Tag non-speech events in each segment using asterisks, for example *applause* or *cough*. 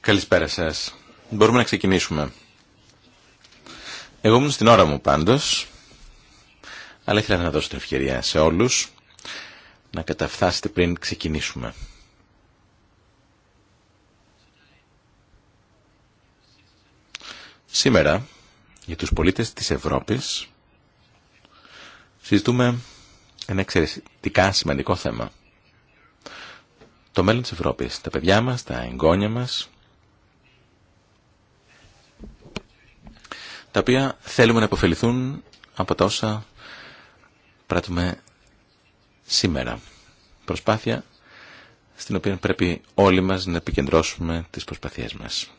Καλησπέρα σας. Μπορούμε να ξεκινήσουμε. Εγώ ήμουν στην ώρα μου πάντως, αλλά ήθελα να δώσω την ευκαιρία σε όλους να καταφθάσετε πριν ξεκινήσουμε. Σήμερα, για τους πολίτες της Ευρώπης, συζητούμε ένα εξαιρετικά σημαντικό θέμα. Το μέλλον της Ευρώπης, τα παιδιά μας, τα εγγόνια μας, τα οποία θέλουμε να υποφεληθούν από τα όσα πράττουμε σήμερα. Προσπάθεια στην οποία πρέπει όλοι μας να επικεντρώσουμε τις προσπαθίες μας.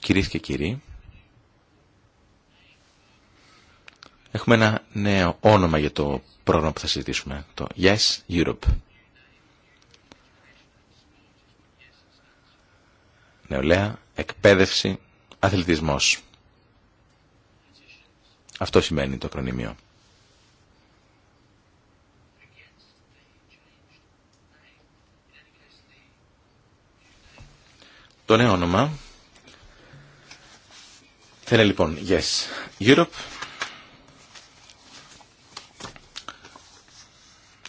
Κυρίες και κύριοι, Έχουμε ένα νέο όνομα για το πρόγραμμα που θα συζητήσουμε, το Yes Europe. Νεολαία, εκπαίδευση, αθλητισμός. Αυτό σημαίνει το ακρονίμιο. Το νέο όνομα θέλει λοιπόν Yes Europe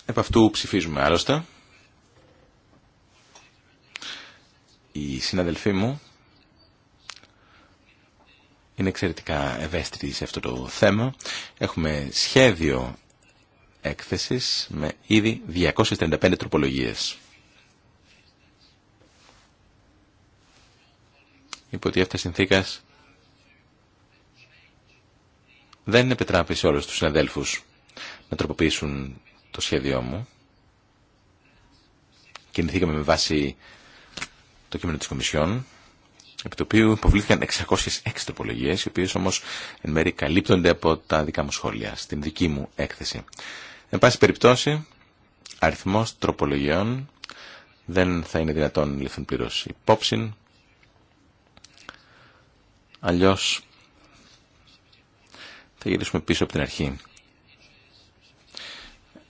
Επ' αυτού ψηφίζουμε άλλωστε. Οι συναδελφοί μου είναι εξαιρετικά ευαίσθητοι σε αυτό το θέμα. Έχουμε σχέδιο έκθεσης με ήδη 235 τροπολογίες. Υπό ότι οι συνθήκες δεν επιτράπησε όλους τους συναδέλφους να τροποποιήσουν το σχέδιό μου. Κινηθήκαμε με βάση το κείμενο της Κομισιόν, επί το οποίο υποβλήθηκαν 606 τροπολογίες, οι οποίες όμως εν μέρει καλύπτονται από τα δικά μου σχόλια, στην δική μου έκθεση. Εν πάση περιπτώσει, αριθμός τροπολογιών δεν θα είναι δυνατόν ληφθούν πλήρω υπόψη. Αλλιώς θα γυρίσουμε πίσω από την αρχή.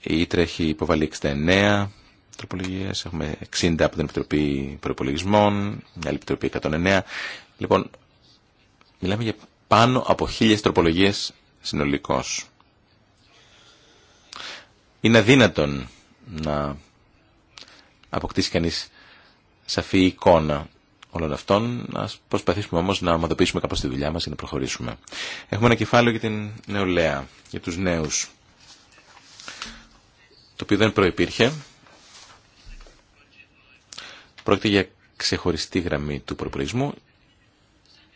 Η Ήτρα έχει υποβάλει 69 τροπολογίες, έχουμε 60 από την Επιτροπή Προπολογισμών, μια άλλη Επιτροπή 109. Λοιπόν, μιλάμε για πάνω από χίλιε τροπολογίε συνολικώ. Είναι αδύνατον να αποκτήσει κανεί σαφή εικόνα όλων αυτών. Α προσπαθήσουμε όμω να ομαδοποιήσουμε κάπως τη δουλειά μα και να προχωρήσουμε. Έχουμε ένα κεφάλαιο για την νεολαία, για του νέου το οποίο δεν προϋπήρχε. Πρόκειται για ξεχωριστή γραμμή του προπολογισμού,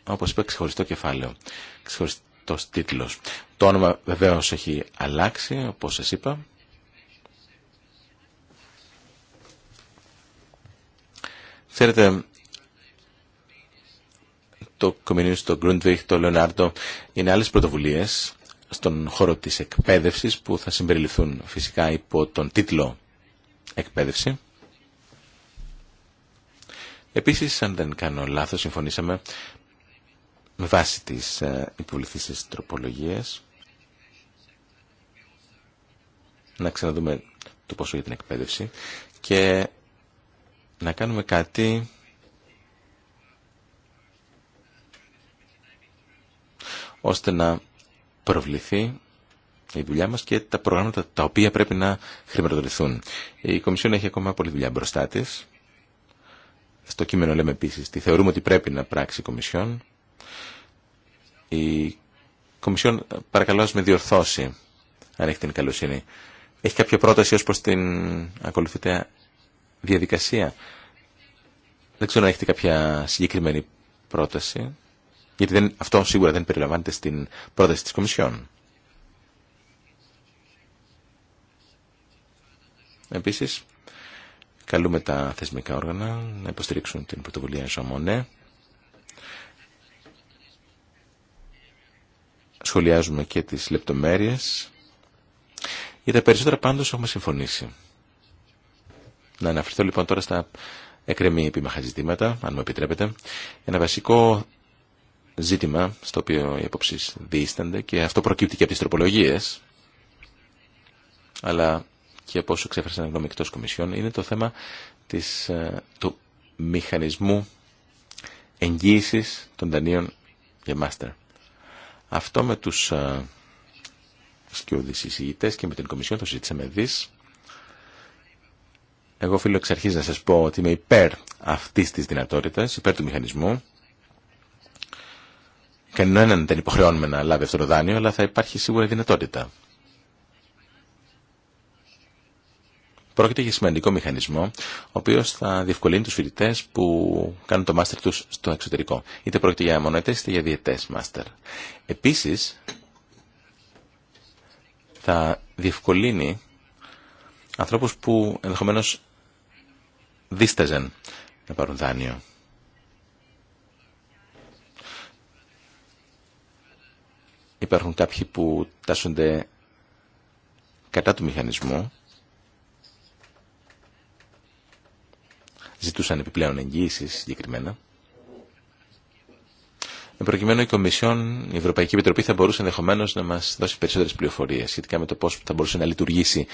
όπως είπα ξεχωριστό κεφάλαιο, ξεχωριστός τίτλος. Το όνομα βεβαίως έχει αλλάξει, όπως σας είπα. Ξέρετε, το Κομινίου, στο Γκρουντβιχ, το Λεωνάρντο είναι άλλες πρωτοβουλίες στον χώρο της εκπαίδευσης που θα συμπεριληφθούν φυσικά υπό τον τίτλο εκπαίδευση. Επίσης, αν δεν κάνω λάθος, συμφωνήσαμε με βάση τις ε, υποβληθήσεις τροπολογίες να ξαναδούμε το πόσο για την εκπαίδευση και να κάνουμε κάτι ώστε να προβληθεί η δουλειά μας και τα προγράμματα τα οποία πρέπει να χρηματοδοτηθούν. Η Κομισιόν έχει ακόμα πολλή δουλειά μπροστά τη. Στο κείμενο λέμε επίσης τι θεωρούμε ότι πρέπει να πράξει η Κομισιόν. Η Κομισιόν παρακαλώ με διορθώσει αν έχει την καλοσύνη. Έχει κάποια πρόταση ως προς την ακολουθητέα διαδικασία. Δεν ξέρω αν έχετε κάποια συγκεκριμένη πρόταση. Γιατί δεν, αυτό σίγουρα δεν περιλαμβάνεται στην πρόταση της Κομισιόν. Επίσης, καλούμε τα θεσμικά όργανα να υποστηρίξουν την πρωτοβουλία Ζαμονέ. Σχολιάζουμε και τις λεπτομέρειες. Για τα περισσότερα πάντως έχουμε συμφωνήσει. Να αναφερθώ λοιπόν τώρα στα εκρεμή επιμαχαζητήματα, αν μου επιτρέπετε. Ένα βασικό ζήτημα στο οποίο οι απόψει διήστανται και αυτό προκύπτει και από τις τροπολογίες αλλά και από όσο ένα γνώμη εκτός Κομισιόν είναι το θέμα της, ε, του μηχανισμού εγγύηση των δανείων για μάστερ. Αυτό με τους ε, σκιώδει εισηγητές και με την Κομισιόν το συζήτησαμε δις. Εγώ φίλο εξ να σας πω ότι είμαι υπέρ αυτής της δυνατότητας, υπέρ του μηχανισμού. Κανέναν δεν υποχρεώνουμε να λάβει αυτό το δάνειο, αλλά θα υπάρχει σίγουρα δυνατότητα. Πρόκειται για σημαντικό μηχανισμό, ο οποίο θα διευκολύνει του φοιτητέ που κάνουν το μάστερ του στο εξωτερικό. Είτε πρόκειται για μονοετέ είτε για διαιτέ μάστερ. Επίση, θα διευκολύνει ανθρώπου που ενδεχομένω δίσταζαν να πάρουν δάνειο. Υπάρχουν κάποιοι που τάσσονται κατά του μηχανισμού, ζητούσαν επιπλέον εγγύησει συγκεκριμένα. Εν προκειμένου η Κομισιόν, η Ευρωπαϊκή Επιτροπή θα μπορούσε ενδεχομένω να μα δώσει περισσότερε πληροφορίε σχετικά με το πώ θα μπορούσε να λειτουργήσει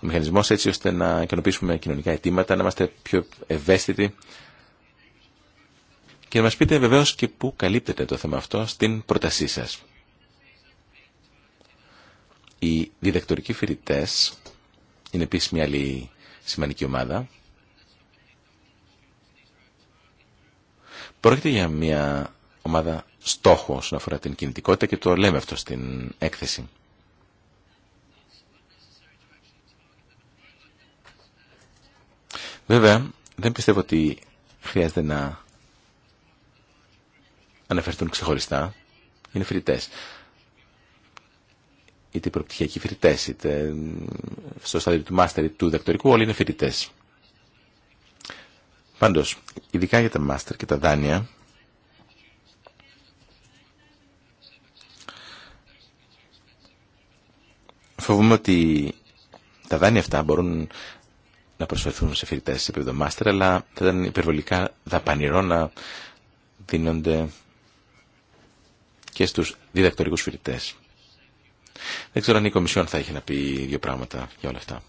ο μηχανισμό έτσι ώστε να ικανοποιήσουμε κοινωνικά αιτήματα, να είμαστε πιο ευαίσθητοι και να μα πείτε βεβαίω και πού καλύπτεται το θέμα αυτό στην πρότασή σα. Οι διδακτορικοί φοιτητέ είναι επίση μια άλλη σημαντική ομάδα. Πρόκειται για μια ομάδα στόχο όσον αφορά την κινητικότητα και το λέμε αυτό στην έκθεση. Βέβαια, δεν πιστεύω ότι χρειάζεται να αναφερθούν ξεχωριστά. Είναι φοιτητέ είτε προπτυχιακοί φοιτητέ, είτε στο στάδιο του μάστερ του διδακτορικού, όλοι είναι φοιτητέ. Πάντω, ειδικά για τα μάστερ και τα δάνεια, φοβούμαι ότι τα δάνεια αυτά μπορούν να προσφερθούν σε φοιτητέ σε επίπεδο μάστερ, αλλά θα ήταν υπερβολικά δαπανηρό να δίνονται και στους διδακτορικούς φοιτητές. Δεν ξέρω αν η Κομισιόν θα έχει να πει δύο πράγματα για όλα αυτά.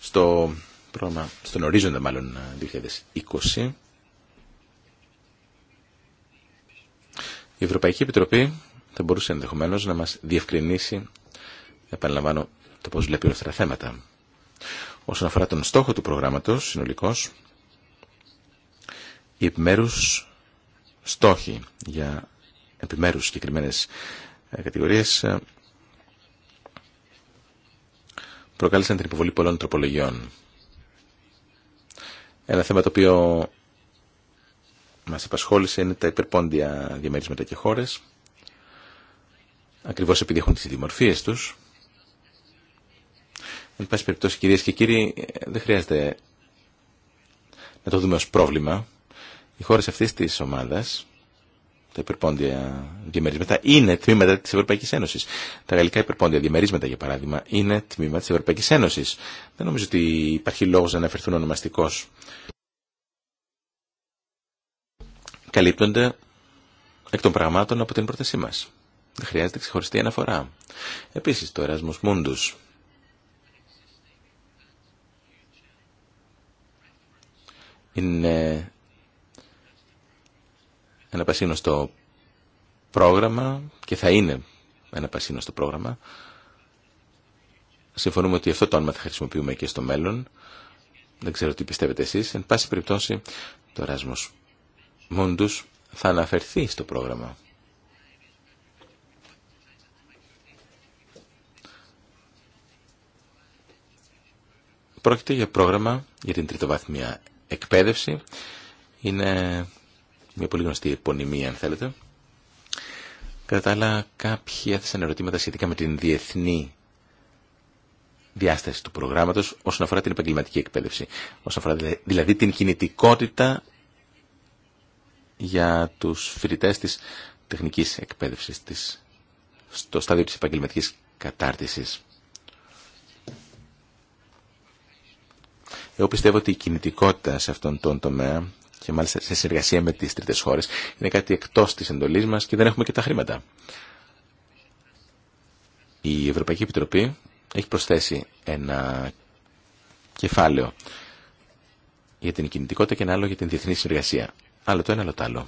Στο πρόγραμμα, στον ορίζοντα μάλλον 2020, η Ευρωπαϊκή Επιτροπή θα μπορούσε ενδεχομένω να μας διευκρινίσει, επαναλαμβάνω, το πώς βλέπει όλα αυτά τα θέματα. Όσον αφορά τον στόχο του προγράμματος συνολικός, οι επιμέρους στόχοι για επιμέρους συγκεκριμένες ε, κατηγορίες ε, προκάλεσαν την υποβολή πολλών τροπολογιών. Ένα θέμα το οποίο μας απασχόλησε είναι τα υπερπόντια διαμερίσματα και χώρες, ακριβώς επειδή έχουν τις δημορφίες τους. Εν πάση περιπτώσει, κυρίες και κύριοι, ε, δεν χρειάζεται να το δούμε ως πρόβλημα, οι χώρε αυτή τη ομάδας, τα υπερπόντια διαμερίσματα, είναι τμήματα της Ευρωπαϊκής Ένωση. Τα γαλλικά υπερπόντια διαμερίσματα, για παράδειγμα, είναι τμήμα της Ευρωπαϊκής Ένωση. Δεν νομίζω ότι υπάρχει λόγος να αναφερθούν ονομαστικώ. Καλύπτονται εκ των πραγμάτων από την πρότασή μα. Δεν χρειάζεται ξεχωριστή αναφορά. Επίση το Erasmus Mundus. Είναι ένα πασίνωστο πρόγραμμα και θα είναι ένα στο πρόγραμμα. Συμφωνούμε ότι αυτό το όνομα θα χρησιμοποιούμε και στο μέλλον. Δεν ξέρω τι πιστεύετε εσείς. Εν πάση περιπτώσει, το ράσμους μούντους θα αναφερθεί στο πρόγραμμα. Πρόκειται για πρόγραμμα για την τριτοβάθμια εκπαίδευση. Είναι μια πολύ γνωστή επωνυμία, αν θέλετε. Κατά τα άλλα, κάποιοι έθεσαν ερωτήματα σχετικά με την διεθνή διάσταση του προγράμματος όσον αφορά την επαγγελματική εκπαίδευση. Όσον αφορά δηλαδή, δηλαδή την κινητικότητα για τους φοιτητές της τεχνικής εκπαίδευσης της, στο στάδιο της επαγγελματικής κατάρτισης. Εγώ πιστεύω ότι η κινητικότητα σε αυτόν τον τομέα και μάλιστα σε συνεργασία με τις τρίτες χώρες. Είναι κάτι εκτός της εντολής μας και δεν έχουμε και τα χρήματα. Η Ευρωπαϊκή Επιτροπή έχει προσθέσει ένα κεφάλαιο για την κινητικότητα και ένα άλλο για την διεθνή συνεργασία. Άλλο το ένα, άλλο το άλλο.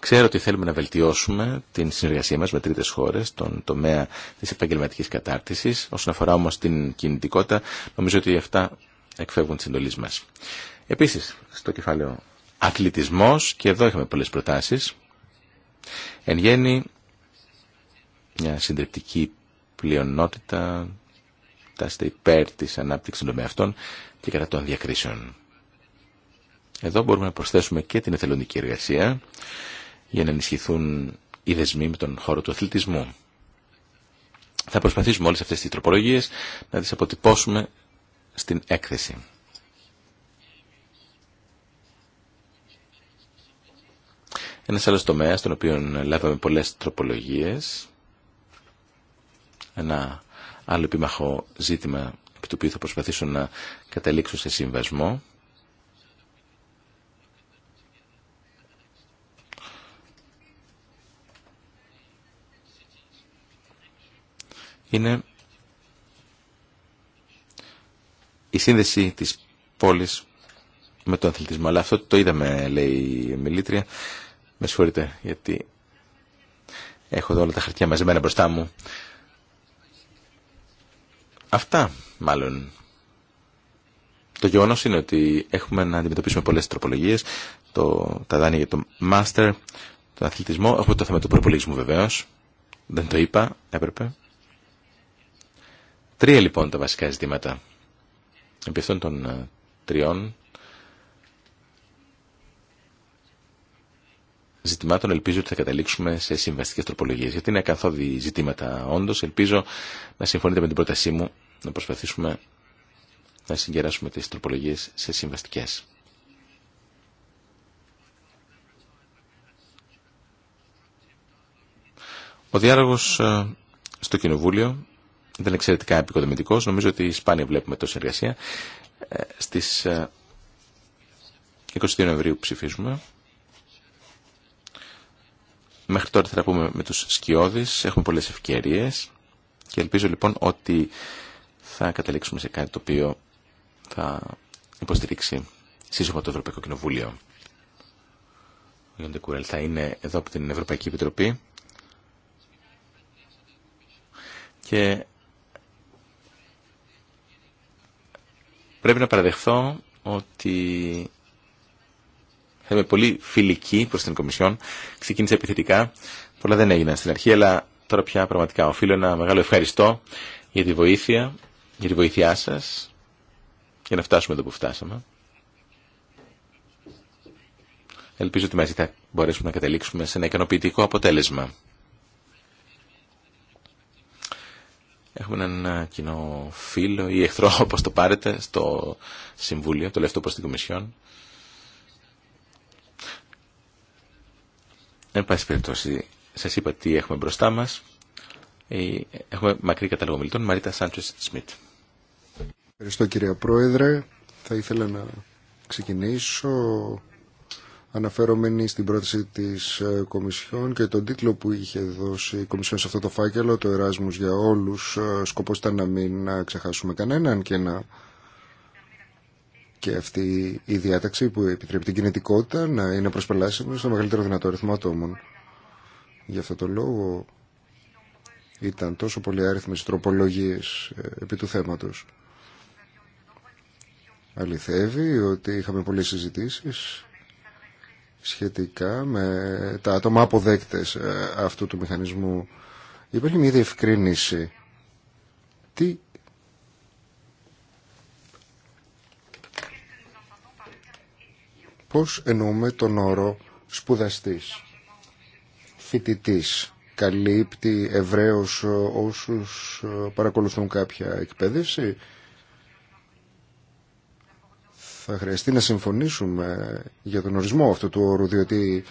Ξέρω ότι θέλουμε να βελτιώσουμε την συνεργασία μας με τρίτες χώρες, τον τομέα της επαγγελματικής κατάρτισης. Όσον αφορά όμως την κινητικότητα, νομίζω ότι αυτά εκφεύγουν τις εντολής μας. Επίσης, στο κεφάλαιο αθλητισμός, και εδώ είχαμε πολλές προτάσεις, εν γέννη μια συντριπτική πλειονότητα τάστε υπέρ τη ανάπτυξης των τομέα και κατά των διακρίσεων. Εδώ μπορούμε να προσθέσουμε και την εθελοντική εργασία για να ενισχυθούν οι δεσμοί με τον χώρο του αθλητισμού. Θα προσπαθήσουμε όλες αυτές τις τροπολογίες να τις αποτυπώσουμε στην έκθεση. Ένας άλλος τομέας, στον οποίο λάβαμε πολλές τροπολογίες, ένα άλλο επίμαχο ζήτημα επί του οποίου θα προσπαθήσω να καταλήξω σε συμβασμό, είναι η σύνδεση της πόλης με τον αθλητισμό. Αλλά αυτό το είδαμε, λέει η μιλήτρια. Με συγχωρείτε, γιατί έχω εδώ όλα τα χαρτιά μαζεμένα μπροστά μου. Αυτά, μάλλον. Το γεγονό είναι ότι έχουμε να αντιμετωπίσουμε πολλές τροπολογίες, το, τα δάνεια για το μάστερ, τον αθλητισμό, έχουμε το θέμα του προπολογισμού βεβαίω. δεν το είπα, έπρεπε. Τρία λοιπόν τα βασικά ζητήματα Επί αυτών των ε, τριών ζητημάτων ελπίζω ότι θα καταλήξουμε σε συμβαστικές τροπολογίες. Γιατί είναι καθόδη ζητήματα όντως. Ελπίζω να συμφωνείτε με την πρότασή μου να προσπαθήσουμε να συγκεράσουμε τις τροπολογίες σε συμβαστικές. Ο διάλογος ε, στο Κοινοβούλιο δεν εξαιρετικά επικοδομητικό. Νομίζω ότι σπάνια βλέπουμε τόση εργασία. Ε, στις 22 ε, Νοεμβρίου ψηφίζουμε. Μέχρι τώρα θα τα πούμε με τους σκιώδεις. Έχουμε πολλές ευκαιρίες. Και ελπίζω λοιπόν ότι θα καταλήξουμε σε κάτι το οποίο θα υποστηρίξει σύσσωμα το Ευρωπαϊκό Κοινοβούλιο. Ο Γιόντε Κουρέλ θα είναι εδώ από την Ευρωπαϊκή Επιτροπή και πρέπει να παραδεχθώ ότι θα είμαι πολύ φιλική προς την Κομισιόν. Ξεκίνησε επιθετικά, πολλά δεν έγιναν στην αρχή, αλλά τώρα πια πραγματικά οφείλω ένα μεγάλο ευχαριστώ για τη βοήθεια, για τη βοήθειά σας, για να φτάσουμε εδώ που φτάσαμε. Ελπίζω ότι μαζί θα μπορέσουμε να καταλήξουμε σε ένα ικανοποιητικό αποτέλεσμα. Έχουμε έναν ε, κοινό φίλο ή εχθρό, *laughs* όπω το πάρετε, στο Συμβούλιο, το λεφτό προς την Κομισιόν. Εν πάση περιπτώσει, σας είπα τι έχουμε μπροστά μας. Ε, έχουμε μακρύ κατάλογο μιλητών. Μαρίτα Σάντσες Σμιτ. Ευχαριστώ κύριε Πρόεδρε. Θα ήθελα να ξεκινήσω αναφερόμενοι στην πρόταση της ε, Κομισιόν και τον τίτλο που είχε δώσει η Κομισιόν σε αυτό το φάκελο, το Εράσμους για όλους, ε, σκοπός ήταν να μην ε, ξεχάσουμε κανέναν και να... Και αυτή η διάταξη που επιτρέπει την κινητικότητα να είναι προσπελάσιμη στο μεγαλύτερο δυνατό αριθμό ατόμων. Γι' αυτό το λόγο ήταν τόσο πολλοί άριθμες τροπολογίες επί του θέματος. Αληθεύει ότι είχαμε πολλές συζητήσεις σχετικά με τα άτομα αποδέκτες ε, αυτού του μηχανισμού. Υπάρχει μια διευκρίνηση. Τι πώς εννοούμε τον όρο σπουδαστής, φοιτητής, καλύπτει ευρέως ε, όσους ε, παρακολουθούν κάποια εκπαίδευση θα χρειαστεί να συμφωνήσουμε για τον ορισμό αυτού του όρου, διότι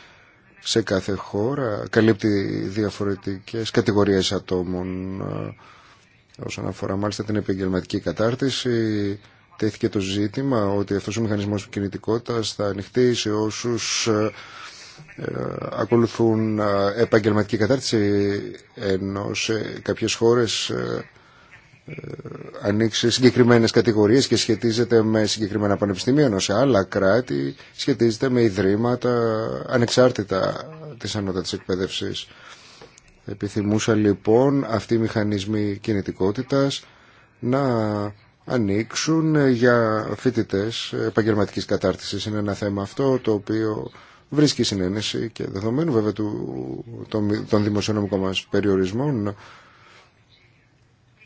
σε κάθε χώρα καλύπτει διαφορετικές κατηγορίες ατόμων ε, όσον αφορά μάλιστα την επαγγελματική κατάρτιση. Τέθηκε το ζήτημα ότι αυτός ο μηχανισμός κινητικότητας θα ανοιχτεί σε όσους ε, ε, ακολουθούν επαγγελματική κατάρτιση ενώ σε κάποιες χώρες ε, ανοίξει συγκεκριμένες κατηγορίες και σχετίζεται με συγκεκριμένα πανεπιστήμια ενώ σε άλλα κράτη σχετίζεται με ιδρύματα ανεξάρτητα της ανώτατης εκπαίδευσης. Επιθυμούσα λοιπόν αυτοί οι μηχανισμοί κινητικότητας να ανοίξουν για φοιτητές επαγγελματικής κατάρτισης. Είναι ένα θέμα αυτό το οποίο βρίσκει συνένεση και δεδομένου βέβαια του, των, των δημοσιονομικών μας περιορισμών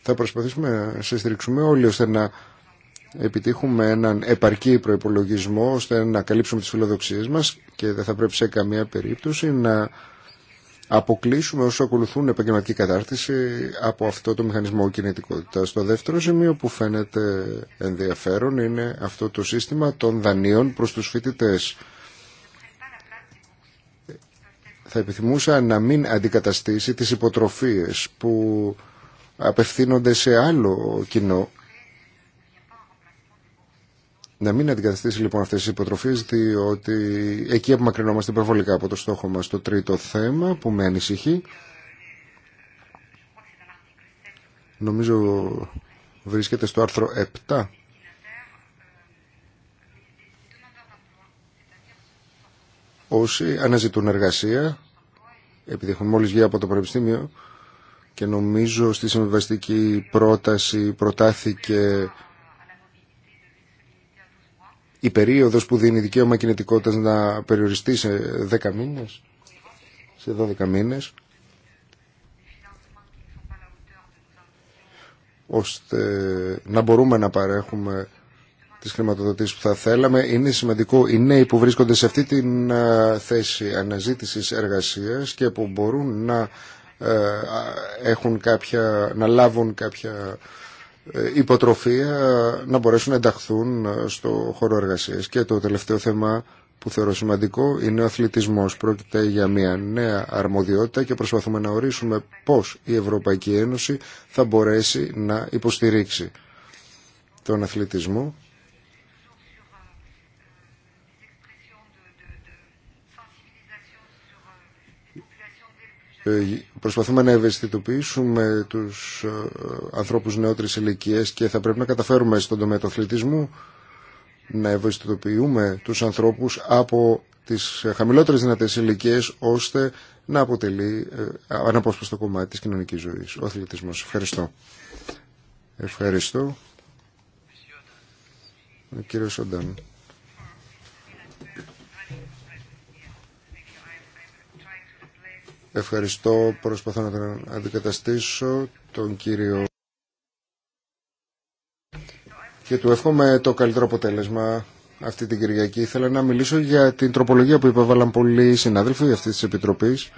θα προσπαθήσουμε να σε στηρίξουμε όλοι ώστε να επιτύχουμε έναν επαρκή προπολογισμό ώστε να καλύψουμε τις φιλοδοξίες μας και δεν θα πρέπει σε καμία περίπτωση να αποκλείσουμε όσου ακολουθούν επαγγελματική κατάρτιση από αυτό το μηχανισμό κινητικότητα. Το δεύτερο σημείο που φαίνεται ενδιαφέρον είναι αυτό το σύστημα των δανείων προς τους φοιτητέ. Θα επιθυμούσα να μην αντικαταστήσει τις υποτροφίες που απευθύνονται σε άλλο κοινό. Να μην αντικαταστήσει λοιπόν αυτές τις υποτροφίες διότι εκεί απομακρυνόμαστε υπερβολικά από το στόχο μας. Το τρίτο θέμα που με ανησυχεί νομίζω βρίσκεται στο άρθρο 7 όσοι αναζητούν εργασία επειδή έχουν μόλις βγει από το πανεπιστήμιο και νομίζω στη συμβιβαστική πρόταση προτάθηκε η περίοδος που δίνει δικαίωμα κινητικότητας να περιοριστεί σε 10 μήνες, σε 12 μήνες, ώστε να μπορούμε να παρέχουμε τις χρηματοδοτήσεις που θα θέλαμε. Είναι σημαντικό οι νέοι που βρίσκονται σε αυτή τη ε, θέση αναζήτησης εργασίας και που μπορούν να ε, έχουν κάποια, να λάβουν κάποια ε, υποτροφία ε, να μπορέσουν να ενταχθούν στο χώρο εργασίας. Και το τελευταίο θέμα που θεωρώ σημαντικό είναι ο αθλητισμός. Πρόκειται για μια νέα αρμοδιότητα και προσπαθούμε να ορίσουμε πώς η Ευρωπαϊκή Ένωση θα μπορέσει να υποστηρίξει τον αθλητισμό Ε, προσπαθούμε να ευαισθητοποιήσουμε τους ε, ανθρώπους νεότερης ηλικία και θα πρέπει να καταφέρουμε στον τομέα του αθλητισμού να ευαισθητοποιούμε τους ανθρώπους από τις χαμηλότερες δυνατές ηλικίε ώστε να αποτελεί ε, αναπόσπαστο κομμάτι της κοινωνικής ζωής ο αθλητισμός. Ευχαριστώ. Ευχαριστώ. Ο Ευχαριστώ. Προσπαθώ να τον αντικαταστήσω τον κύριο και του εύχομαι το καλύτερο αποτέλεσμα αυτή την Κυριακή. Ήθελα να μιλήσω για την τροπολογία που υπέβαλαν πολλοί συνάδελφοι αυτής της Επιτροπής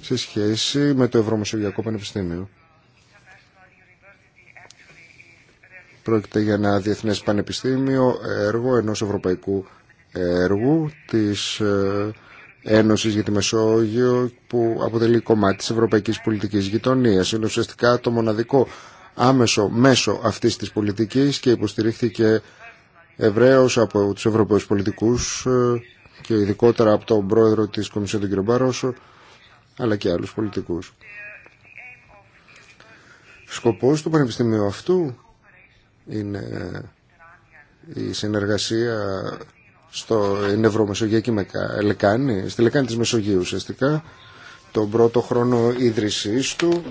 σε σχέση με το Ευρωμεσογειακό Πανεπιστήμιο. Πρόκειται για ένα διεθνές πανεπιστήμιο, έργο ενός ευρωπαϊκού έργου της ε, Ένωση για τη Μεσόγειο που αποτελεί κομμάτι της Ευρωπαϊκής Πολιτικής Γειτονίας. Είναι ουσιαστικά το μοναδικό άμεσο μέσο αυτής της πολιτικής και υποστηρίχθηκε ευρέω από τους Ευρωπαίους πολιτικούς ε, και ειδικότερα από τον πρόεδρο της Κομισιόν του κ. Μπαρόσο αλλά και άλλους πολιτικούς. Σκοπός του Πανεπιστημίου αυτού είναι η συνεργασία στο Ευρωμεσογειακή Λεκάνη, στη Λεκάνη της Μεσογείου ουσιαστικά, τον πρώτο χρόνο ίδρυσής του,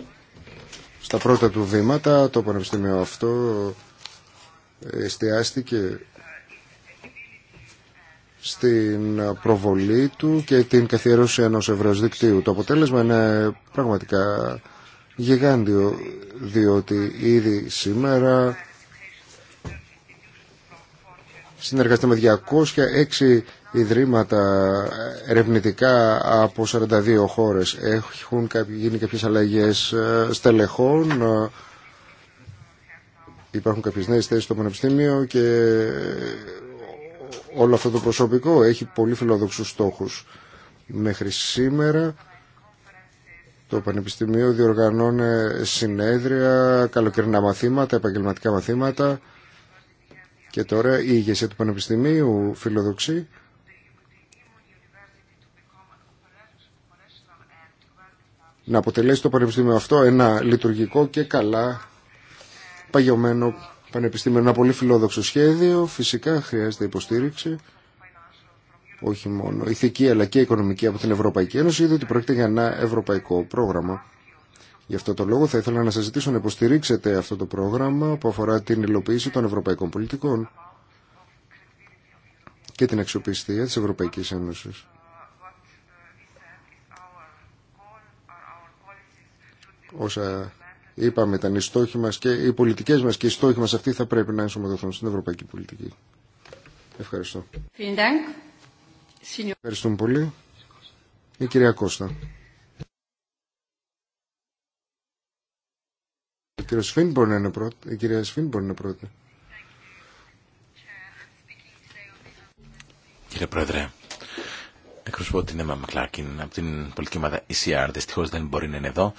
στα πρώτα του βήματα, το πανεπιστήμιο αυτό εστιάστηκε στην προβολή του και την καθιέρωση ενός ευρώς δικτύου. Το αποτέλεσμα είναι πραγματικά γιγάντιο, διότι ήδη σήμερα συνεργαστεί με 206 ιδρύματα ερευνητικά από 42 χώρες. Έχουν γίνει κάποιες αλλαγές ε, στελεχών, ε, υπάρχουν κάποιες νέες θέσεις στο Πανεπιστήμιο και ε, όλο αυτό το προσωπικό έχει πολύ φιλοδοξούς στόχους. Μέχρι σήμερα το Πανεπιστήμιο διοργανώνει συνέδρια, καλοκαιρινά μαθήματα, επαγγελματικά μαθήματα και τώρα η ηγεσία του Πανεπιστημίου φιλοδοξεί να αποτελέσει το Πανεπιστήμιο αυτό ένα λειτουργικό και καλά παγιωμένο Πανεπιστήμιο. Ένα πολύ φιλόδοξο σχέδιο, φυσικά χρειάζεται υποστήριξη όχι μόνο ηθική αλλά και οικονομική από την Ευρωπαϊκή Ένωση, διότι ότι πρόκειται για ένα ευρωπαϊκό πρόγραμμα. Γι' αυτό το λόγο θα ήθελα να σας ζητήσω να υποστηρίξετε αυτό το πρόγραμμα που αφορά την υλοποίηση των ευρωπαϊκών πολιτικών και την αξιοπιστία της Ευρωπαϊκής Ένωσης. Όσα είπαμε ήταν οι στόχοι μας και οι πολιτικές μας και οι στόχοι μας αυτοί θα πρέπει να ενσωματωθούν στην ευρωπαϊκή πολιτική. Ευχαριστώ. Ευχαριστούμε πολύ. Η κυρία Κώστα. Η κυρία είναι πρώτη. Η κυρία Σφίνμπορν είναι πρώτη. Κύριε Πρόεδρε, εκπροσωπώ την Έμα Μακλάκιν από την πολιτική ομάδα ECR. Δυστυχώ δεν μπορεί να είναι εδώ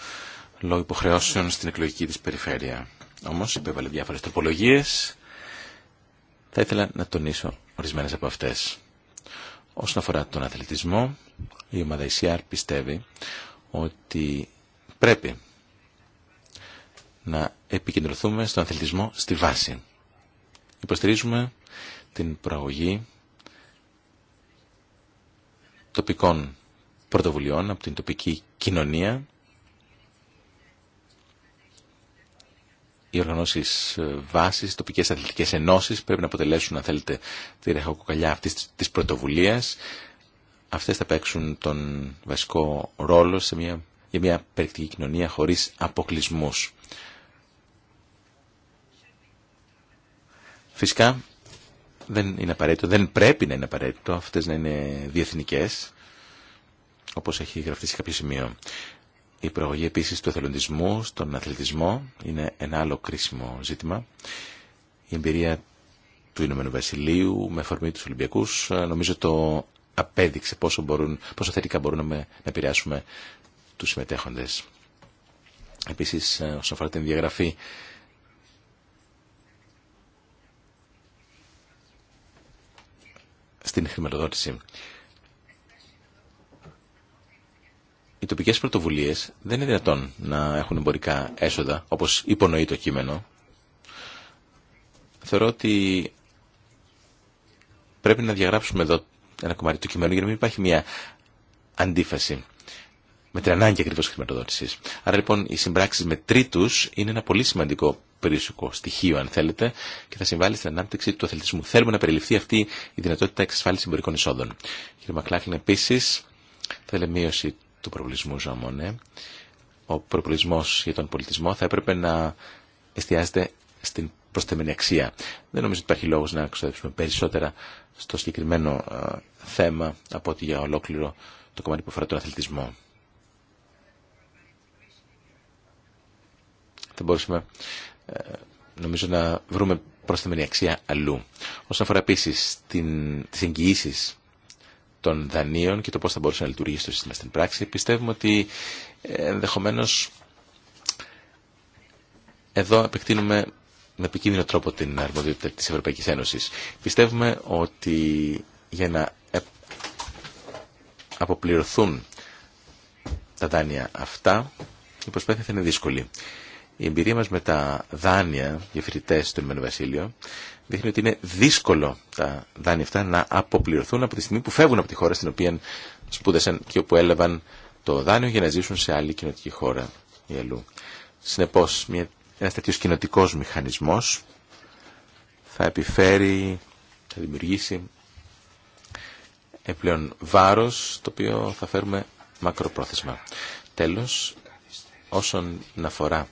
λόγω υποχρεώσεων στην εκλογική τη περιφέρεια. Όμω υπέβαλε διάφορε τροπολογίε. Θα ήθελα να τονίσω ορισμένε από αυτέ. Όσον αφορά τον αθλητισμό, η ομάδα ECR πιστεύει ότι πρέπει να επικεντρωθούμε στον αθλητισμό στη βάση. Υποστηρίζουμε την προαγωγή τοπικών πρωτοβουλειών από την τοπική κοινωνία. Οι οργανώσεις βάσης, τοπικές αθλητικές ενώσεις πρέπει να αποτελέσουν, αν θέλετε, τη ρεχοκοκαλιά αυτής της πρωτοβουλίας. Αυτές θα παίξουν τον βασικό ρόλο σε μια, για μια περιεκτική κοινωνία χωρίς αποκλεισμούς. Φυσικά δεν είναι απαραίτητο, δεν πρέπει να είναι απαραίτητο αυτές να είναι διεθνικές, όπως έχει γραφτεί σε κάποιο σημείο. Η προαγωγή επίσης του εθελοντισμού στον αθλητισμό είναι ένα άλλο κρίσιμο ζήτημα. Η εμπειρία του Ηνωμένου Βασιλείου με αφορμή του Ολυμπιακούς ε, νομίζω το απέδειξε πόσο, μπορούν, πόσο θετικά μπορούμε να επηρεάσουμε τους συμμετέχοντες. Επίσης, ε, όσον αφορά την διαγραφή στην χρηματοδότηση. Οι τοπικέ πρωτοβουλίε δεν είναι δυνατόν να έχουν εμπορικά έσοδα, όπως υπονοεί το κείμενο. Θεωρώ ότι πρέπει να διαγράψουμε εδώ ένα κομμάτι του κειμένου για να μην υπάρχει μια αντίφαση με την ανάγκη ακριβώ χρηματοδότηση. Άρα λοιπόν οι συμπράξει με τρίτου είναι ένα πολύ σημαντικό περιουσικό στοιχείο, αν θέλετε, και θα συμβάλλει στην ανάπτυξη του αθλητισμού. Θέλουμε να περιληφθεί αυτή η δυνατότητα εξασφάλιση εμπορικών εισόδων. Κύριε Μακλάχλιν, επίση, θέλει μείωση του προβλησμού Ζωαμονέ. Ο προβλησμό για τον πολιτισμό θα έπρεπε να εστιάζεται στην προσθεμένη αξία. Δεν νομίζω ότι υπάρχει λόγο να ξοδέψουμε περισσότερα στο συγκεκριμένο ε, θέμα από ότι για ολόκληρο το κομμάτι που αφορά τον αθλητισμό. θα μπορούσαμε ε, νομίζω να βρούμε προσθεμένη αξία αλλού. Όσον αφορά επίση τι εγγυήσει των δανείων και το πώ θα μπορούσε να λειτουργήσει το σύστημα στην πράξη, πιστεύουμε ότι ε, ενδεχομένω εδώ επεκτείνουμε με επικίνδυνο τρόπο την αρμοδιότητα της Ευρωπαϊκής Ένωσης. Πιστεύουμε ότι για να ε, αποπληρωθούν τα δάνεια αυτά η προσπάθεια θα είναι δύσκολη. Η εμπειρία μας με τα δάνεια για φοιτητές στο Ηνωμένο Βασίλειο δείχνει ότι είναι δύσκολο τα δάνεια αυτά να αποπληρωθούν από τη στιγμή που φεύγουν από τη χώρα στην οποία σπούδασαν και όπου έλαβαν το δάνειο για να ζήσουν σε άλλη κοινωτική χώρα ή αλλού. Συνεπώς, μια, ένας τέτοιος μηχανισμός θα επιφέρει, θα δημιουργήσει επιπλέον βάρος το οποίο θα φέρουμε μακροπρόθεσμα. Τέλος, όσον αφορά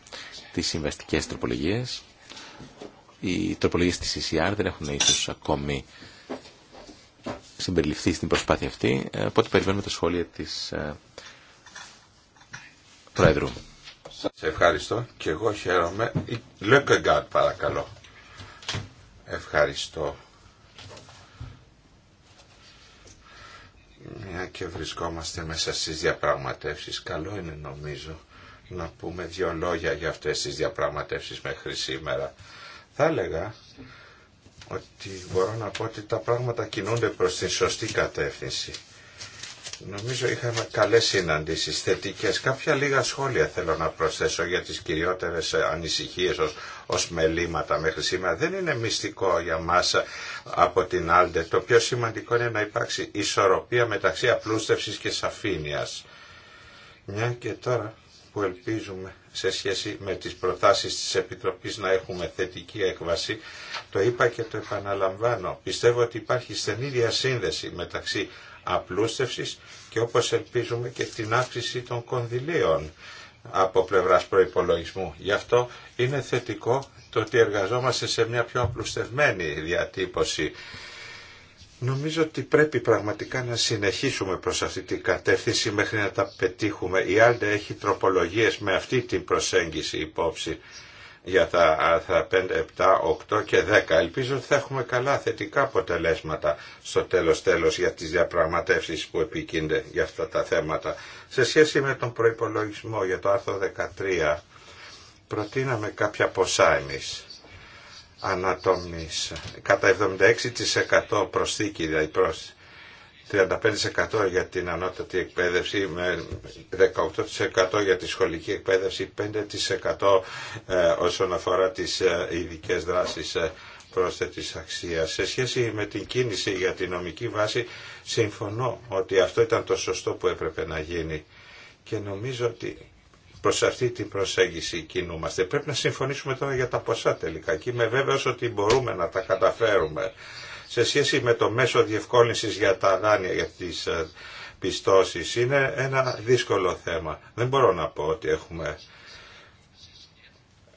τις συμβαστικές τροπολογίες. Οι τροπολογίες της CCR δεν έχουν ίσως ακόμη συμπεριληφθεί στην προσπάθεια αυτή, οπότε περιμένουμε τα σχόλια της ε, Πρόεδρου. Σας ευχαριστώ και εγώ χαίρομαι. Λεκεγκάρ παρακαλώ. Ευχαριστώ. Μια και βρισκόμαστε μέσα στις διαπραγματεύσεις, καλό είναι νομίζω να πούμε δύο λόγια για αυτές τις διαπραγματεύσεις μέχρι σήμερα. Θα έλεγα ότι μπορώ να πω ότι τα πράγματα κινούνται προς την σωστή κατεύθυνση. Νομίζω είχαμε καλές συναντήσεις, θετικές. Κάποια λίγα σχόλια θέλω να προσθέσω για τις κυριότερες ανησυχίες ως, ως μελήματα μέχρι σήμερα. Δεν είναι μυστικό για μας από την Άλντε. Το πιο σημαντικό είναι να υπάρξει ισορροπία μεταξύ απλούστευσης και σαφήνειας. Μια και τώρα που ελπίζουμε σε σχέση με τις προτάσεις της Επιτροπής να έχουμε θετική έκβαση. Το είπα και το επαναλαμβάνω. Πιστεύω ότι υπάρχει στενή διασύνδεση μεταξύ απλούστευσης και όπως ελπίζουμε και την αύξηση των κονδυλίων από πλευράς προϋπολογισμού. Γι' αυτό είναι θετικό το ότι εργαζόμαστε σε μια πιο απλουστευμένη διατύπωση Νομίζω ότι πρέπει πραγματικά να συνεχίσουμε προς αυτή την κατεύθυνση μέχρι να τα πετύχουμε. Η Άλντε έχει τροπολογίες με αυτή την προσέγγιση υπόψη για τα άρθρα 5, 7, 8 και 10. Ελπίζω ότι θα έχουμε καλά θετικά αποτελέσματα στο τέλος τέλος για τις διαπραγματεύσεις που επικίνδυνε για αυτά τα θέματα. Σε σχέση με τον προϋπολογισμό για το άρθρο 13, προτείναμε κάποια ποσά εμείς ανατομής. Κατά 76% προσθήκη, δηλαδή προς 35% για την ανώτατη εκπαίδευση, 18% για τη σχολική εκπαίδευση, 5% ε, όσον αφορά τις ε, ειδικέ δράσεις ε, πρόσθετης αξίας. Σε σχέση με την κίνηση για την νομική βάση, συμφωνώ ότι αυτό ήταν το σωστό που έπρεπε να γίνει. Και νομίζω ότι Προς αυτή την προσέγγιση κινούμαστε. Πρέπει να συμφωνήσουμε τώρα για τα ποσά τελικά και είμαι βέβαιος ότι μπορούμε να τα καταφέρουμε. Σε σχέση με το μέσο διευκόλυνσης για τα δάνεια, για τις ε, πιστώσεις, είναι ένα δύσκολο θέμα. Δεν μπορώ να πω ότι έχουμε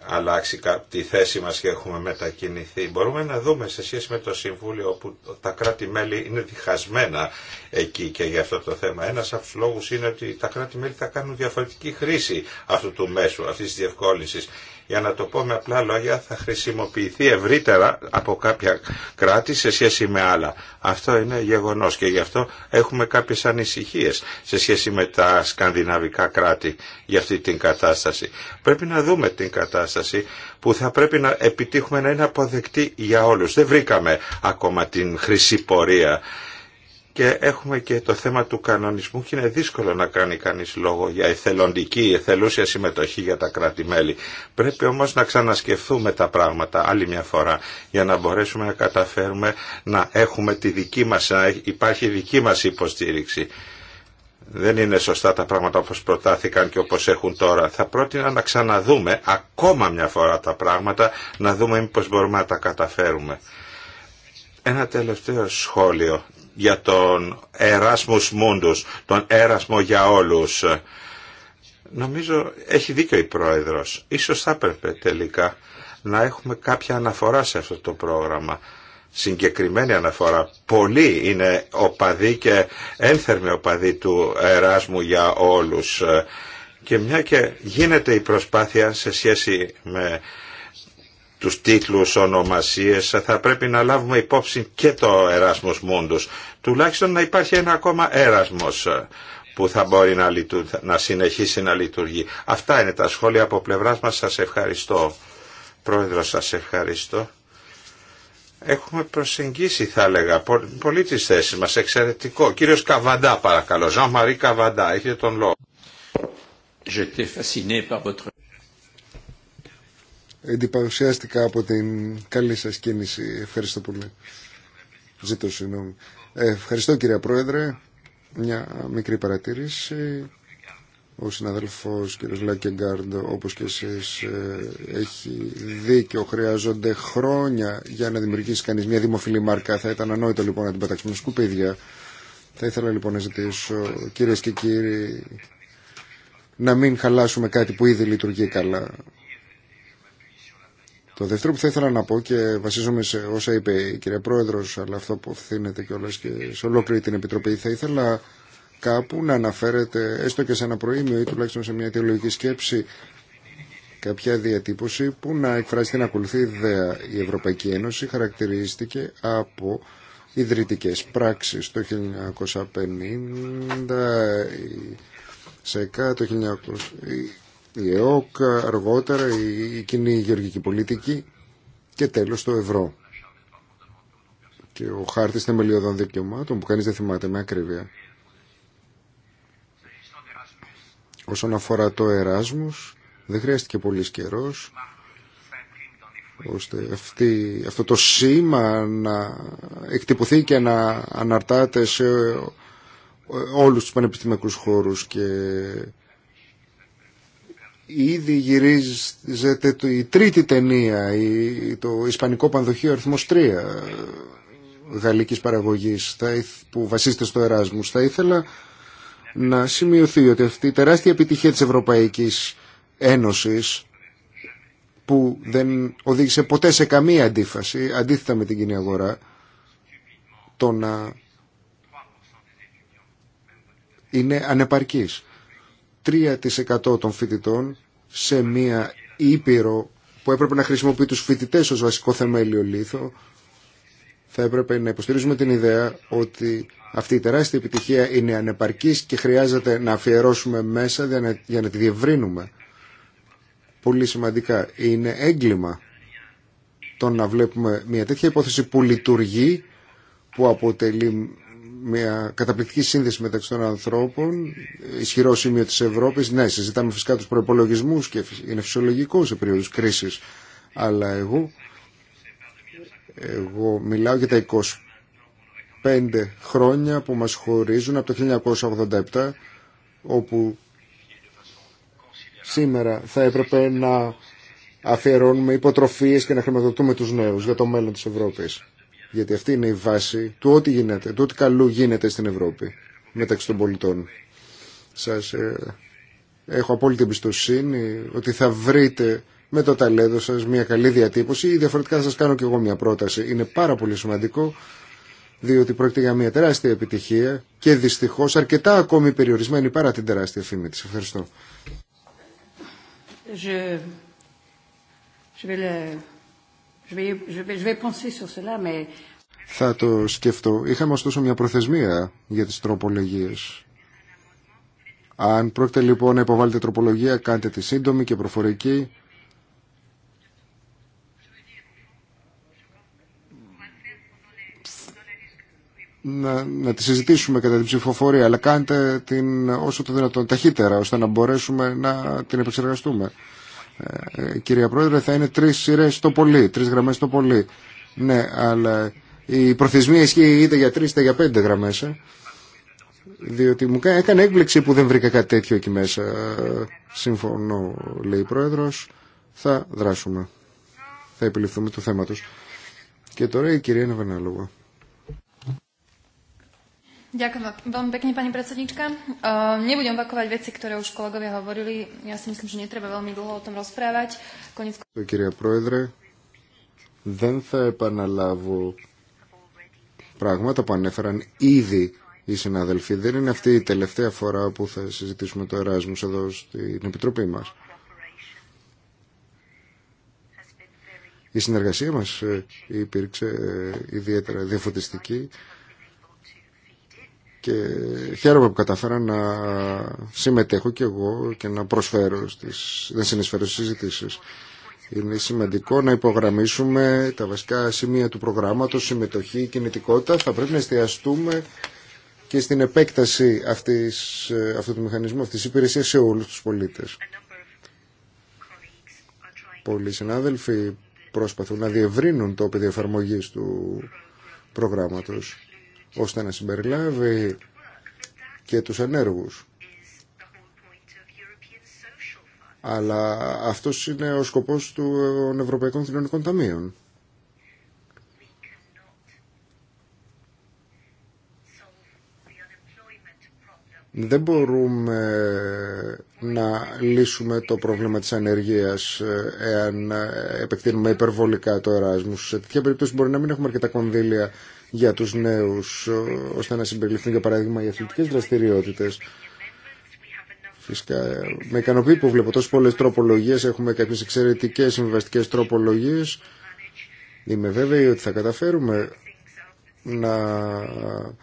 αλλάξει τη θέση μας και έχουμε μετακινηθεί. Μπορούμε να δούμε σε σχέση με το Συμβούλιο όπου τα κράτη-μέλη είναι διχασμένα εκεί και για αυτό το θέμα. Ένας από τους λόγους είναι ότι τα κράτη-μέλη θα κάνουν διαφορετική χρήση αυτού του μέσου, αυτής της διευκόλυνσης για να το πω με απλά λόγια, θα χρησιμοποιηθεί ευρύτερα από κάποια κράτη σε σχέση με άλλα. Αυτό είναι γεγονός και γι' αυτό έχουμε κάποιες ανησυχίες σε σχέση με τα σκανδιναβικά κράτη για αυτή την κατάσταση. Πρέπει να δούμε την κατάσταση που θα πρέπει να επιτύχουμε να είναι αποδεκτή για όλους. Δεν βρήκαμε ακόμα την χρυσή πορεία και έχουμε και το θέμα του κανονισμού και είναι δύσκολο να κάνει κανείς λόγο για εθελοντική, εθελούσια συμμετοχή για τα κράτη-μέλη. Πρέπει όμως να ξανασκεφθούμε τα πράγματα άλλη μια φορά για να μπορέσουμε να καταφέρουμε να έχουμε τη δική μας, να υπάρχει δική μας υποστήριξη. Δεν είναι σωστά τα πράγματα όπως προτάθηκαν και όπως έχουν τώρα. Θα πρότεινα να ξαναδούμε ακόμα μια φορά τα πράγματα, να δούμε μήπως μπορούμε να τα καταφέρουμε. Ένα τελευταίο σχόλιο για τον Erasmus Mundus, τον έρασμο για όλους. Νομίζω έχει δίκιο η Πρόεδρος. Ίσως θα έπρεπε τελικά να έχουμε κάποια αναφορά σε αυτό το πρόγραμμα. Συγκεκριμένη αναφορά. Πολλοί είναι οπαδοί και ένθερμοι οπαδοί του Εράσμου για όλους. Και μια και γίνεται η προσπάθεια σε σχέση με τους τίτλους, ονομασίες, θα πρέπει να λάβουμε υπόψη και το Εράσμος Mundus. Τουλάχιστον να υπάρχει ένα ακόμα Εράσμος που θα μπορεί να, να συνεχίσει να λειτουργεί. Αυτά είναι τα σχόλια από πλευράς μας. Σας ευχαριστώ. Πρόεδρο, σας ευχαριστώ. Έχουμε προσεγγίσει, θα έλεγα, πολύ τις θέσεις μας. Εξαιρετικό. Κύριος Καβαντά, παρακαλώ. Ζαν Μαρή Καβαντά, έχετε τον λόγο εντυπωσιάστηκα από την καλή σας κίνηση. Ευχαριστώ πολύ. Ζήτω συγγνώμη. Ε, ευχαριστώ κύριε Πρόεδρε. Μια μικρή παρατήρηση. Ο συναδελφός κύριος Λάκεγκάρντ, όπως και εσείς, ε, έχει δίκιο. Χρειάζονται χρόνια για να δημιουργήσει κανείς μια δημοφιλή μάρκα. Θα ήταν ανόητο λοιπόν να την πατάξουμε σκουπίδια. Θα ήθελα λοιπόν να ζητήσω, κυρίες και κύριοι, να μην χαλάσουμε κάτι που ήδη λειτουργεί καλά. Το δεύτερο που θα ήθελα να πω και βασίζομαι σε όσα είπε η κυρία Πρόεδρος αλλά αυτό που ευθύνεται κιόλα και σε ολόκληρη την Επιτροπή θα ήθελα κάπου να αναφέρεται έστω και σε ένα προήμιο ή τουλάχιστον σε μια αιτιολογική σκέψη κάποια διατύπωση που να εκφράσει την ακολουθή ιδέα. Η Ευρωπαϊκή Ένωση χαρακτηρίστηκε από ιδρυτικές πράξεις το 1950 σε το 1900, η ΕΟΚ, αργότερα η κοινή γεωργική πολιτική και τέλος το ευρώ. Και ο χάρτης θεμελιωδών δικαιωμάτων που κανείς δεν θυμάται με ακρίβεια. Όσον αφορά το Εράσμους, δεν χρειάστηκε πολύ καιρό ώστε αυτό το σήμα να εκτυπωθεί και να αναρτάται σε ε, όλους τους πανεπιστημιακούς χώρους και Ήδη γυρίζεται η τρίτη ταινία, το Ισπανικό Πανδοχείο αριθμό 3 ε, γαλλικής παραγωγής που βασίζεται στο Εράσμους. Θα ήθελα να σημειωθεί ότι αυτή η τεράστια επιτυχία της Ευρωπαϊκής Ένωσης που δεν οδήγησε ποτέ σε καμία αντίφαση, αντίθετα με την κοινή αγορά, το να είναι ανεπαρκής. 3% των φοιτητών σε μία ήπειρο που έπρεπε να χρησιμοποιεί τους φοιτητές ως βασικό θεμέλιο λίθο θα έπρεπε να υποστηρίζουμε την ιδέα ότι αυτή η τεράστια επιτυχία είναι ανεπαρκής και χρειάζεται να αφιερώσουμε μέσα για να, για να τη διευρύνουμε. Πολύ σημαντικά είναι έγκλημα το να βλέπουμε μια τέτοια υπόθεση που λειτουργεί, που αποτελεί μια καταπληκτική σύνδεση μεταξύ των ανθρώπων, ισχυρό σημείο της Ευρώπης. Ναι, συζητάμε φυσικά τους προπολογισμού και είναι φυσιολογικό σε περίοδους κρίσης. Αλλά εγώ, εγώ μιλάω για τα 25 χρόνια που μας χωρίζουν από το 1987, όπου σήμερα θα έπρεπε να αφιερώνουμε υποτροφίες και να χρηματοδοτούμε τους νέους για το μέλλον της Ευρώπης. Γιατί αυτή είναι η βάση του ό,τι γίνεται, του ό,τι καλού γίνεται στην Ευρώπη μεταξύ των πολιτών. Σας ε, έχω απόλυτη εμπιστοσύνη ότι θα βρείτε με το ταλέντο σας μια καλή διατύπωση ή διαφορετικά θα σας κάνω και εγώ μια πρόταση. Είναι πάρα πολύ σημαντικό διότι πρόκειται για μια τεράστια επιτυχία και δυστυχώς αρκετά ακόμη περιορισμένη παρά την τεράστια φήμη της. Ευχαριστώ. Je... Je vais le... Θα το σκεφτώ. Είχαμε ωστόσο μια προθεσμία για τις τροπολογίες. Αν πρόκειται λοιπόν να υποβάλλετε τροπολογία, κάντε τη σύντομη και προφορική. Να, να τη συζητήσουμε κατά την ψηφοφορία, αλλά κάντε την όσο το δυνατόν ταχύτερα, ώστε να μπορέσουμε να την επεξεργαστούμε. Ε, κυρία Πρόεδρε, θα είναι τρεις σειρές το πολύ, τρεις γραμμές το πολύ. Ναι, αλλά η προθεσμία ισχύει είτε για τρεις είτε για πέντε γραμμές. Ε. Διότι μου έκανε έκπληξη που δεν βρήκα κάτι τέτοιο εκεί μέσα. Συμφωνώ, λέει η Πρόεδρος. Θα δράσουμε. Θα επιληφθούμε του θέματος. Και τώρα η κυρία Ναβενάλογα. Ďakujem Πρόεδρε, δεν θα επαναλάβω πράγματα που ανέφεραν ήδη οι συναδελφοί. Δεν είναι αυτή η τελευταία φορά που θα συζητήσουμε το Εράσμους εδώ στην Επιτροπή μας. Η συνεργασία μας ε, υπήρξε ε, ιδιαίτερα διαφωτιστική και χαίρομαι που καταφέρα να συμμετέχω και εγώ και να προσφέρω στις, δεν συνεισφέρω στις συζητήσεις. Είναι σημαντικό να υπογραμμίσουμε τα βασικά σημεία του προγράμματος, συμμετοχή, κινητικότητα. Θα πρέπει να εστιαστούμε και στην επέκταση αυτής, ε, αυτού του μηχανισμού, αυτής της υπηρεσίας σε όλους τους πολίτες. Πολλοί συνάδελφοι προσπαθούν να διευρύνουν το πεδίο εφαρμογή του προγράμματος ώστε να συμπεριλάβει και τους ενέργους. Αλλά αυτός είναι ο σκοπός των Ευρωπαϊκών Κοινωνικών Ταμείων. Δεν μπορούμε να λύσουμε το πρόβλημα της ανεργίας ε, εάν ε, επεκτείνουμε υπερβολικά το Εράσμους. Σε τέτοια περίπτωση μπορεί να μην έχουμε αρκετά κονδύλια για τους νέους ώστε να συμπεριληφθούν για παράδειγμα οι αθλητικές δραστηριότητες. Φυσικά με ικανοποιεί που βλέπω τόσες πολλές τροπολογίες, έχουμε κάποιες εξαιρετικές συμβαστικές τροπολογίες. Είμαι βέβαιη ότι θα καταφέρουμε να ε,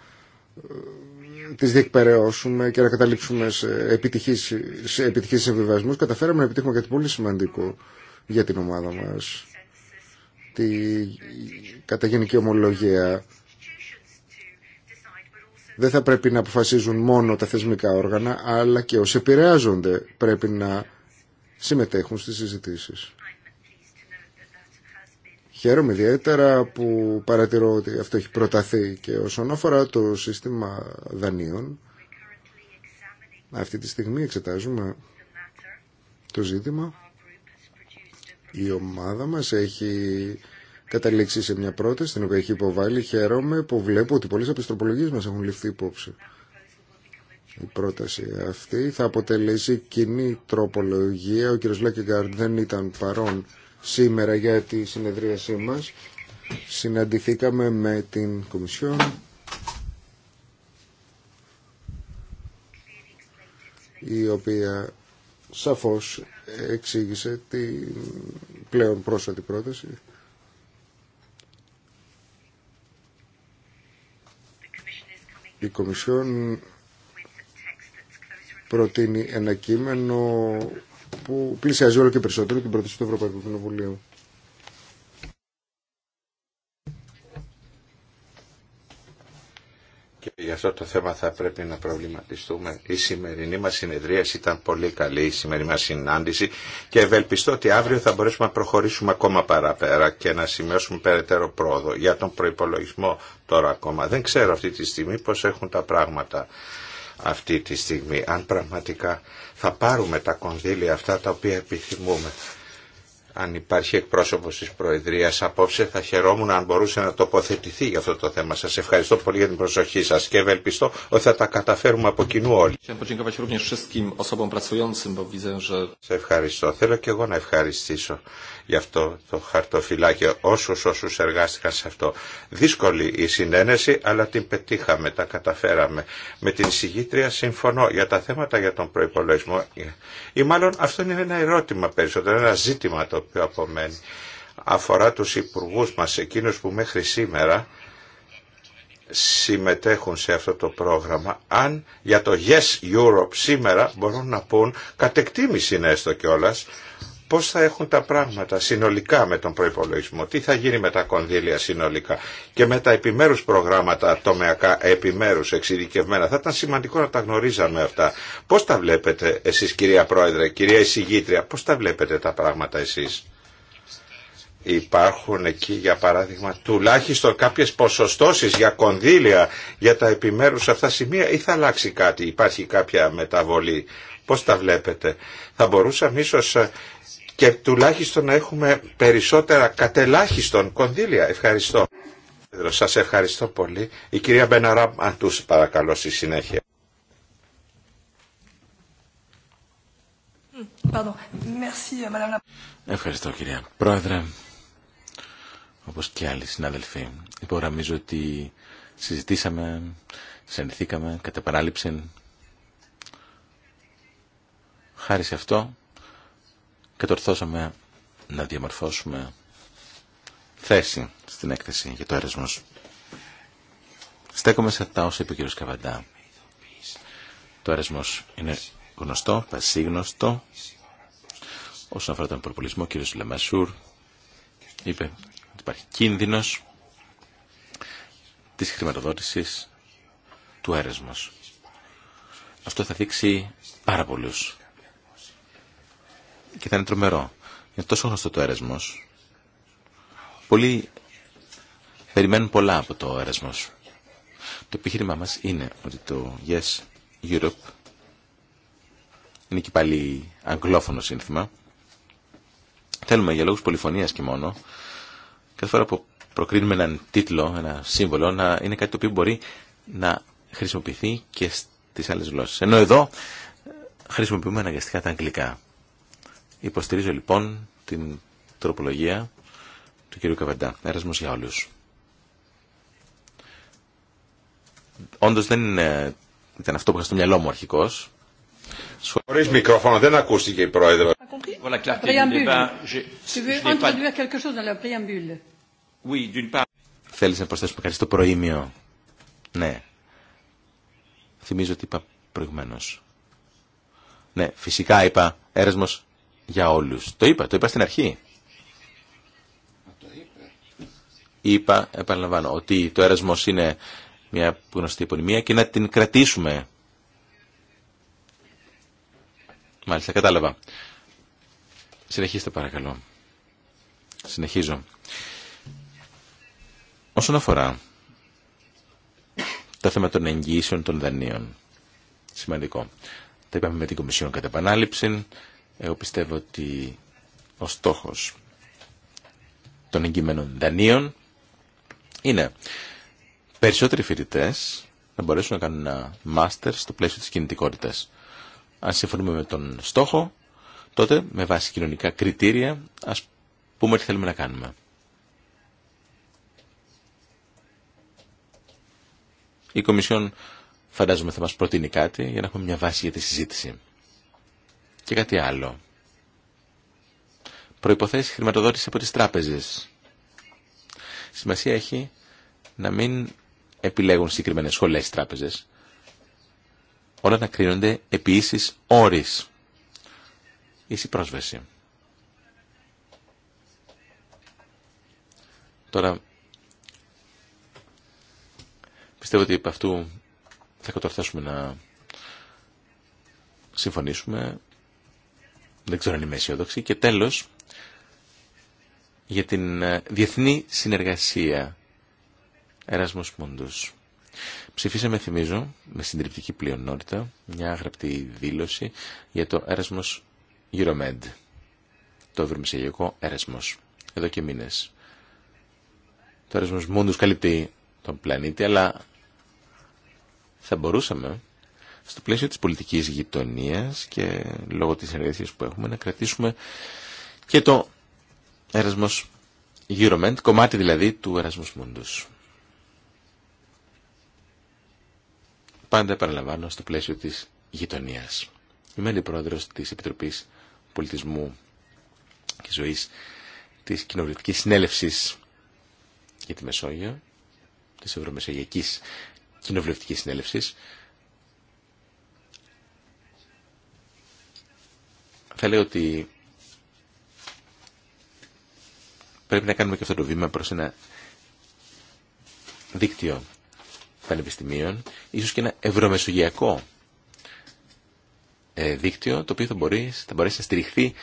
τις διεκπαιρεώσουμε και να καταλήξουμε σε επιτυχείς, σε επιτυχείς συμβιβασμούς. Καταφέραμε να επιτύχουμε κάτι πολύ σημαντικό για την ομάδα μας τη γενική ομολογία δεν θα πρέπει να αποφασίζουν μόνο τα θεσμικά όργανα, αλλά και όσοι επηρεάζονται πρέπει να συμμετέχουν στις συζητήσεις. Χαίρομαι ιδιαίτερα που παρατηρώ ότι αυτό έχει προταθεί και όσον αφορά το σύστημα δανείων. Αυτή τη στιγμή εξετάζουμε το ζήτημα. Η ομάδα μας έχει καταλήξει σε μια πρόταση την οποία έχει υποβάλει. Χαίρομαι που βλέπω ότι πολλές από μας έχουν ληφθεί υπόψη. Η πρόταση αυτή θα αποτελέσει κοινή τροπολογία. Ο κ. Λέκεγκαρντ δεν ήταν παρόν σήμερα για τη συνεδρίασή μας. Συναντηθήκαμε με την Κομισιόν. η οποία σαφώς εξήγησε την πλέον πρόσφατη πρόταση. Η Κομισιόν προτείνει ένα κείμενο που πλησιάζει όλο και περισσότερο την πρόταση του Ευρωπαϊκού Κοινοβουλίου. και για αυτό το θέμα θα πρέπει να προβληματιστούμε. Η σημερινή μας συνεδρία ήταν πολύ καλή, η σημερινή μας συνάντηση και ευελπιστώ ότι αύριο θα μπορέσουμε να προχωρήσουμε ακόμα παραπέρα και να σημειώσουμε περαιτέρω πρόοδο για τον προϋπολογισμό τώρα ακόμα. Δεν ξέρω αυτή τη στιγμή πώς έχουν τα πράγματα αυτή τη στιγμή, αν πραγματικά θα πάρουμε τα κονδύλια αυτά τα οποία επιθυμούμε αν υπάρχει εκπρόσωπος της Προεδρίας απόψε θα χαιρόμουν αν μπορούσε να τοποθετηθεί για αυτό το θέμα. Σας ευχαριστώ πολύ για την προσοχή σας και ευελπιστώ ότι θα τα καταφέρουμε από κοινού όλοι. Σε ευχαριστώ. Θέλω και εγώ να ευχαριστήσω γι' αυτό το χαρτοφυλάκιο, όσους όσους εργάστηκαν σε αυτό. Δύσκολη η συνένεση, αλλά την πετύχαμε, τα καταφέραμε. Με την συγγήτρια συμφωνώ για τα θέματα για τον προϋπολογισμό. Ή μάλλον αυτό είναι ένα ερώτημα περισσότερο, ένα ζήτημα το οποίο απομένει. Αφορά τους υπουργούς μας, εκείνους που μέχρι σήμερα συμμετέχουν σε αυτό το πρόγραμμα αν για το Yes Europe σήμερα μπορούν να πούν κατεκτήμηση είναι έστω κιόλας πώς θα έχουν τα πράγματα συνολικά με τον προϋπολογισμό, τι θα γίνει με τα κονδύλια συνολικά και με τα επιμέρους προγράμματα ατομιακά, επιμέρους εξειδικευμένα. Θα ήταν σημαντικό να τα γνωρίζαμε αυτά. Πώς τα βλέπετε εσείς κυρία Πρόεδρε, κυρία Εισηγήτρια, πώς τα βλέπετε τα πράγματα εσείς υπάρχουν εκεί για παράδειγμα τουλάχιστον κάποιες ποσοστώσεις για κονδύλια για τα επιμέρους αυτά σημεία ή θα αλλάξει κάτι, υπάρχει κάποια μεταβολή. Πώς τα βλέπετε. Θα μπορούσαμε ίσως και τουλάχιστον να έχουμε περισσότερα κατελάχιστον κονδύλια. Ευχαριστώ. Σας ευχαριστώ πολύ. Η κυρία Μπέναρα τους παρακαλώ στη συνέχεια. Ευχαριστώ κυρία Πρόεδρε. Όπως και άλλοι συνάδελφοι, υπογραμμίζω ότι συζητήσαμε, συνηθήκαμε κατά επανάληψη. Χάρη σε αυτό κατορθώσαμε να διαμορφώσουμε θέση στην έκθεση για το αίρεσμο. Στέκομαι σε αυτά όσα είπε ο κ. Καβαντά. Το αίρεσμο είναι γνωστό, πασίγνωστο. Όσον αφορά τον προπολισμό, ο κ. Λαμασούρ είπε ότι υπάρχει κίνδυνος της χρηματοδότησης του αίρεσμο. Αυτό θα δείξει πάρα πολλούς και θα είναι τρομερό. Είναι τόσο γνωστό το αίρεσμο. Πολλοί περιμένουν πολλά από το αίρεσμο. Το επιχείρημά μα είναι ότι το Yes Europe είναι και πάλι αγγλόφωνο σύνθημα. Θέλουμε για λόγους πολυφωνίας και μόνο κάθε φορά που προκρίνουμε έναν τίτλο, ένα σύμβολο, να είναι κάτι το οποίο μπορεί να χρησιμοποιηθεί και στι άλλε γλώσσε. Ενώ εδώ χρησιμοποιούμε αναγκαστικά τα αγγλικά. Υποστηρίζω λοιπόν την τροπολογία του κ. Καβεντά. Έρασμος για όλους. Όντως δεν είναι... ήταν αυτό που είχα στο μυαλό μου αρχικώς. μικρόφωνο, δεν ακούστηκε η πρόεδρο. Θέλεις να προσθέσουμε κάτι στο προήμιο. Ναι. Θυμίζω ότι είπα προηγουμένως. Ναι, φυσικά είπα έρασμος για όλους. Το είπα, το είπα στην αρχή. Είπα, επαναλαμβάνω, ότι το έρασμος είναι μια γνωστή επωνυμία και να την κρατήσουμε. Μάλιστα, κατάλαβα. Συνεχίστε παρακαλώ. Συνεχίζω. Όσον αφορά το θέμα των εγγύσεων των δανείων, σημαντικό. Τα είπαμε με την Κομισιόν κατά επανάληψη, εγώ πιστεύω ότι ο στόχος των εγκυμένων δανείων είναι περισσότεροι φοιτητέ να μπορέσουν να κάνουν ένα μάστερ στο πλαίσιο της κινητικότητας. Αν συμφωνούμε με τον στόχο, τότε με βάση κοινωνικά κριτήρια ας πούμε τι θέλουμε να κάνουμε. Η Κομισιόν φαντάζομαι θα μας προτείνει κάτι για να έχουμε μια βάση για τη συζήτηση. Και κάτι άλλο. Προϋποθέσεις χρηματοδότηση από τις τράπεζες. Σημασία έχει να μην επιλέγουν συγκεκριμένες σχολές τράπεζες. Όλα να κρίνονται επί ίσης όρης. Ίση πρόσβαση. Τώρα, πιστεύω ότι από αυτού θα κατορθώσουμε να συμφωνήσουμε. Δεν ξέρω αν είμαι αισιοδόξη. Και τέλος, για την ε, διεθνή συνεργασία Εράσμος Μοντούς. Ψηφίσαμε, θυμίζω, με συντριπτική πλειονότητα, μια γραπτή δήλωση για το Έρασμος Euromed, το ευρωμεσογειακό Έρασμος, εδώ και μήνες. Το Έρασμος Μόντους καλύπτει τον πλανήτη, αλλά θα μπορούσαμε στο πλαίσιο της πολιτικής γειτονίας και λόγω της συνεργασίας που έχουμε να κρατήσουμε και το Erasmus Euromed, κομμάτι δηλαδή του Erasmus Mundus. Πάντα παραλαμβάνω στο πλαίσιο της γειτονίας. Είμαι αντιπρόεδρος της Επιτροπής Πολιτισμού και Ζωής της Κοινοβουλευτικής Συνέλευσης για τη Μεσόγειο, της Ευρωμεσογειακής Κοινοβουλευτικής Συνέλευσης θα λέω ότι πρέπει να κάνουμε και αυτό το βήμα προς ένα δίκτυο πανεπιστημίων, ίσως και ένα ευρωμεσογειακό ε, δίκτυο, το οποίο θα, μπορεί, θα μπορέσει να στηριχθεί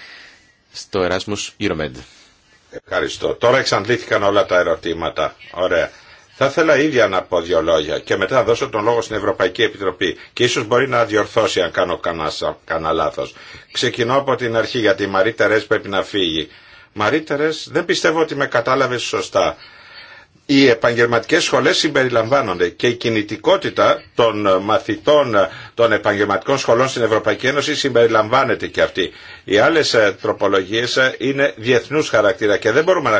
στο Erasmus EuroMed. Ευχαριστώ. Τώρα εξαντλήθηκαν όλα τα ερωτήματα. Ωραία. Θα ήθελα ίδια να πω δύο λόγια και μετά δώσω τον λόγο στην Ευρωπαϊκή Επιτροπή και ίσως μπορεί να διορθώσει αν κάνω κανένα λάθος. Ξεκινώ από την αρχή γιατί η Μαρή Τερές πρέπει να φύγει. Μαρή Τερές δεν πιστεύω ότι με κατάλαβες σωστά οι επαγγελματικές σχολές συμπεριλαμβάνονται και η κινητικότητα των μαθητών των επαγγελματικών σχολών στην Ευρωπαϊκή Ένωση συμπεριλαμβάνεται και αυτή. Οι άλλες ε, τροπολογίες ε, είναι διεθνούς χαρακτήρα και δεν μπορούμε να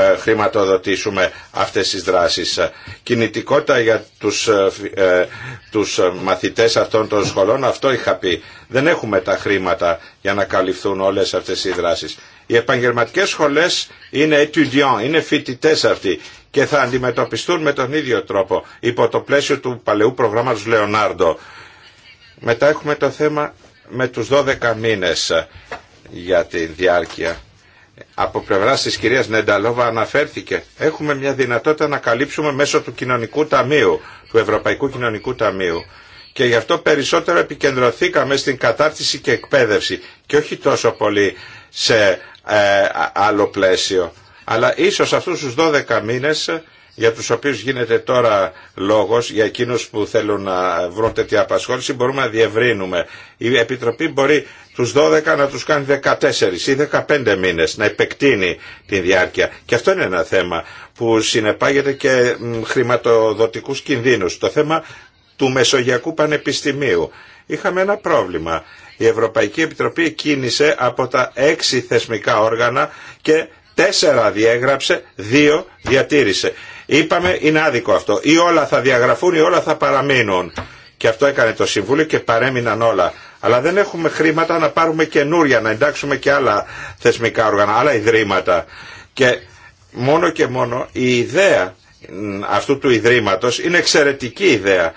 ε, χρηματοδοτήσουμε αυτές τις δράσεις. Κινητικότητα για τους, τους μαθητές αυτών των σχολών, αυτό είχα πει. Δεν έχουμε τα χρήματα για να καλυφθούν όλες αυτές οι δράσεις. Οι επαγγελματικές σχολές είναι étudiants, είναι φοιτητές αυτοί και θα αντιμετωπιστούν με τον ίδιο τρόπο υπό το πλαίσιο του παλαιού προγράμματος Λεωνάρντο. Μετά έχουμε το θέμα με τους 12 μήνες για τη διάρκεια. Από πλευρά τη κυρία Νενταλόβα αναφέρθηκε. Έχουμε μια δυνατότητα να καλύψουμε μέσω του Κοινωνικού Ταμείου, του Ευρωπαϊκού Κοινωνικού Ταμείου. Και γι' αυτό περισσότερο επικεντρωθήκαμε στην κατάρτιση και εκπαίδευση και όχι τόσο πολύ σε ε, άλλο πλαίσιο. Αλλά ίσως αυτούς τους 12 μήνες για τους οποίους γίνεται τώρα λόγος, για εκείνους που θέλουν να βρουν τέτοια απασχόληση, μπορούμε να διευρύνουμε. Η Επιτροπή μπορεί τους 12 να τους κάνει 14 ή 15 μήνες, να επεκτείνει την διάρκεια. Και αυτό είναι ένα θέμα που συνεπάγεται και χρηματοδοτικούς κινδύνους. Το θέμα του Μεσογειακού Πανεπιστημίου. Είχαμε ένα πρόβλημα η Ευρωπαϊκή Επιτροπή κίνησε από τα έξι θεσμικά όργανα και τέσσερα διέγραψε, δύο διατήρησε. Είπαμε είναι άδικο αυτό. Ή όλα θα διαγραφούν ή όλα θα παραμείνουν. Και αυτό έκανε το Συμβούλιο και παρέμειναν όλα. Αλλά δεν έχουμε χρήματα να πάρουμε καινούρια, να εντάξουμε και άλλα θεσμικά όργανα, άλλα ιδρύματα. Και μόνο και μόνο η ιδέα αυτού του ιδρύματος είναι εξαιρετική ιδέα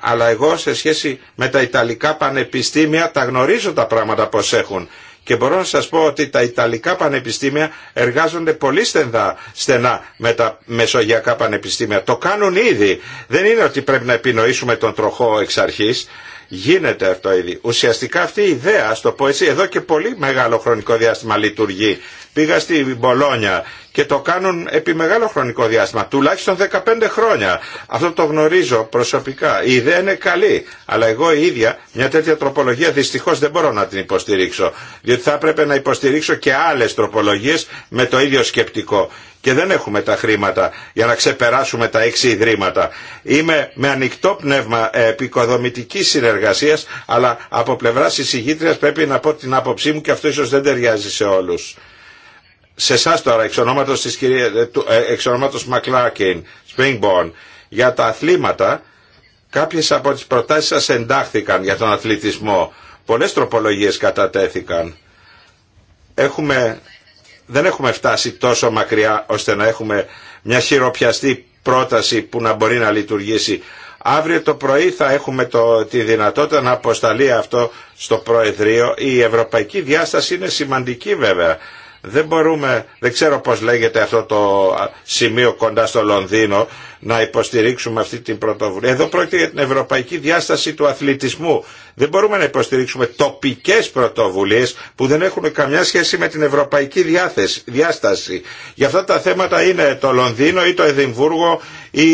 αλλά εγώ σε σχέση με τα Ιταλικά πανεπιστήμια τα γνωρίζω τα πράγματα πως έχουν και μπορώ να σας πω ότι τα Ιταλικά πανεπιστήμια εργάζονται πολύ στενά, στενά με τα μεσογειακά πανεπιστήμια. Το κάνουν ήδη. Δεν είναι ότι πρέπει να επινοήσουμε τον τροχό εξ αρχής. Γίνεται αυτό ήδη. Ουσιαστικά αυτή η ιδέα, στο πω έτσι, εδώ και πολύ μεγάλο χρονικό διάστημα λειτουργεί Πήγα στη Μπολόνια και το κάνουν επί μεγάλο χρονικό διάστημα, τουλάχιστον 15 χρόνια. Αυτό το γνωρίζω προσωπικά. Η ιδέα είναι καλή, αλλά εγώ η ίδια μια τέτοια τροπολογία δυστυχώς δεν μπορώ να την υποστηρίξω, διότι θα έπρεπε να υποστηρίξω και άλλες τροπολογίες με το ίδιο σκεπτικό και δεν έχουμε τα χρήματα για να ξεπεράσουμε τα έξι ιδρύματα. Είμαι με ανοιχτό πνεύμα ε, επικοδομητικής συνεργασίας, αλλά από πλευράς εισηγήτριας πρέπει να πω την άποψή μου και αυτό ίσως δεν ταιριάζει σε όλους σε εσά τώρα, εξ ονόματος, της κυρία, ε, ε, Μακλάκιν, για τα αθλήματα, κάποιες από τις προτάσεις σας εντάχθηκαν για τον αθλητισμό. Πολλές τροπολογίες κατατέθηκαν. Έχουμε, δεν έχουμε φτάσει τόσο μακριά ώστε να έχουμε μια χειροπιαστή πρόταση που να μπορεί να λειτουργήσει. Αύριο το πρωί θα έχουμε το, τη δυνατότητα να αποσταλεί αυτό στο Προεδρείο. Η ευρωπαϊκή διάσταση είναι σημαντική βέβαια δεν μπορούμε, δεν ξέρω πώς λέγεται αυτό το σημείο κοντά στο Λονδίνο, να υποστηρίξουμε αυτή την πρωτοβουλία. Εδώ πρόκειται για την ευρωπαϊκή διάσταση του αθλητισμού. Δεν μπορούμε να υποστηρίξουμε τοπικές πρωτοβουλίες που δεν έχουν καμιά σχέση με την ευρωπαϊκή διάθεση, διάσταση. Για αυτά τα θέματα είναι το Λονδίνο ή το Εδιμβούργο ή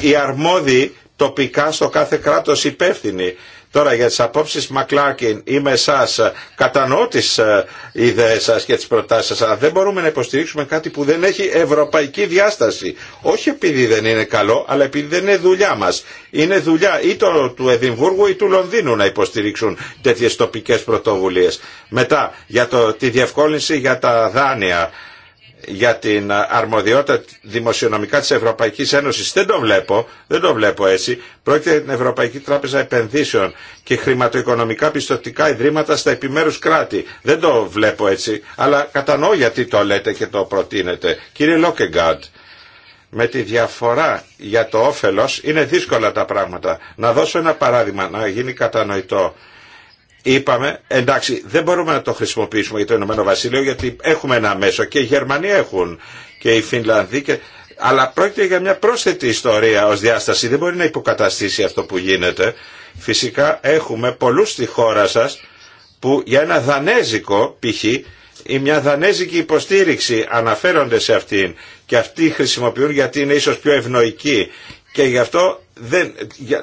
οι αρμόδιοι τοπικά στο κάθε κράτος υπεύθυνοι. Τώρα για τις απόψεις Μακλάρκιν ή με εσάς ε, κατανοώ τις ε, ιδέες σας και τις προτάσεις σας αλλά δεν μπορούμε να υποστηρίξουμε κάτι που δεν έχει ευρωπαϊκή διάσταση. Όχι επειδή δεν είναι καλό αλλά επειδή δεν είναι δουλειά μας. Είναι δουλειά ή του Εδιμβούργου ή του Λονδίνου να υποστηρίξουν τέτοιες τοπικές πρωτοβουλίες. Μετά για το, τη διευκόλυνση για τα δάνεια για την αρμοδιότητα δημοσιονομικά της Ευρωπαϊκής Ένωσης. Δεν το βλέπω, δεν το βλέπω έτσι. Πρόκειται για την Ευρωπαϊκή Τράπεζα Επενδύσεων και χρηματοοικονομικά πιστοτικά ιδρύματα στα επιμέρους κράτη. Δεν το βλέπω έτσι, αλλά κατανοώ γιατί το λέτε και το προτείνετε. Κύριε Λόκεγκαντ, με τη διαφορά για το όφελος είναι δύσκολα τα πράγματα. Να δώσω ένα παράδειγμα, να γίνει κατανοητό είπαμε εντάξει δεν μπορούμε να το χρησιμοποιήσουμε για το Ηνωμένο Βασίλειο γιατί έχουμε ένα μέσο και οι Γερμανοί έχουν και οι Φινλανδοί και... αλλά πρόκειται για μια πρόσθετη ιστορία ως διάσταση δεν μπορεί να υποκαταστήσει αυτό που γίνεται φυσικά έχουμε πολλούς στη χώρα σας που για ένα δανέζικο π.χ. ή μια δανέζικη υποστήριξη αναφέρονται σε αυτήν και αυτοί χρησιμοποιούν γιατί είναι ίσως πιο ευνοϊκοί και γι' αυτό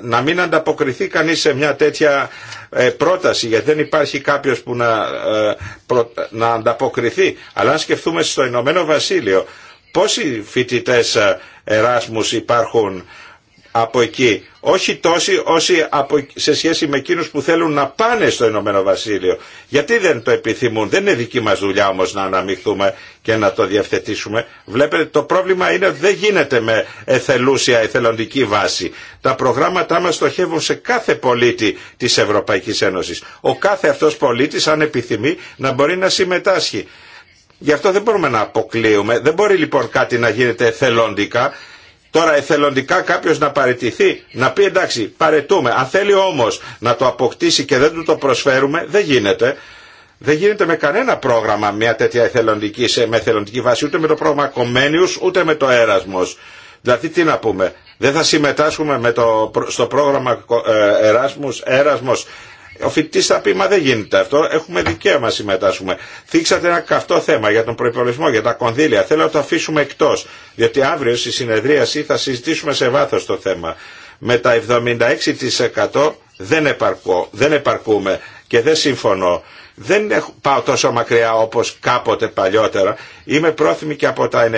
να μην ανταποκριθεί κανείς σε μια τέτοια ε, πρόταση γιατί δεν υπάρχει κάποιος που να, ε, να ανταποκριθεί αλλά αν σκεφτούμε στο Ηνωμένο Βασίλειο πόσοι φοιτητές ε, εράσμους υπάρχουν από εκεί. Όχι τόσοι όσοι σε σχέση με εκείνους που θέλουν να πάνε στο Ηνωμένο Βασίλειο. Γιατί δεν το επιθυμούν. Δεν είναι δική μας δουλειά όμως να αναμειχθούμε και να το διευθετήσουμε. Βλέπετε το πρόβλημα είναι ότι δεν γίνεται με εθελούσια εθελοντική βάση. Τα προγράμματά μας στοχεύουν σε κάθε πολίτη της Ευρωπαϊκής Ένωσης. Ο κάθε αυτός πολίτης αν επιθυμεί να μπορεί να συμμετάσχει. Γι' αυτό δεν μπορούμε να αποκλείουμε. Δεν μπορεί λοιπόν κάτι να γίνεται εθελοντικά. Τώρα εθελοντικά κάποιο να παρετηθεί να πει εντάξει παρετούμε. Αν θέλει όμω να το αποκτήσει και δεν του το προσφέρουμε, δεν γίνεται. Δεν γίνεται με κανένα πρόγραμμα μια τέτοια εθελοντική, σε, με βάση, ούτε με το πρόγραμμα κομμένιους ούτε με το έρασμο. Δηλαδή τι να πούμε, δεν θα συμμετάσχουμε με το, στο πρόγραμμα ε, ο φοιτητή θα πει, μα δεν γίνεται αυτό, έχουμε δικαίωμα να συμμετάσχουμε. Θίξατε ένα καυτό θέμα για τον προπολογισμό, για τα κονδύλια. Θέλω να το αφήσουμε εκτό, διότι αύριο στη συνεδρίαση θα συζητήσουμε σε βάθο το θέμα. Με τα 76% δεν, επαρκώ, δεν επαρκούμε και δεν συμφωνώ. Δεν πάω τόσο μακριά όπως κάποτε παλιότερα. Είμαι πρόθυμη και από τα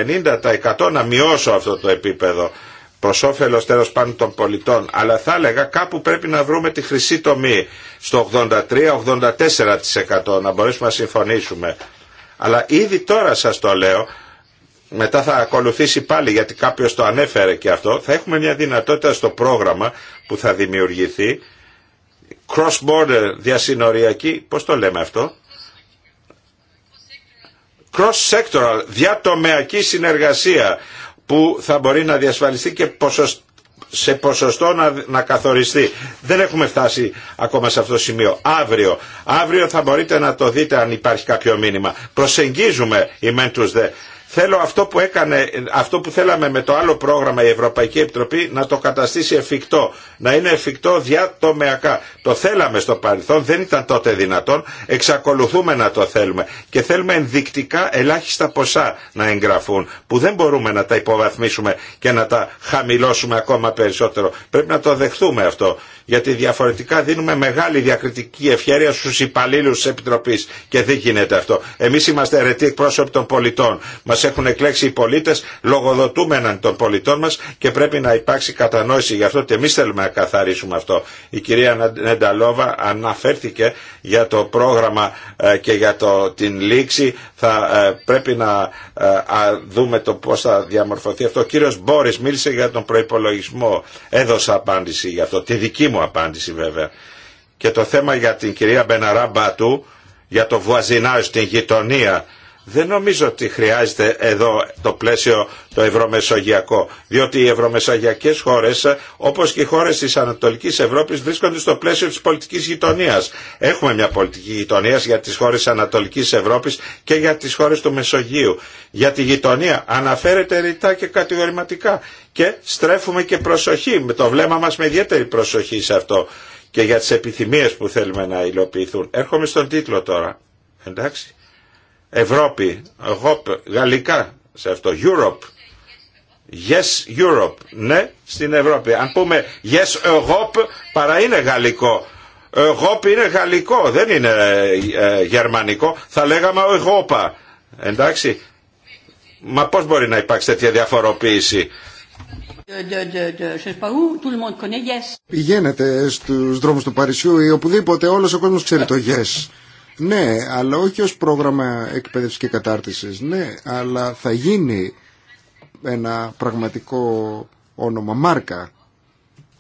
90% να μειώσω αυτό το επίπεδο προ όφελο τέλο πάντων των πολιτών. Αλλά θα έλεγα κάπου πρέπει να βρούμε τη χρυσή τομή στο 83-84% να μπορέσουμε να συμφωνήσουμε. Αλλά ήδη τώρα σας το λέω, μετά θα ακολουθήσει πάλι γιατί κάποιος το ανέφερε και αυτό, θα έχουμε μια δυνατότητα στο πρόγραμμα που θα δημιουργηθεί, cross-border διασυνοριακή, πώς το λέμε αυτό, cross-sectoral, διατομεακή συνεργασία που θα μπορεί να διασφαλιστεί και σε ποσοστό να, να καθοριστεί. Δεν έχουμε φτάσει ακόμα σε αυτό το σημείο. Αύριο. Αύριο θα μπορείτε να το δείτε αν υπάρχει κάποιο μήνυμα. Προσεγγίζουμε οι μεν τους δε. Θέλω αυτό που έκανε, αυτό που θέλαμε με το άλλο πρόγραμμα η Ευρωπαϊκή Επιτροπή να το καταστήσει εφικτό, να είναι εφικτό διατομεακά. Το θέλαμε στο παρελθόν, δεν ήταν τότε δυνατόν, εξακολουθούμε να το θέλουμε και θέλουμε ενδεικτικά ελάχιστα ποσά να εγγραφούν που δεν μπορούμε να τα υποβαθμίσουμε και να τα χαμηλώσουμε ακόμα περισσότερο. Πρέπει να το δεχθούμε αυτό γιατί διαφορετικά δίνουμε μεγάλη διακριτική ευχαίρεια στους υπαλλήλους της Επιτροπής και δεν γίνεται αυτό. Εμείς είμαστε αιρετοί εκπρόσωποι των πολιτών. Μας έχουν εκλέξει οι πολίτες λογοδοτούμεναν των πολιτών μας και πρέπει να υπάρξει κατανόηση γι' αυτό και εμείς θέλουμε να καθαρίσουμε αυτό. Η κυρία Νενταλόβα αναφέρθηκε για το πρόγραμμα ε, και για το, την λήξη. Θα ε, πρέπει να ε, δούμε το πώς θα διαμορφωθεί αυτό. Ο κύριος Μπόρις μίλησε για τον προϋπολογισμό. Έδωσα απάντηση γι' αυτό, τη δική μου μου απάντηση βέβαια. Και το θέμα για την κυρία Μπεναρά Μπατού, για το βουαζινάζ στην γειτονία δεν νομίζω ότι χρειάζεται εδώ το πλαίσιο το ευρωμεσογειακό, διότι οι ευρωμεσογειακές χώρες, όπως και οι χώρες της Ανατολικής Ευρώπης, βρίσκονται στο πλαίσιο της πολιτικής γειτονίας. Έχουμε μια πολιτική γειτονία για τις χώρες της Ανατολικής Ευρώπης και για τις χώρες του Μεσογείου. Για τη γειτονία αναφέρεται ρητά και κατηγορηματικά και στρέφουμε και προσοχή, με το βλέμμα μας με ιδιαίτερη προσοχή σε αυτό και για τις επιθυμίες που θέλουμε να υλοποιηθούν. Έρχομαι στον τίτλο τώρα. Εντάξει. Ευρώπη, Europe, γαλλικά σε αυτό, Europe. Yes Europe, ναι στην Ευρώπη. Αν πούμε Yes Europe παρά είναι γαλλικό. Europe είναι γαλλικό, δεν είναι ε, γερμανικό. Θα λέγαμε Europa. Εντάξει. Μα πώς μπορεί να υπάρξει τέτοια διαφοροποίηση. Πηγαίνετε στους δρόμους του Παρισιού ή οπουδήποτε όλος ο κόσμος ξέρει το yes. Ναι, αλλά όχι ως πρόγραμμα εκπαίδευσης και κατάρτισης. Ναι, αλλά θα γίνει ένα πραγματικό όνομα, μάρκα.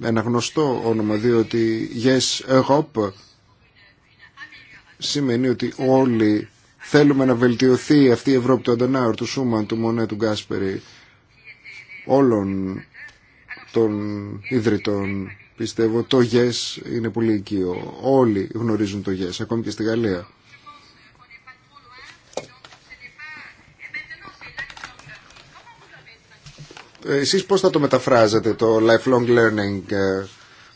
Ένα γνωστό όνομα, διότι Yes Europe σημαίνει ότι όλοι θέλουμε να βελτιωθεί αυτή η Ευρώπη του Αντενάουρ, του Σούμαν, του Μονέ, του Γκάσπερη, όλων των ίδρυτων Πιστεύω το ΓΕΣ yes είναι πολύ οικείο. Όλοι γνωρίζουν το ΓΕΣ, yes, ακόμη και στη Γαλλία. Εσείς πώς θα το μεταφράζετε το lifelong learning ε,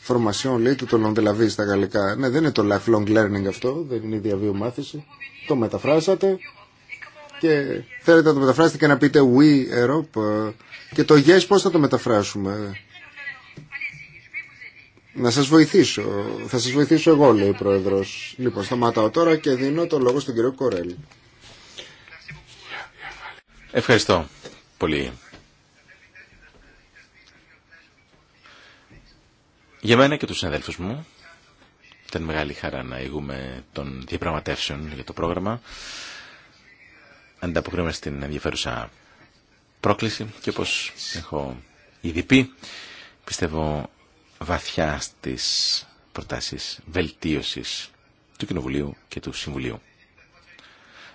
formation, λέει του το Λαβή στα γαλλικά. Ναι, δεν είναι το lifelong learning αυτό, δεν είναι η διαβίου μάθηση. Το μεταφράσατε και θέλετε να το μεταφράσετε και να πείτε we Europe ε, και το yes πώς θα το μεταφράσουμε. Να σας βοηθήσω. Θα σας βοηθήσω εγώ, λέει ο Πρόεδρος. Λοιπόν, σταματάω τώρα και δίνω το λόγο στον κύριο Κορέλ. Ευχαριστώ πολύ. Για μένα και τους συναδέλφους μου ήταν μεγάλη χαρά να ηγούμε των διαπραγματεύσεων για το πρόγραμμα. Ανταποκρίνουμε στην ενδιαφέρουσα πρόκληση και όπως έχω ήδη πει, πιστεύω βαθιά στις προτάσεις βελτίωσης του Κοινοβουλίου και του Συμβουλίου.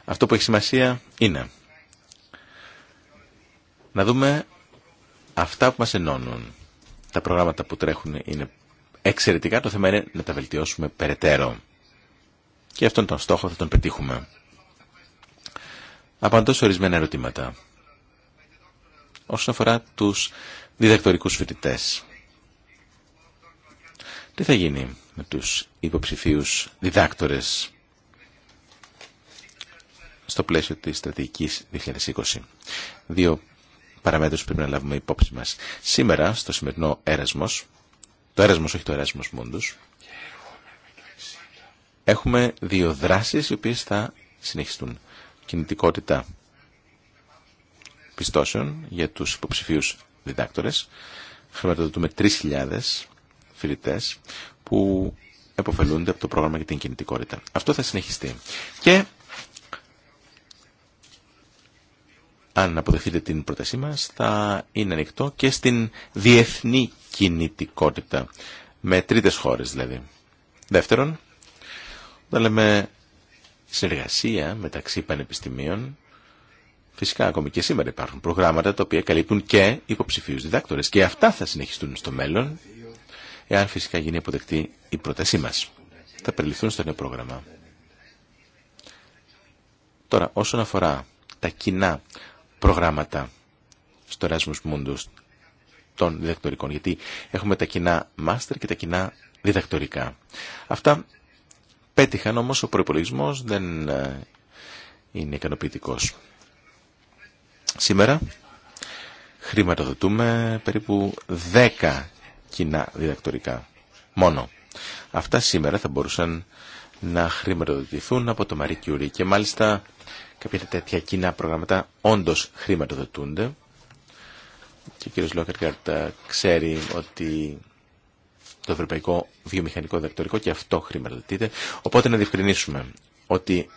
Αυτό που έχει σημασία είναι να δούμε αυτά που μας ενώνουν. Τα προγράμματα που τρέχουν είναι εξαιρετικά, το θέμα είναι να τα βελτιώσουμε περαιτέρω. Και αυτόν τον στόχο θα τον πετύχουμε. Απαντώ σε ορισμένα ερωτήματα. Όσον αφορά τους διδακτορικούς φοιτητές. Τι θα γίνει με τους υποψηφίους διδάκτορες στο πλαίσιο της στρατηγικής 2020. Δύο παραμέτρους πρέπει να λάβουμε υπόψη μας. Σήμερα, στο σημερινό έρασμος, το έρασμος όχι το έρασμος μόντους, έχουμε δύο δράσεις οι οποίες θα συνεχιστούν. Κινητικότητα πιστώσεων για τους υποψηφίους διδάκτορες. Χρηματοδοτούμε 3.000 που εποφελούνται από το πρόγραμμα για την κινητικότητα. Αυτό θα συνεχιστεί. Και αν αποδεχτείτε την πρότασή μας, θα είναι ανοιχτό και στην διεθνή κινητικότητα, με τρίτες χώρες δηλαδή. Δεύτερον, όταν λέμε συνεργασία μεταξύ πανεπιστημίων, φυσικά ακόμη και σήμερα υπάρχουν προγράμματα τα οποία καλύπτουν και υποψηφίους διδάκτορες και αυτά θα συνεχιστούν στο μέλλον εάν φυσικά γίνει αποδεκτή η πρότασή μας. Θα περιληφθούν στο νέο πρόγραμμα. Τώρα, όσον αφορά τα κοινά προγράμματα στο Erasmus Mundus των διδακτορικών, γιατί έχουμε τα κοινά μάστερ και τα κοινά διδακτορικά. Αυτά πέτυχαν όμως ο προπολογισμό δεν ε, είναι ικανοποιητικό. Σήμερα χρηματοδοτούμε περίπου 10 κοινά διδακτορικά. Μόνο. Αυτά σήμερα θα μπορούσαν να χρηματοδοτηθούν από το Marie Curie και μάλιστα κάποια τέτοια κοινά προγράμματα όντως χρηματοδοτούνται και ο κύριος Λόκερκαρτ ξέρει ότι το Ευρωπαϊκό Βιομηχανικό Διδακτορικό και αυτό χρηματοδοτείται. Οπότε να διευκρινίσουμε ότι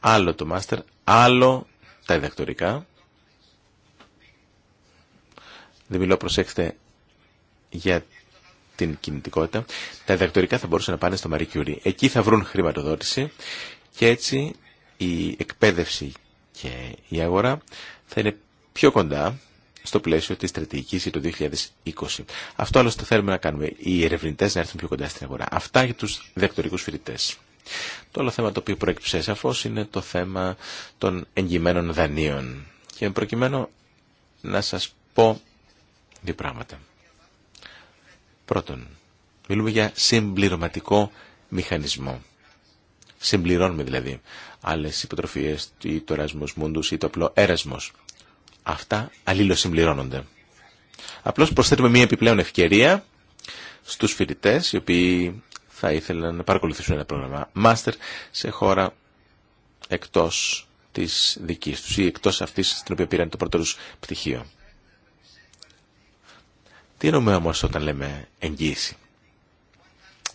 άλλο το μάστερ, άλλο τα διδακτορικά. Δεν μιλώ, προσέξτε, για την κινητικότητα, τα διδακτορικά θα μπορούσαν να πάνε στο Marie Curie. Εκεί θα βρουν χρηματοδότηση και έτσι η εκπαίδευση και η αγορά θα είναι πιο κοντά στο πλαίσιο της στρατηγικής για το 2020. Αυτό άλλωστε το θέλουμε να κάνουμε, οι ερευνητές να έρθουν πιο κοντά στην αγορά. Αυτά για τους διδακτορικούς φοιτητές. Το άλλο θέμα το οποίο προέκυψε σαφώ είναι το θέμα των εγγυημένων δανείων. Και προκειμένου να σας πω δύο πράγματα. Πρώτον, μιλούμε για συμπληρωματικό μηχανισμό. Συμπληρώνουμε δηλαδή άλλε υποτροφίε ή το Εράσμος μούντου ή το απλό έρασμο. Αυτά συμπληρώνονται. Απλώς προσθέτουμε μια επιπλέον ευκαιρία στους φοιτητέ, οι οποίοι θα ήθελαν να παρακολουθήσουν ένα πρόγραμμα μάστερ σε χώρα εκτός της δική του ή εκτό αυτή στην οποία πήραν το πρώτο πτυχίο. Τι εννοούμε όμω όταν λέμε εγγύηση.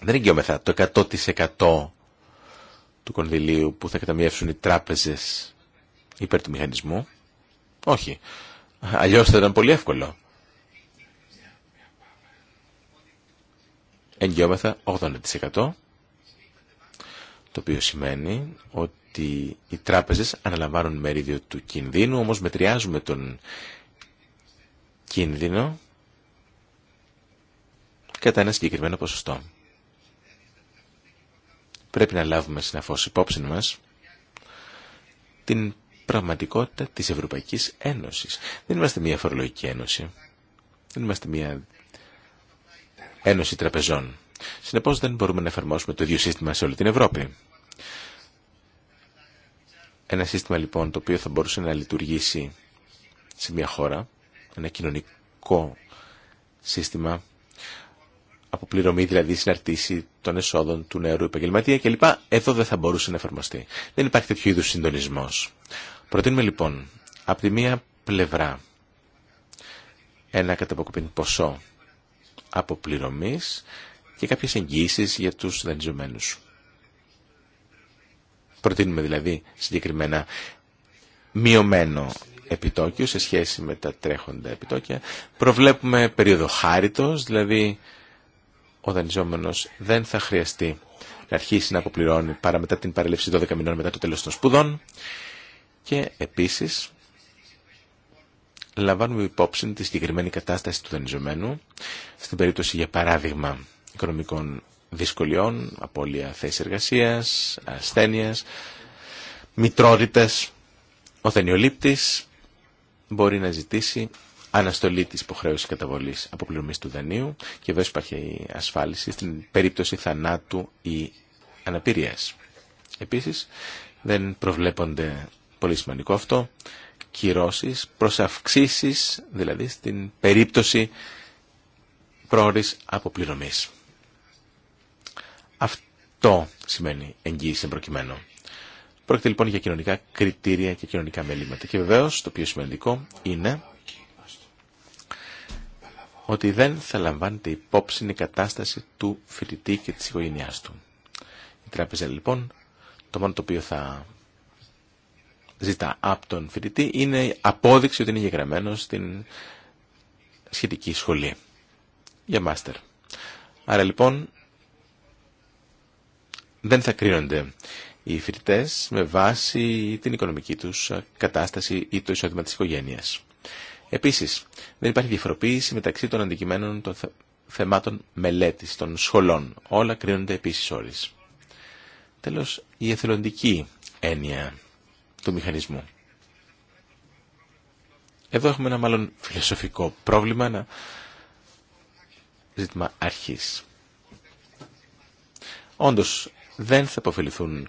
Δεν εγγυόμεθα το 100% του κονδυλίου που θα καταμιεύσουν οι τράπεζες υπέρ του μηχανισμού. Όχι. Αλλιώ θα ήταν πολύ εύκολο. Εγγυόμεθα 80% το οποίο σημαίνει ότι οι τράπεζες αναλαμβάνουν μερίδιο του κινδύνου, όμως μετριάζουμε τον κίνδυνο κατά ένα συγκεκριμένο ποσοστό. Πρέπει να λάβουμε συναφώς υπόψη μας την πραγματικότητα της Ευρωπαϊκής Ένωσης. Δεν είμαστε μια φορολογική ένωση. Δεν είμαστε μια ένωση τραπεζών. Συνεπώς δεν μπορούμε να εφαρμόσουμε το ίδιο σύστημα σε όλη την Ευρώπη. Ένα σύστημα λοιπόν το οποίο θα μπορούσε να λειτουργήσει σε μια χώρα, ένα κοινωνικό σύστημα αποπληρωμή δηλαδή συναρτήσει των εσόδων του νεαρού επαγγελματία κλπ. Εδώ δεν θα μπορούσε να εφαρμοστεί. Δεν υπάρχει τέτοιου είδου συντονισμό. Προτείνουμε λοιπόν από τη μία πλευρά ένα καταποκοπήν ποσό αποπληρωμή και κάποιες εγγύησεις για τους δανειζομένους. Προτείνουμε δηλαδή συγκεκριμένα μειωμένο επιτόκιο σε σχέση με τα τρέχοντα επιτόκια. Προβλέπουμε περίοδο χάριτος, δηλαδή ο δανειζόμενο δεν θα χρειαστεί να αρχίσει να αποπληρώνει παρά μετά την παρέλευση 12 μηνών μετά το τέλος των σπουδών και επίσης λαμβάνουμε υπόψη τη συγκεκριμένη κατάσταση του δανειζομένου στην περίπτωση για παράδειγμα οικονομικών δυσκολιών, απώλεια θέση εργασίας, ασθένειας, μητρότητας. Ο δανειολήπτης μπορεί να ζητήσει αναστολή της υποχρέωση καταβολής αποπληρωμής του δανείου και βέβαια υπάρχει η ασφάλιση στην περίπτωση θανάτου ή αναπηρία. Επίσης, δεν προβλέπονται, πολύ σημαντικό αυτό, κυρώσει προ αυξήσει, δηλαδή στην περίπτωση πρόορη αποπληρωμής. Αυτό σημαίνει εγγύηση προκειμένου. Πρόκειται λοιπόν για κοινωνικά κριτήρια και κοινωνικά μελήματα. Και βεβαίω το πιο σημαντικό είναι ότι δεν θα λαμβάνεται υπόψη η κατάσταση του φοιτητή και της οικογένειάς του. Η τράπεζα λοιπόν, το μόνο το οποίο θα ζητά από τον φοιτητή είναι απόδειξη ότι είναι γεγραμμένο στην σχετική σχολή για μάστερ. Άρα λοιπόν δεν θα κρίνονται οι φοιτητέ με βάση την οικονομική τους κατάσταση ή το εισόδημα της οικογένειας. Επίσης, δεν υπάρχει διαφοροποίηση μεταξύ των αντικειμένων των θεμάτων μελέτης, των σχολών. Όλα κρίνονται επίση όρει. Τέλος, η εθελοντική έννοια του μηχανισμού. Εδώ έχουμε ένα μάλλον φιλοσοφικό πρόβλημα, ένα ζήτημα αρχής. Όντως, δεν θα αποφεληθούν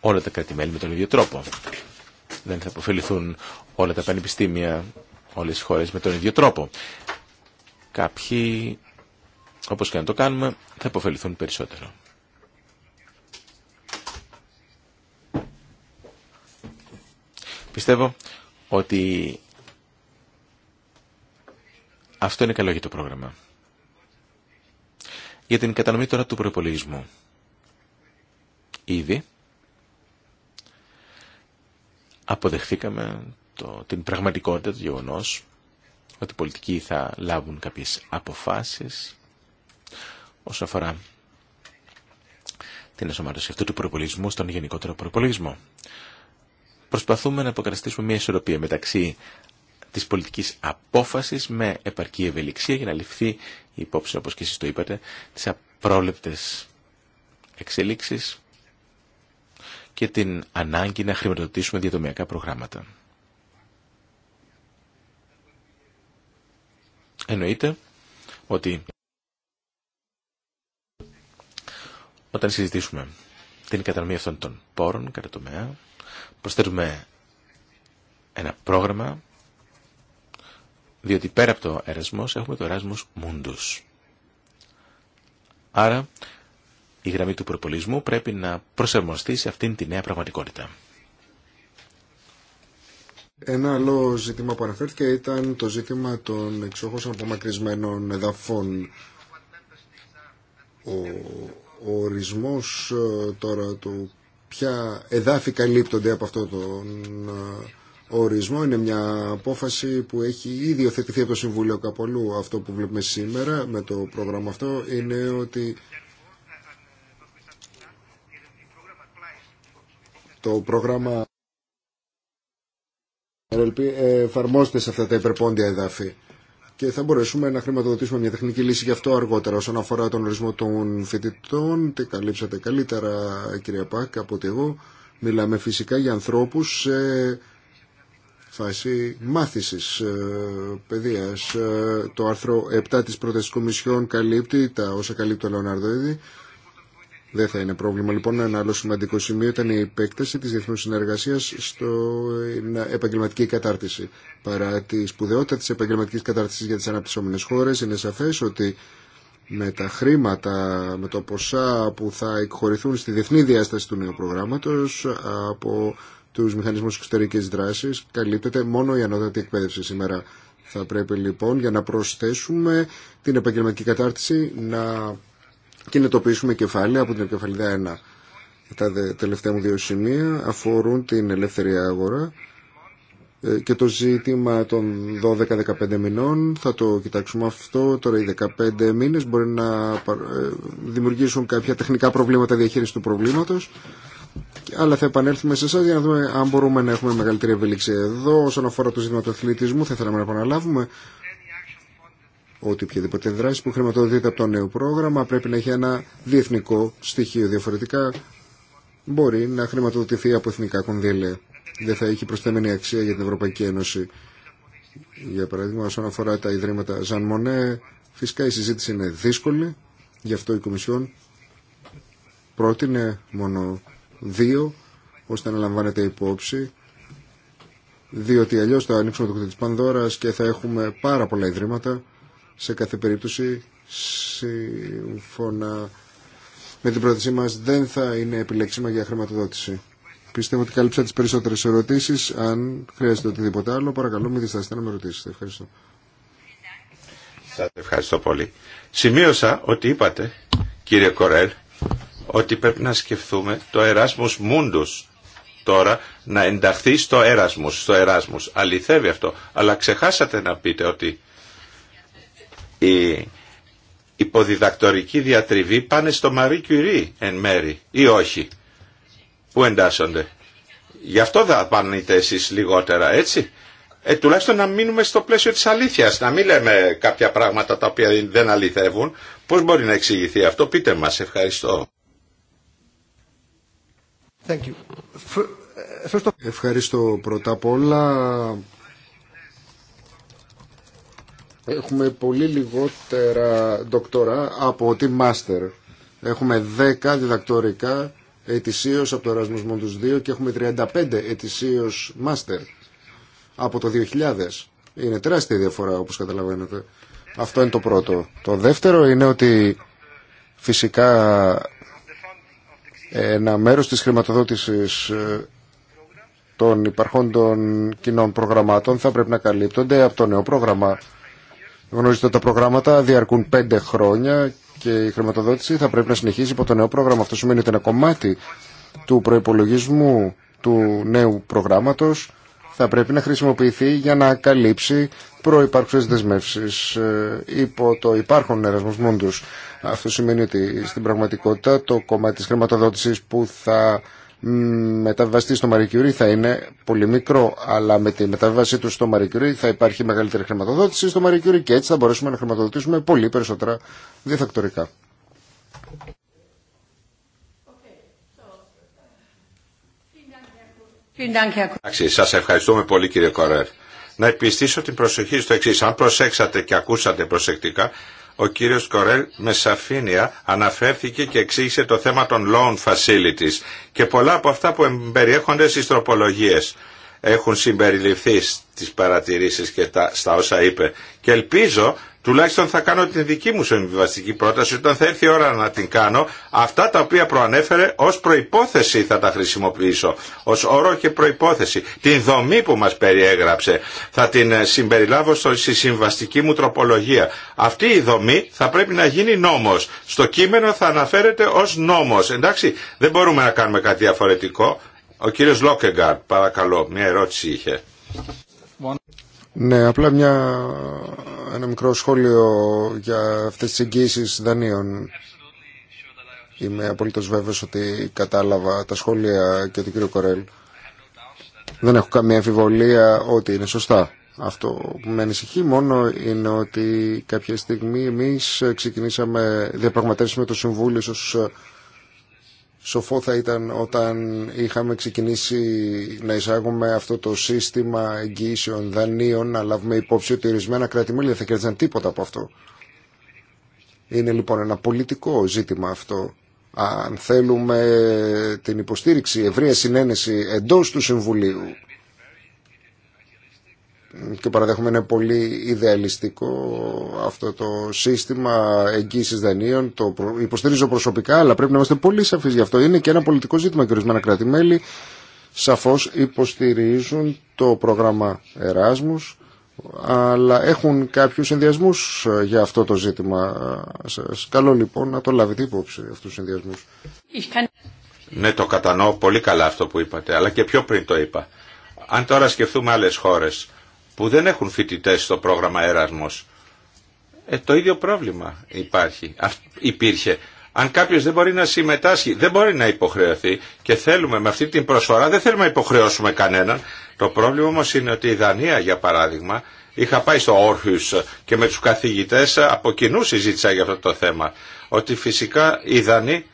όλα τα κράτη-μέλη με τον ίδιο τρόπο. Δεν θα αποφεληθούν όλα τα πανεπιστήμια όλες οι χώρες με τον ίδιο τρόπο. Κάποιοι, όπως και να το κάνουμε, θα υποφεληθούν περισσότερο. Πιστεύω ότι αυτό είναι καλό για το πρόγραμμα. Για την κατανομή τώρα του προπολογισμού. Ήδη αποδεχθήκαμε το, την πραγματικότητα, του γεγονό ότι οι πολιτικοί θα λάβουν κάποιες αποφάσεις όσον αφορά την ενσωμάτωση αυτού του προπολογισμού στον γενικότερο προπολογισμό. Προσπαθούμε να αποκαταστήσουμε μια ισορροπία μεταξύ της πολιτικής απόφασης με επαρκή ευελιξία για να ληφθεί η υπόψη, όπως και εσείς το είπατε, τις απρόλεπτες εξελίξεις και την ανάγκη να χρηματοδοτήσουμε διατομιακά προγράμματα. Εννοείται ότι όταν συζητήσουμε την κατανομή αυτών των πόρων κατά τομέα, προσθέτουμε ένα πρόγραμμα, διότι πέρα από το ερασμό, έχουμε το εράσμο μούντού. Άρα η γραμμή του προπολισμού πρέπει να προσαρμοστεί σε αυτήν τη νέα πραγματικότητα. Ένα άλλο ζήτημα που αναφέρθηκε ήταν το ζήτημα των εξόχων απομακρυσμένων εδαφών. Ο, ο ορισμός ε, τώρα του ποια εδάφη καλύπτονται από αυτό τον ε, ορισμό είναι μια απόφαση που έχει ήδη οθετηθεί από το Συμβούλιο Καπολού. Αυτό που βλέπουμε σήμερα με το πρόγραμμα αυτό είναι ότι το πρόγραμμα ε, εφαρμόζεται σε αυτά τα υπερπόντια εδάφη. Και θα μπορέσουμε να χρηματοδοτήσουμε μια τεχνική λύση γι' αυτό αργότερα. Όσον αφορά τον ορισμό των φοιτητών, τι καλύψατε καλύτερα, κυρία Πάκ, από ότι εγώ. Μιλάμε φυσικά για ανθρώπους σε φάση μάθησης ε, παιδείας. Ε, το άρθρο 7 της πρώτης κομισιόν καλύπτει τα όσα καλύπτει ο Λεωνάρδο ήδη. Δεν θα είναι πρόβλημα. Λοιπόν, ένα άλλο σημαντικό σημείο ήταν η επέκταση τη διεθνού συνεργασία στην ε, επαγγελματική κατάρτιση. Παρά τη σπουδαιότητα τη επαγγελματική κατάρτιση για τι αναπτυσσόμενε χώρε, είναι σαφέ ότι με τα χρήματα, με το ποσά που θα εκχωρηθούν στη διεθνή διάσταση του νέου προγράμματο από τους μηχανισμούς εξωτερική δράση καλύπτεται μόνο η ανώτατη εκπαίδευση σήμερα. Θα πρέπει λοιπόν για να προσθέσουμε την επαγγελματική κατάρτιση να κινητοποιήσουμε κεφάλαια από την κεφαλίδα 1. Τα τελευταία μου δύο σημεία αφορούν την ελεύθερη αγορά ε, και το ζήτημα των 12-15 μηνών θα το κοιτάξουμε αυτό τώρα οι 15 μήνες μπορεί να ε, δημιουργήσουν κάποια τεχνικά προβλήματα διαχείριση του προβλήματος αλλά θα επανέλθουμε σε εσά για να δούμε αν μπορούμε να έχουμε μεγαλύτερη ευελίξη εδώ όσον αφορά το ζήτημα του αθλητισμού θα θέλαμε να επαναλάβουμε ότι οποιαδήποτε δράση που χρηματοδοτείται από το νέο πρόγραμμα πρέπει να έχει ένα διεθνικό στοιχείο. Διαφορετικά μπορεί να χρηματοδοτηθεί από εθνικά κονδύλια. Δεν θα έχει προσθέμενη αξία για την Ευρωπαϊκή Ένωση. Για παράδειγμα, όσον αφορά τα ιδρύματα Ζαν Μονέ, φυσικά η συζήτηση είναι δύσκολη. Γι' αυτό η Κομισιόν πρότεινε μόνο δύο, ώστε να λαμβάνεται υπόψη διότι αλλιώ θα ανοίξουμε το κουτί τη Πανδώρα και θα έχουμε πάρα πολλά ιδρύματα σε κάθε περίπτωση, σύμφωνα με την πρόθεσή μας, δεν θα είναι επιλέξιμα για χρηματοδότηση. Πιστεύω ότι καλύψα τις περισσότερες ερωτήσεις. Αν χρειάζεται οτιδήποτε άλλο, παρακαλώ μην διστάσετε να με ρωτήσετε. Ευχαριστώ. Σας ευχαριστώ πολύ. Σημείωσα ότι είπατε, κύριε Κορέλ, ότι πρέπει να σκεφτούμε το Erasmus Mundus τώρα να ενταχθεί στο Erasmus, στο Erasmus. Αληθεύει αυτό. Αλλά ξεχάσατε να πείτε ότι η υποδιδακτορική διατριβή πάνε στο Marie Curie εν μέρη ή όχι. Πού εντάσσονται. Γι' αυτό θα πάνετε εσείς λιγότερα έτσι. Ε, τουλάχιστον να μείνουμε στο πλαίσιο της αλήθειας, να μην λέμε κάποια πράγματα τα οποία δεν αληθεύουν. Πώς μπορεί να εξηγηθεί αυτό, πείτε μας, ευχαριστώ. Thank you. Ε, ε, ευχαριστώ πρώτα απ' όλα έχουμε πολύ λιγότερα δοκτορά από ότι μάστερ. Έχουμε 10 διδακτορικά ετησίω από το Erasmus Mundus 2 και έχουμε 35 ετησίω μάστερ από το 2000. Είναι τεράστια διαφορά όπως καταλαβαίνετε. Αυτό είναι το πρώτο. Το δεύτερο είναι ότι φυσικά ένα μέρος της χρηματοδότησης ε, των υπαρχόντων κοινών προγραμμάτων θα πρέπει να καλύπτονται από το νέο πρόγραμμα Γνωρίζετε ότι τα προγράμματα διαρκούν πέντε χρόνια και η χρηματοδότηση θα πρέπει να συνεχίσει υπό το νέο πρόγραμμα. Αυτό σημαίνει ότι ένα κομμάτι του προπολογισμού του νέου προγράμματος θα πρέπει να χρησιμοποιηθεί για να καλύψει προϋπάρχουσες δεσμεύσεις ε, υπό το υπάρχον Ερασμός Μόντους. Αυτό σημαίνει ότι στην πραγματικότητα το κομμάτι της χρηματοδότησης που θα μεταβιβαστεί στο Μαρικιουρί θα είναι πολύ μικρό, αλλά με τη μεταβίβασή του στο Μαρικιουρί θα υπάρχει μεγαλύτερη χρηματοδότηση στο Μαρικιουρί και έτσι θα μπορέσουμε να χρηματοδοτήσουμε πολύ περισσότερα διδακτορικά. Σα ευχαριστούμε πολύ κύριε Κορέρ. Να επιστήσω την προσοχή στο εξή. Αν προσέξατε και ακούσατε προσεκτικά, ο κύριος Κορέλ με σαφήνεια αναφέρθηκε και εξήγησε το θέμα των loan facilities και πολλά από αυτά που περιέχονται στις τροπολογίες έχουν συμπεριληφθεί στις παρατηρήσεις και τα, στα όσα είπε. Και ελπίζω Τουλάχιστον θα κάνω την δική μου συμβιβαστική πρόταση όταν θα έρθει η ώρα να την κάνω. Αυτά τα οποία προανέφερε ω προπόθεση θα τα χρησιμοποιήσω. ω όρο και προπόθεση. Την δομή που μα περιέγραψε θα την ε, συμπεριλάβω στη συμβαστική μου τροπολογία. Αυτή η δομή θα πρέπει να γίνει νόμο. Στο κείμενο θα αναφέρεται ω νόμο. Εντάξει, δεν μπορούμε να κάνουμε κάτι διαφορετικό. Ο κύριο Λόκεγκαρτ, παρακαλώ, μια ερώτηση είχε. Ναι, απλά μια, ένα μικρό σχόλιο για αυτές τις εγγύησεις δανείων. Είμαι απολύτως βέβαιος ότι κατάλαβα τα σχόλια και του κύριο Κορέλ. Δεν έχω καμία αμφιβολία ότι είναι σωστά. Αυτό που με ανησυχεί μόνο είναι ότι κάποια στιγμή εμείς ξεκινήσαμε διαπραγματεύσαμε το Συμβούλιο ως Σοφό θα ήταν όταν είχαμε ξεκινήσει να εισάγουμε αυτό το σύστημα εγγυήσεων δανείων να λάβουμε υπόψη ότι ορισμένα κράτη-μέλη δεν θα κέρδιζαν τίποτα από αυτό. Είναι λοιπόν ένα πολιτικό ζήτημα αυτό. Αν θέλουμε την υποστήριξη ευρεία συνένεση εντός του Συμβουλίου και παραδέχομαι είναι πολύ ιδεαλιστικό αυτό το σύστημα εγγύησης δανείων. Το υποστηρίζω προσωπικά, αλλά πρέπει να είμαστε πολύ σαφείς γι' αυτό. Είναι και ένα πολιτικό ζήτημα και ορισμένα κράτη-μέλη σαφώς υποστηρίζουν το πρόγραμμα Εράσμους αλλά έχουν κάποιους συνδυασμού για αυτό το ζήτημα Σα Καλό λοιπόν να το λάβετε υπόψη αυτούς τους συνδυασμού. Ναι, το κατανοώ πολύ καλά αυτό που είπατε, αλλά και πιο πριν το είπα. Αν τώρα σκεφτούμε άλλες χώρες, που δεν έχουν φοιτητέ στο πρόγραμμα έρασμο. Ε, το ίδιο πρόβλημα υπάρχει, υπήρχε. Αν κάποιο δεν μπορεί να συμμετάσχει, δεν μπορεί να υποχρεωθεί και θέλουμε με αυτή την προσφορά, δεν θέλουμε να υποχρεώσουμε κανέναν. Το πρόβλημα όμω είναι ότι η Δανία, για παράδειγμα, είχα πάει στο Όρχιου και με του καθηγητέ από κοινού συζήτησα για αυτό το θέμα. Ότι φυσικά οι Δανείοι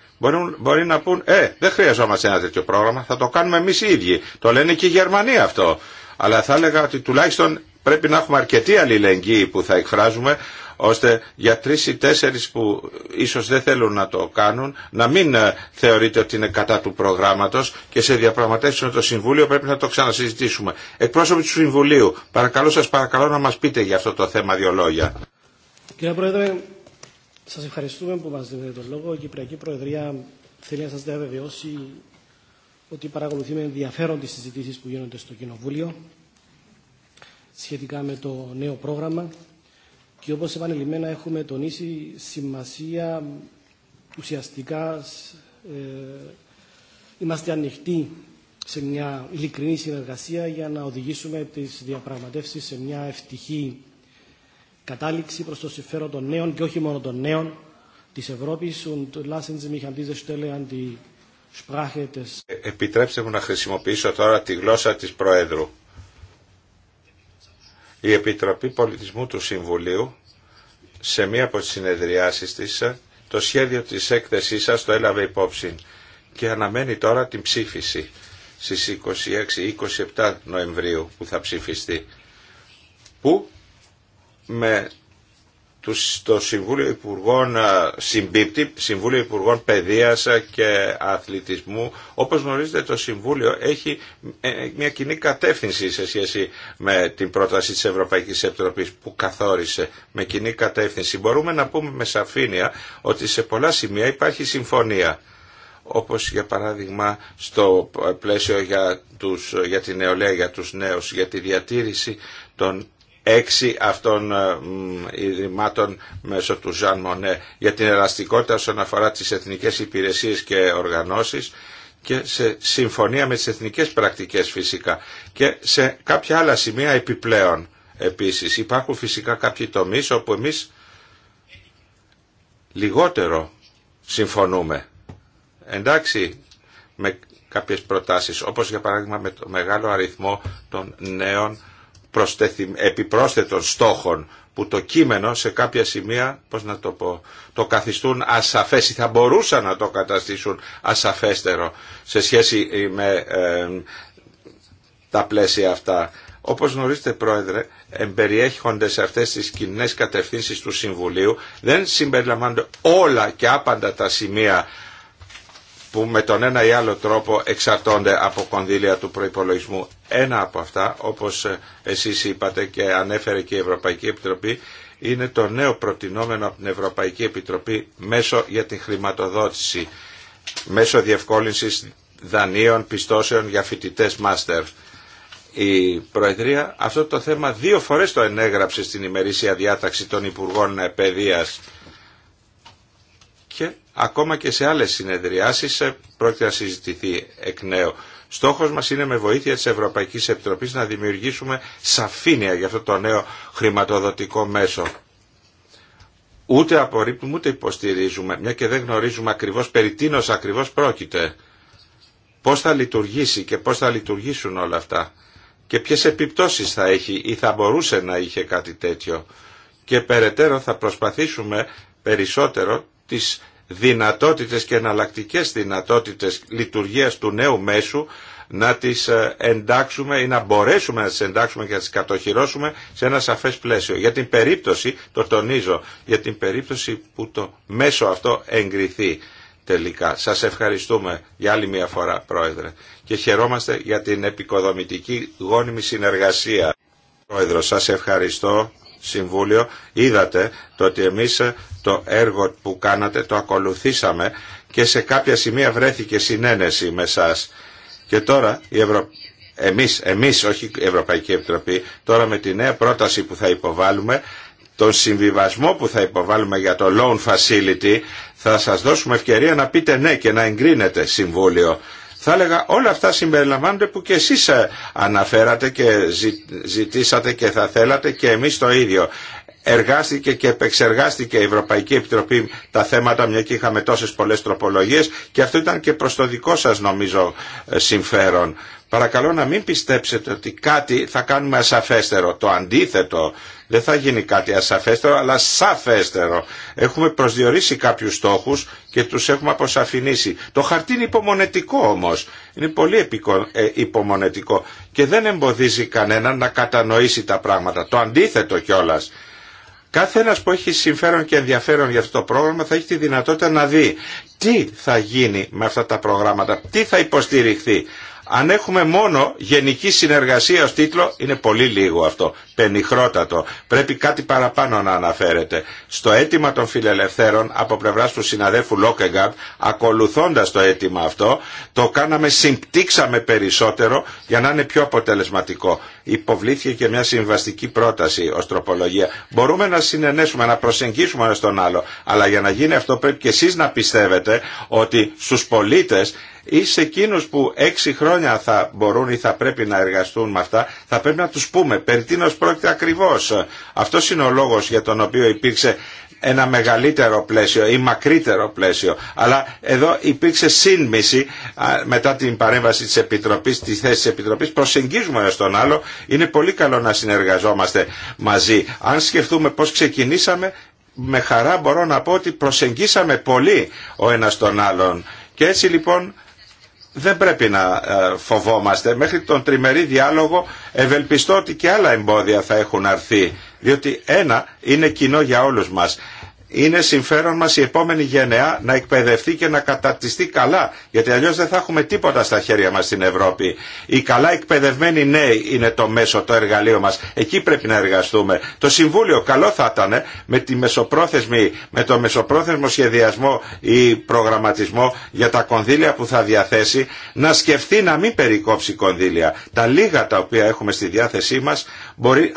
μπορεί να πούν «Ε, δεν χρειαζόμαστε ένα τέτοιο πρόγραμμα, θα το κάνουμε εμεί οι ίδιοι». Το λένε και οι Γερμανοί αυτό αλλά θα έλεγα ότι τουλάχιστον πρέπει να έχουμε αρκετή αλληλεγγύη που θα εκφράζουμε ώστε για τρεις ή τέσσερις που ίσως δεν θέλουν να το κάνουν να μην ε, θεωρείται ότι είναι κατά του προγράμματος και σε διαπραγματεύσεις με το Συμβούλιο πρέπει να το ξανασυζητήσουμε. Εκπρόσωποι του Συμβουλίου, παρακαλώ σας παρακαλώ να μας πείτε για αυτό το θέμα δύο λόγια. Κύριε Πρόεδρε, σας ευχαριστούμε που μας δίνετε τον λόγο. Η Κυπριακή Προεδρία θέλει να σας διαβεβαιώσει ότι παρακολουθεί με ενδιαφέρον τις συζητήσεις που γίνονται στο Κοινοβούλιο σχετικά με το νέο πρόγραμμα και όπως επανελειμμένα έχουμε τονίσει σημασία ουσιαστικά ε, είμαστε ανοιχτοί σε μια ειλικρινή συνεργασία για να οδηγήσουμε τις διαπραγματεύσεις σε μια ευτυχή κατάληξη προς το συμφέρον των νέων και όχι μόνο των νέων της Ευρώπης und lassen Sie mich ε, επιτρέψτε μου να χρησιμοποιήσω τώρα τη γλώσσα της Προέδρου. Η Επιτροπή Πολιτισμού του Συμβουλίου σε μία από τις συνεδριάσεις της το σχέδιο της έκθεσής σας το έλαβε υπόψη και αναμένει τώρα την ψήφιση στις 26-27 Νοεμβρίου που θα ψηφιστεί που με το Συμβούλιο Υπουργών Συμπίπτη, Συμβούλιο Υπουργών Παιδείας και Αθλητισμού. Όπως γνωρίζετε το Συμβούλιο έχει ε, μια κοινή κατεύθυνση σε σχέση με την πρόταση της Ευρωπαϊκής Επιτροπής που καθόρισε με κοινή κατεύθυνση. Μπορούμε να πούμε με σαφήνεια ότι σε πολλά σημεία υπάρχει συμφωνία όπως για παράδειγμα στο πλαίσιο για, τους, για την νεολαία, για τους νέους, για τη διατήρηση των έξι αυτών ε, ιδρυμάτων μέσω του Ζαν Μονέ για την ελαστικότητα όσον αφορά τις εθνικές υπηρεσίες και οργανώσεις και σε συμφωνία με τις εθνικές πρακτικές φυσικά και σε κάποια άλλα σημεία επιπλέον επίσης. Υπάρχουν φυσικά κάποιοι τομείς όπου εμείς λιγότερο συμφωνούμε. Εντάξει, με κάποιες προτάσεις, όπως για παράδειγμα με το μεγάλο αριθμό των νέων επιπρόσθετων στόχων που το κείμενο σε κάποια σημεία, πώς να το πω, το καθιστούν ασαφές ή θα μπορούσαν να το καταστήσουν ασαφέστερο σε σχέση με τα πλαίσια αυτά. Όπως γνωρίζετε πρόεδρε, εμπεριέχονται σε αυτές τις κοινέ κατευθύνσεις του Συμβουλίου, δεν συμπεριλαμβάνονται όλα και άπαντα τα σημεία που με τον ένα ή άλλο τρόπο εξαρτώνται από κονδύλια του προϋπολογισμού. Ένα από αυτά, όπως εσείς είπατε και ανέφερε και η Ευρωπαϊκή Επιτροπή, είναι το νέο προτινόμενο από την Ευρωπαϊκή Επιτροπή μέσω για την χρηματοδότηση, μέσω διευκόλυνσης δανείων πιστώσεων για φοιτητές μάστερ. Η Προεδρία αυτό το θέμα δύο φορές το ενέγραψε στην ημερήσια διάταξη των Υπουργών Παιδείας ακόμα και σε άλλες συνεδριάσεις ε, πρόκειται να συζητηθεί εκ νέου. Στόχος μας είναι με βοήθεια της Ευρωπαϊκής Επιτροπής να δημιουργήσουμε σαφήνεια για αυτό το νέο χρηματοδοτικό μέσο. Ούτε απορρίπτουμε ούτε υποστηρίζουμε, μια και δεν γνωρίζουμε ακριβώς περί τίνος ακριβώς πρόκειται. Πώς θα λειτουργήσει και πώς θα λειτουργήσουν όλα αυτά. Και ποιες επιπτώσεις θα έχει ή θα μπορούσε να είχε κάτι τέτοιο. Και περαιτέρω θα προσπαθήσουμε περισσότερο τις δυνατότητες και εναλλακτικέ δυνατότητες λειτουργίας του νέου μέσου να τις ε, εντάξουμε ή να μπορέσουμε να τις εντάξουμε και να τις κατοχυρώσουμε σε ένα σαφές πλαίσιο. Για την περίπτωση, το τονίζω, για την περίπτωση που το μέσο αυτό εγκριθεί τελικά. Σας ευχαριστούμε για άλλη μια φορά, Πρόεδρε, και χαιρόμαστε για την επικοδομητική γόνιμη συνεργασία. Πρόεδρο, σας ευχαριστώ. Συμβούλιο είδατε το ότι εμείς ε, το έργο που κάνατε το ακολουθήσαμε και σε κάποια σημεία βρέθηκε συνένεση με σας. Και τώρα η Ευρω... εμείς, εμείς, όχι η Ευρωπαϊκή Επιτροπή, τώρα με τη νέα πρόταση που θα υποβάλουμε, τον συμβιβασμό που θα υποβάλουμε για το loan facility, θα σας δώσουμε ευκαιρία να πείτε ναι και να εγκρίνετε συμβούλιο θα έλεγα όλα αυτά συμπεριλαμβάνονται που και εσείς ε, αναφέρατε και ζητήσατε και θα θέλατε και εμείς το ίδιο εργάστηκε και επεξεργάστηκε η Ευρωπαϊκή Επιτροπή τα θέματα μια και είχαμε τόσες πολλές τροπολογίες και αυτό ήταν και προς το δικό σας νομίζω ε, συμφέρον Παρακαλώ να μην πιστέψετε ότι κάτι θα κάνουμε ασαφέστερο. Το αντίθετο δεν θα γίνει κάτι ασαφέστερο αλλά σαφέστερο. Έχουμε προσδιορίσει κάποιους στόχους και τους έχουμε αποσαφηνίσει. Το χαρτί είναι υπομονετικό όμως. Είναι πολύ ε, υπομονετικό και δεν εμποδίζει κανέναν να κατανοήσει τα πράγματα. Το αντίθετο κιόλα. Κάθε ένας που έχει συμφέρον και ενδιαφέρον για αυτό το πρόγραμμα θα έχει τη δυνατότητα να δει τι θα γίνει με αυτά τα προγράμματα, τι θα υποστηριχθεί. Αν έχουμε μόνο γενική συνεργασία ως τίτλο, είναι πολύ λίγο αυτό, πενιχρότατο. Πρέπει κάτι παραπάνω να αναφέρεται. Στο αίτημα των φιλελευθέρων από πλευράς του συναδέφου Λόκεγκαρτ, ακολουθώντας το αίτημα αυτό, το κάναμε, συμπτύξαμε περισσότερο για να είναι πιο αποτελεσματικό. Υποβλήθηκε και μια συμβαστική πρόταση ως τροπολογία. Μπορούμε να συνενέσουμε, να προσεγγίσουμε ένα τον άλλο, αλλά για να γίνει αυτό πρέπει και εσείς να πιστεύετε ότι στους πολίτες ή σε εκείνους που έξι χρόνια θα μπορούν ή θα πρέπει να εργαστούν με αυτά, θα πρέπει να τους πούμε περί τίνος πρόκειται ακριβώς. Αυτό είναι ο λόγος για τον οποίο υπήρξε ένα μεγαλύτερο πλαίσιο ή μακρύτερο πλαίσιο. Αλλά εδώ υπήρξε σύνμηση μετά την παρέμβαση της Επιτροπής, τη θέση της Επιτροπής, προσεγγίζουμε ένα τον άλλο. Είναι πολύ καλό να συνεργαζόμαστε μαζί. Αν σκεφτούμε πώς ξεκινήσαμε, με χαρά μπορώ να πω ότι προσεγγίσαμε πολύ ο ένας τον άλλον. Και έτσι λοιπόν δεν πρέπει να ε, φοβόμαστε. Μέχρι τον τριμερή διάλογο ευελπιστώ ότι και άλλα εμπόδια θα έχουν αρθεί. Διότι ένα είναι κοινό για όλους μας είναι συμφέρον μας η επόμενη γενεά να εκπαιδευτεί και να καταρτιστεί καλά, γιατί αλλιώς δεν θα έχουμε τίποτα στα χέρια μας στην Ευρώπη. Οι καλά εκπαιδευμένοι νέοι είναι το μέσο, το εργαλείο μας. Εκεί πρέπει να εργαστούμε. Το Συμβούλιο καλό θα ήταν με, τη μεσοπρόθεσμη, με το μεσοπρόθεσμο σχεδιασμό ή προγραμματισμό για τα κονδύλια που θα διαθέσει να σκεφτεί να μην περικόψει κονδύλια. Τα λίγα τα οποία έχουμε στη διάθεσή μας μπορεί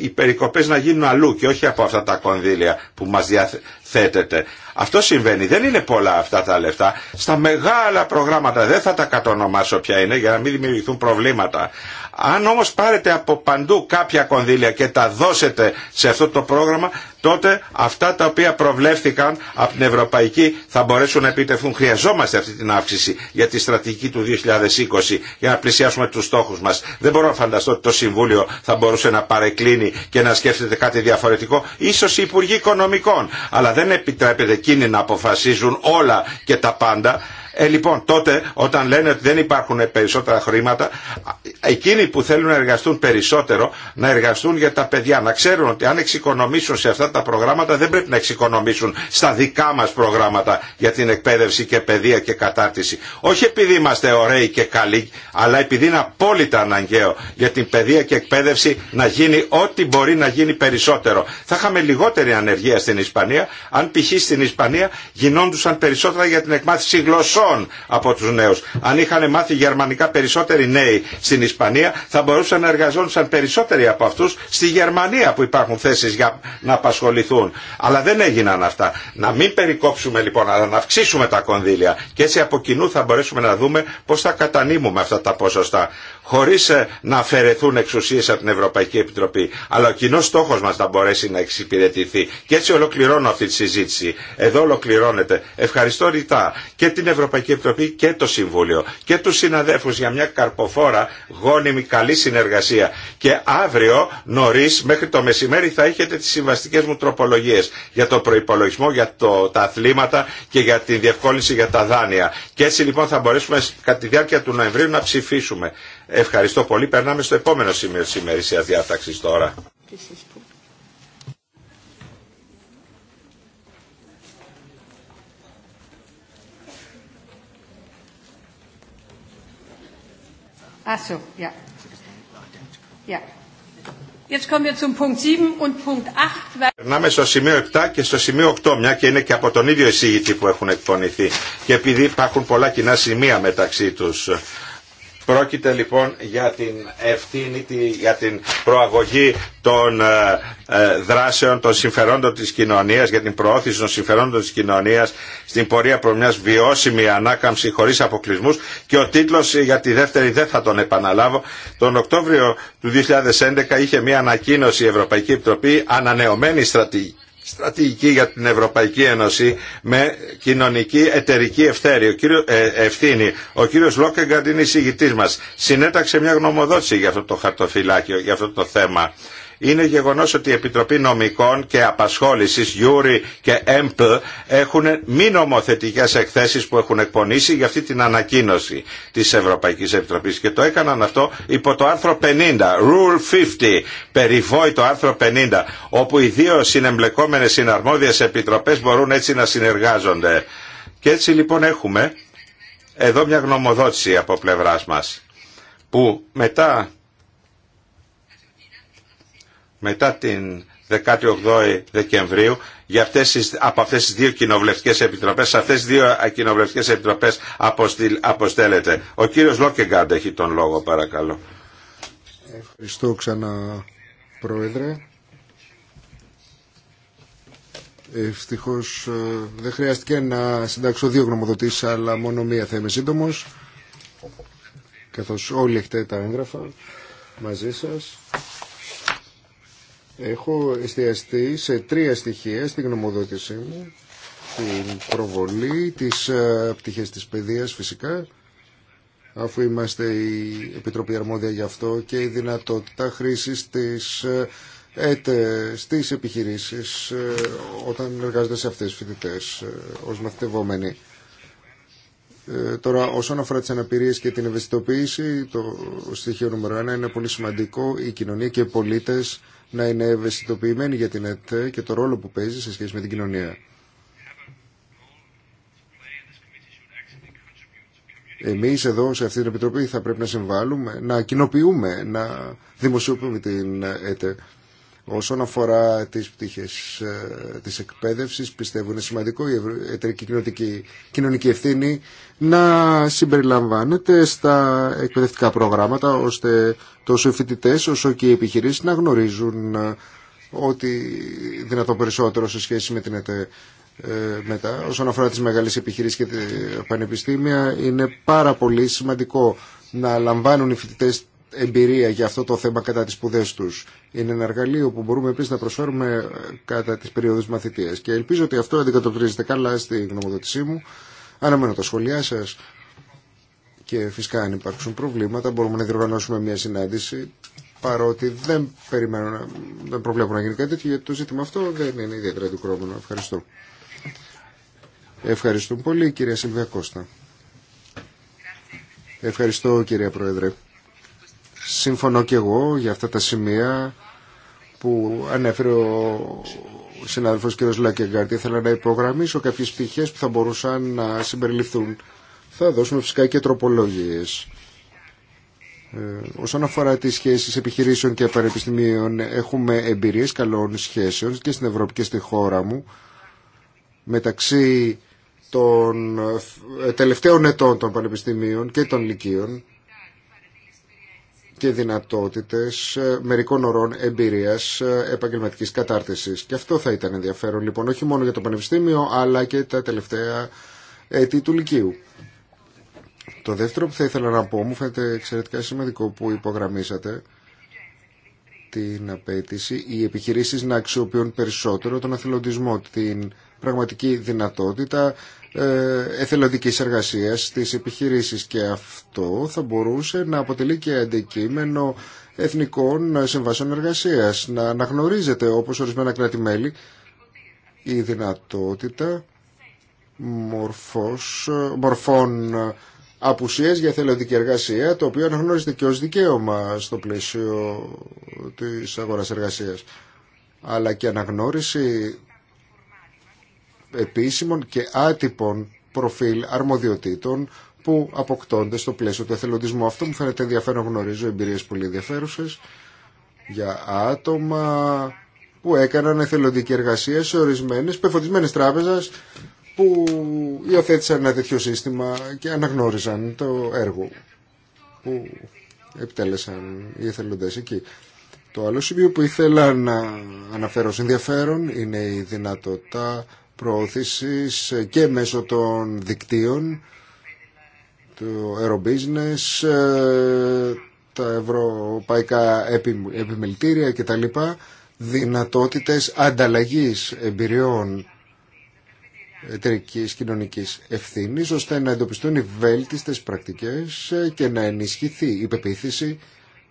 οι περικοπές να γίνουν αλλού και όχι από αυτά τα κονδύλια που μας διαθέτεται. Αυτό συμβαίνει. Δεν είναι πολλά αυτά τα λεφτά. Στα μεγάλα προγράμματα δεν θα τα κατονομάσω ποια είναι για να μην δημιουργηθούν προβλήματα. Αν όμως πάρετε από παντού κάποια κονδύλια και τα δώσετε σε αυτό το πρόγραμμα, τότε αυτά τα οποία προβλέφθηκαν από την Ευρωπαϊκή θα μπορέσουν να επιτευχθούν. Χρειαζόμαστε αυτή την αύξηση για τη στρατηγική του 2020 για να πλησιάσουμε τους στόχους μας. Δεν μπορώ να φανταστώ ότι το Συμβούλιο θα μπορούσε να παρεκκλίνει και να σκέφτεται κάτι διαφορετικό. Ίσως οι Υπουργοί Οικονομικών. Αλλά δεν επιτρέπεται εκείνοι να αποφασίζουν όλα και τα πάντα ε, λοιπόν, τότε όταν λένε ότι δεν υπάρχουν περισσότερα χρήματα, εκείνοι που θέλουν να εργαστούν περισσότερο, να εργαστούν για τα παιδιά. Να ξέρουν ότι αν εξοικονομήσουν σε αυτά τα προγράμματα, δεν πρέπει να εξοικονομήσουν στα δικά μα προγράμματα για την εκπαίδευση και παιδεία και κατάρτιση. Όχι επειδή είμαστε ωραίοι και καλοί, αλλά επειδή είναι απόλυτα αναγκαίο για την παιδεία και εκπαίδευση να γίνει ό,τι μπορεί να γίνει περισσότερο. Θα είχαμε λιγότερη ανεργία στην Ισπανία, αν π.χ. στην Ισπανία γινόντουσαν περισσότερα για την εκμάθηση γλωσσών από τους νέους. Αν είχαν μάθει γερμανικά περισσότεροι νέοι στην Ισπανία θα μπορούσαν να εργαζόντουσαν περισσότεροι από αυτούς στη Γερμανία που υπάρχουν θέσεις για να απασχοληθούν. Αλλά δεν έγιναν αυτά. Να μην περικόψουμε λοιπόν αλλά να αυξήσουμε τα κονδύλια και έτσι από κοινού θα μπορέσουμε να δούμε πώς θα κατανείμουμε αυτά τα ποσοστά χωρίς ε, να αφαιρεθούν εξουσίες από την Ευρωπαϊκή Επιτροπή. Αλλά ο κοινό στόχος μας θα μπορέσει να εξυπηρετηθεί. Και έτσι ολοκληρώνω αυτή τη συζήτηση. Εδώ ολοκληρώνεται. Ευχαριστώ ρητά και την Ευρωπαϊκή Επιτροπή και το Συμβούλιο και τους συναδέλφους για μια καρποφόρα γόνιμη καλή συνεργασία. Και αύριο νωρί μέχρι το μεσημέρι θα έχετε τις συμβαστικές μου τροπολογίες για το προϋπολογισμό, για το, τα αθλήματα και για τη διευκόλυνση για τα δάνεια. Και έτσι λοιπόν θα μπορέσουμε κατά τη διάρκεια του Νοεμβρίου να ψηφίσουμε. Ευχαριστώ πολύ. Περνάμε στο επόμενο σημείο της ημερησίας διάταξης τώρα. Περνάμε στο σημείο 7 και στο σημείο 8, μια και είναι και από τον ίδιο εισήγητη που έχουν εκπονηθεί. Και επειδή υπάρχουν πολλά κοινά σημεία μεταξύ τους, Πρόκειται λοιπόν για την ευθύνη, για την προαγωγή των ε, ε, δράσεων των συμφερόντων της κοινωνίας, για την προώθηση των συμφερόντων της κοινωνίας στην πορεία προ βιώσιμη ανάκαμψη χωρίς αποκλεισμούς και ο τίτλος ε, για τη δεύτερη δεν θα τον επαναλάβω. Τον Οκτώβριο του 2011 είχε μια ανακοίνωση η Ευρωπαϊκή Επιτροπή ανανεωμένη στρατηγική στρατηγική για την Ευρωπαϊκή Ένωση με κοινωνική εταιρική ευθέρη, ο κύριο, ε, ευθύνη. Ο κύριος Λόκεγκαντ είναι εισηγητής μας. Συνέταξε μια γνωμοδότηση για αυτό το χαρτοφυλάκιο, για αυτό το θέμα. Είναι γεγονός ότι η Επιτροπή Νομικών και Απασχόλησης, Γιούρι και Εμπλ έχουν μη νομοθετικές εκθέσεις που έχουν εκπονήσει για αυτή την ανακοίνωση της Ευρωπαϊκής Επιτροπής και το έκαναν αυτό υπό το άρθρο 50, Rule 50, περιβόητο άρθρο 50, όπου οι δύο συνεμπλεκόμενες συναρμόδιες επιτροπές μπορούν έτσι να συνεργάζονται. Και έτσι λοιπόν έχουμε εδώ μια γνωμοδότηση από πλευράς μας που μετά μετά την 18 η Δεκεμβρίου για αυτές τις, από αυτές τις δύο κοινοβουλευτικές επιτροπές, σε αυτές τις δύο κοινοβουλευτικές επιτροπές αποστέλλεται. Ο κύριος Λόκεγκάντ έχει τον λόγο παρακαλώ. Ευχαριστώ ξανά Πρόεδρε. Ευτυχώς ε, δεν χρειάστηκε να συντάξω δύο γνωμοδοτήσεις αλλά μόνο μία θα είμαι σύντομος καθώς όλοι έχετε τα έγγραφα μαζί σας. Έχω εστιαστεί σε τρία στοιχεία στην γνωμοδότησή μου. Την προβολή, τις ε, πτυχές της παιδείας φυσικά, αφού είμαστε η Επιτροπή Αρμόδια για αυτό και η δυνατότητα χρήσης της έτε ε, στις επιχειρήσεις ε, όταν εργάζονται σε αυτές φοιτητές ως μαθητευόμενοι. τώρα, όσον αφορά τι αναπηρίες και την ευαισθητοποίηση, το στοιχείο νούμερο ένα είναι πολύ σημαντικό. Η κοινωνία και οι πολίτε να είναι ευαισθητοποιημένοι για την ΕΤ και το ρόλο που παίζει σε σχέση με την κοινωνία. Εμείς εδώ σε αυτή την Επιτροπή θα πρέπει να συμβάλλουμε, να κοινοποιούμε, να δημοσιοποιούμε την ΕΤΕ. Όσον αφορά τις πτυχές ε, της εκπαίδευσης, πιστεύω είναι σημαντικό η εταιρική κοινωνική, ευθύνη να συμπεριλαμβάνεται στα εκπαιδευτικά προγράμματα, ώστε τόσο οι φοιτητέ όσο και οι επιχειρήσεις να γνωρίζουν ε, ότι δυνατό περισσότερο σε σχέση με την ΕΤΕ ε, μετά. Όσον αφορά τις μεγάλες επιχειρήσεις και τα πανεπιστήμια, είναι πάρα πολύ σημαντικό να λαμβάνουν οι φοιτητέ εμπειρία για αυτό το θέμα κατά τις σπουδέ τους. Είναι ένα εργαλείο που μπορούμε επίσης να προσφέρουμε ε, κατά τις περιόδους μαθητείας. Και ελπίζω ότι αυτό αντικατοπτρίζεται καλά στη γνωμοδότησή μου. Αναμένω τα σχόλιά σας. Και φυσικά αν υπάρξουν προβλήματα μπορούμε να διοργανώσουμε μια συνάντηση παρότι δεν, περιμένω, δεν προβλέπω να γίνει κάτι τέτοιο γιατί το ζήτημα αυτό δεν είναι ιδιαίτερα αντικρόμενο. Ευχαριστώ. Ευχαριστούμε πολύ κυρία Σιλβία Κώστα. Ευχαριστώ κυρία Πρόεδρε. Συμφωνώ και εγώ για αυτά τα σημεία που ανέφερε ο συνάδελφος κ. Λάκεγκαρτ. Ήθελα να υπογραμμίσω κάποιες πτυχές που θα μπορούσαν να συμπεριληφθούν. Θα δώσουμε φυσικά και τροπολόγιες. Ε, όσον αφορά τις σχέσεις επιχειρήσεων και πανεπιστημίων, έχουμε εμπειρίες καλών σχέσεων και στην Ευρώπη και στη χώρα μου μεταξύ των ε, τελευταίων ετών των πανεπιστημίων και των λυκείων και δυνατότητες ε, μερικών ωρών εμπειρίας ε, επαγγελματικής κατάρτισης. Και αυτό θα ήταν ενδιαφέρον λοιπόν όχι μόνο για το Πανεπιστήμιο αλλά και τα τελευταία έτη του Λυκείου. Το δεύτερο που θα ήθελα να πω μου φαίνεται εξαιρετικά σημαντικό που υπογραμμίσατε την απέτηση οι επιχειρήσεις να αξιοποιούν περισσότερο τον αθελοντισμό, την πραγματική δυνατότητα ε, εθελοντικής εργασίας στις επιχειρήσεις και αυτό θα μπορούσε να αποτελεί και αντικείμενο εθνικών συμβάσεων εργασίας να αναγνωρίζεται όπως ορισμένα κράτη-μέλη η δυνατότητα μορφός, μορφών απουσίες για θελοντική εργασία, το οποίο αναγνώριζεται και ως δικαίωμα στο πλαίσιο της αγοράς εργασίας, αλλά και αναγνώριση επίσημων και άτυπων προφίλ αρμοδιοτήτων που αποκτώνται στο πλαίσιο του εθελοντισμού. Αυτό μου φαίνεται ενδιαφέρον, γνωρίζω εμπειρίες πολύ ενδιαφέρουσε, για άτομα που έκαναν εθελοντική εργασία σε ορισμένε, πεφωτισμένε τράπεζε που υιοθέτησαν ένα τέτοιο σύστημα και αναγνώριζαν το έργο που επιτέλεσαν οι εθελοντές εκεί. Το άλλο σημείο που ήθελα να αναφέρω ως ενδιαφέρον είναι η δυνατότητα προώθησης και μέσω των δικτύων του Aerobusiness, τα ευρωπαϊκά επιμελητήρια κτλ. Δυνατότητες ανταλλαγής εμπειριών εταιρική κοινωνική ευθύνη, ώστε να εντοπιστούν οι βέλτιστε πρακτικέ ε, και να ενισχυθεί η πεποίθηση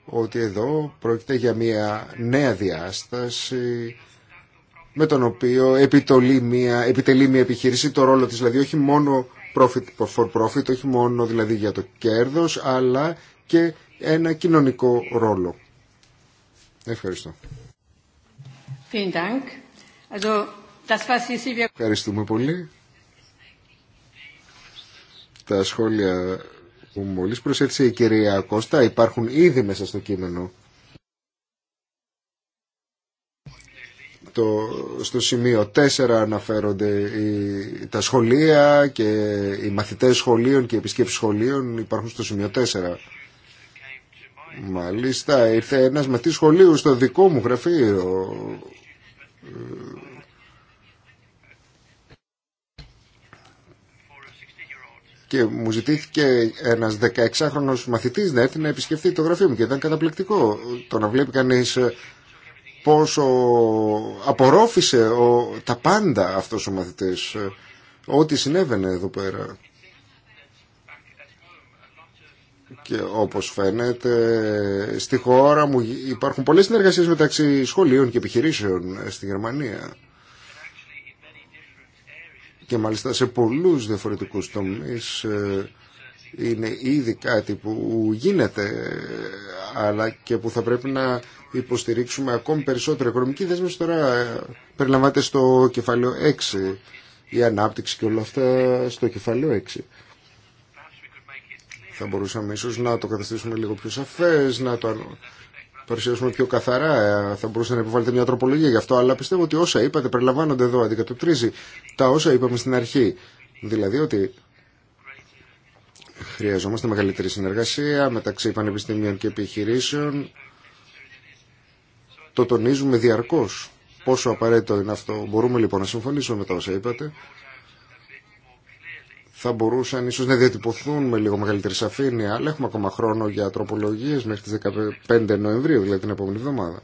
ότι εδώ πρόκειται για μια νέα διάσταση με τον οποίο μια, επιτελεί μια επιχείρηση το ρόλο της, δηλαδή όχι μόνο profit for profit, όχι μόνο δηλαδή για το κέρδος, αλλά και ένα κοινωνικό ρόλο. Ευχαριστώ. Vielen Ευχαριστούμε πολύ. Τα σχόλια που μόλις προσέθεσε η κυρία Κώστα υπάρχουν ήδη μέσα στο κείμενο. Το, στο σημείο 4 αναφέρονται τα σχολεία και οι μαθητές σχολείων και οι επισκέψεις σχολείων υπάρχουν στο σημείο 4. Μάλιστα, ήρθε ένας μαθητής σχολείου στο δικό μου γραφείο και μου ζητήθηκε ένας 16χρονος μαθητής να έρθει να επισκεφτεί το γραφείο μου και ήταν καταπληκτικό το να βλέπει κανεί ε, πόσο απορρόφησε ο, τα πάντα αυτός ο μαθητής ε, ό,τι συνέβαινε εδώ πέρα και όπως φαίνεται στη χώρα μου υπάρχουν πολλές συνεργασίες μεταξύ σχολείων και επιχειρήσεων ε, στη Γερμανία και μάλιστα σε πολλούς διαφορετικούς τομείς ε, είναι ήδη κάτι που γίνεται αλλά και που θα πρέπει να υποστηρίξουμε ακόμη περισσότερο. οικονομική δέσμευση τώρα ε, περιλαμβάνεται στο κεφάλαιο 6, η ανάπτυξη και όλα αυτά στο κεφάλαιο 6. Θα μπορούσαμε ίσως να το καταστήσουμε λίγο πιο σαφές, να το παρουσιάσουμε πιο καθαρά. Ε, θα μπορούσατε να επιβάλλετε μια τροπολογία γι' αυτό, αλλά πιστεύω ότι όσα είπατε περιλαμβάνονται εδώ, αντικατοπτρίζει τα όσα είπαμε στην αρχή. Δηλαδή ότι χρειαζόμαστε μεγαλύτερη συνεργασία μεταξύ πανεπιστημίων και επιχειρήσεων. Το τονίζουμε διαρκώς πόσο απαραίτητο είναι αυτό. Μπορούμε λοιπόν να συμφωνήσουμε με τα όσα είπατε θα μπορούσαν ίσως να διατυπωθούν με λίγο μεγαλύτερη σαφήνεια, αλλά έχουμε ακόμα χρόνο για τροπολογίες μέχρι τις 15 Νοεμβρίου, δηλαδή την επόμενη εβδομάδα.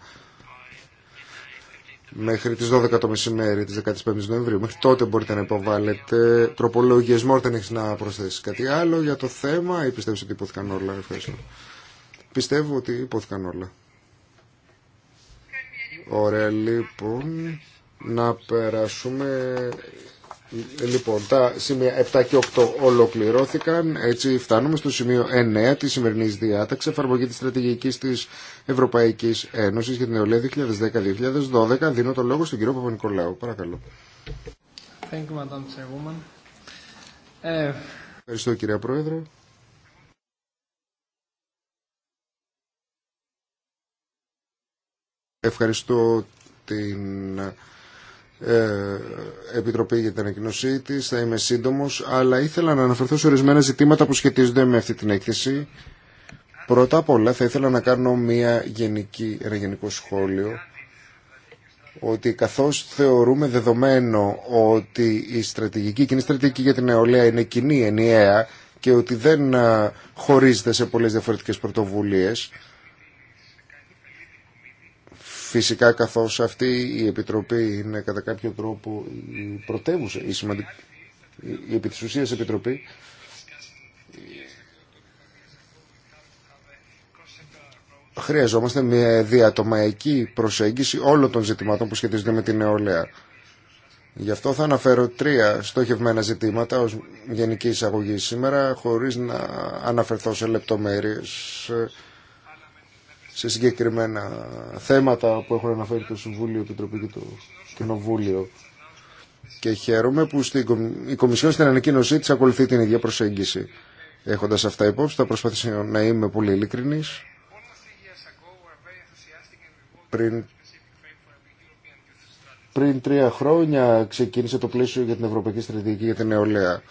Μέχρι τις 12 το μεσημέρι, τις 15 Νοεμβρίου. Μέχρι τότε μπορείτε να υποβάλλετε τροπολογίες. Μόρτεν έχεις να προσθέσεις κάτι άλλο για το θέμα ή πιστεύεις ότι υπόθηκαν όλα. Ευχαριστώ. Πιστεύω ότι υπόθηκαν όλα. Ωραία, λοιπόν, να περάσουμε ε, λοιπόν, τα σημεία 7 και 8 ολοκληρώθηκαν. Έτσι φτάνουμε στο σημείο 9 τη σημερινή διάταξη εφαρμογή της στρατηγικής της Ευρωπαϊκής Ένωση για την νεολαία 2010-2012. Δίνω το λόγο στον κύριο Παπα-Νικολάου. Παρακαλώ. Thank you, Madam ε, Ευχαριστώ κυρία Πρόεδρε. Ευχαριστώ την ε, Επιτροπή για την ανακοινωσή τη. Θα είμαι σύντομο, αλλά ήθελα να αναφερθώ σε ορισμένα ζητήματα που σχετίζονται με αυτή την έκθεση. Πρώτα απ' όλα θα ήθελα να κάνω μια γενική, ένα γενικό σχόλιο ότι καθώς θεωρούμε δεδομένο ότι η στρατηγική, η κοινή στρατηγική για την νεολαία είναι κοινή, ενιαία και ότι δεν ε, χωρίζεται σε πολλές διαφορετικές πρωτοβουλίες, Φυσικά καθώς αυτή η Επιτροπή είναι κατά κάποιο τρόπο η πρωτεύουσα, η, σημαντική, η επί Επιτροπή, χρειαζόμαστε μια διατομαϊκή προσέγγιση όλων των ζητημάτων που σχετίζονται με την νεολαία. Γι' αυτό θα αναφέρω τρία στόχευμένα ζητήματα ως γενική εισαγωγή σήμερα, χωρίς να αναφερθώ σε λεπτομέρειες σε συγκεκριμένα θέματα που έχουν αναφέρει το Συμβούλιο, Επιτροπή και το Κοινοβούλιο. Και χαίρομαι που η Κομισιόν στην ανακοίνωσή τη ακολουθεί την ίδια προσέγγιση. Έχοντα αυτά υπόψη, θα προσπαθήσω να είμαι πολύ ειλικρινή. Πριν, πριν τρία χρόνια ξεκίνησε το πλαίσιο για την Ευρωπαϊκή Στρατηγική για την Νεολαία,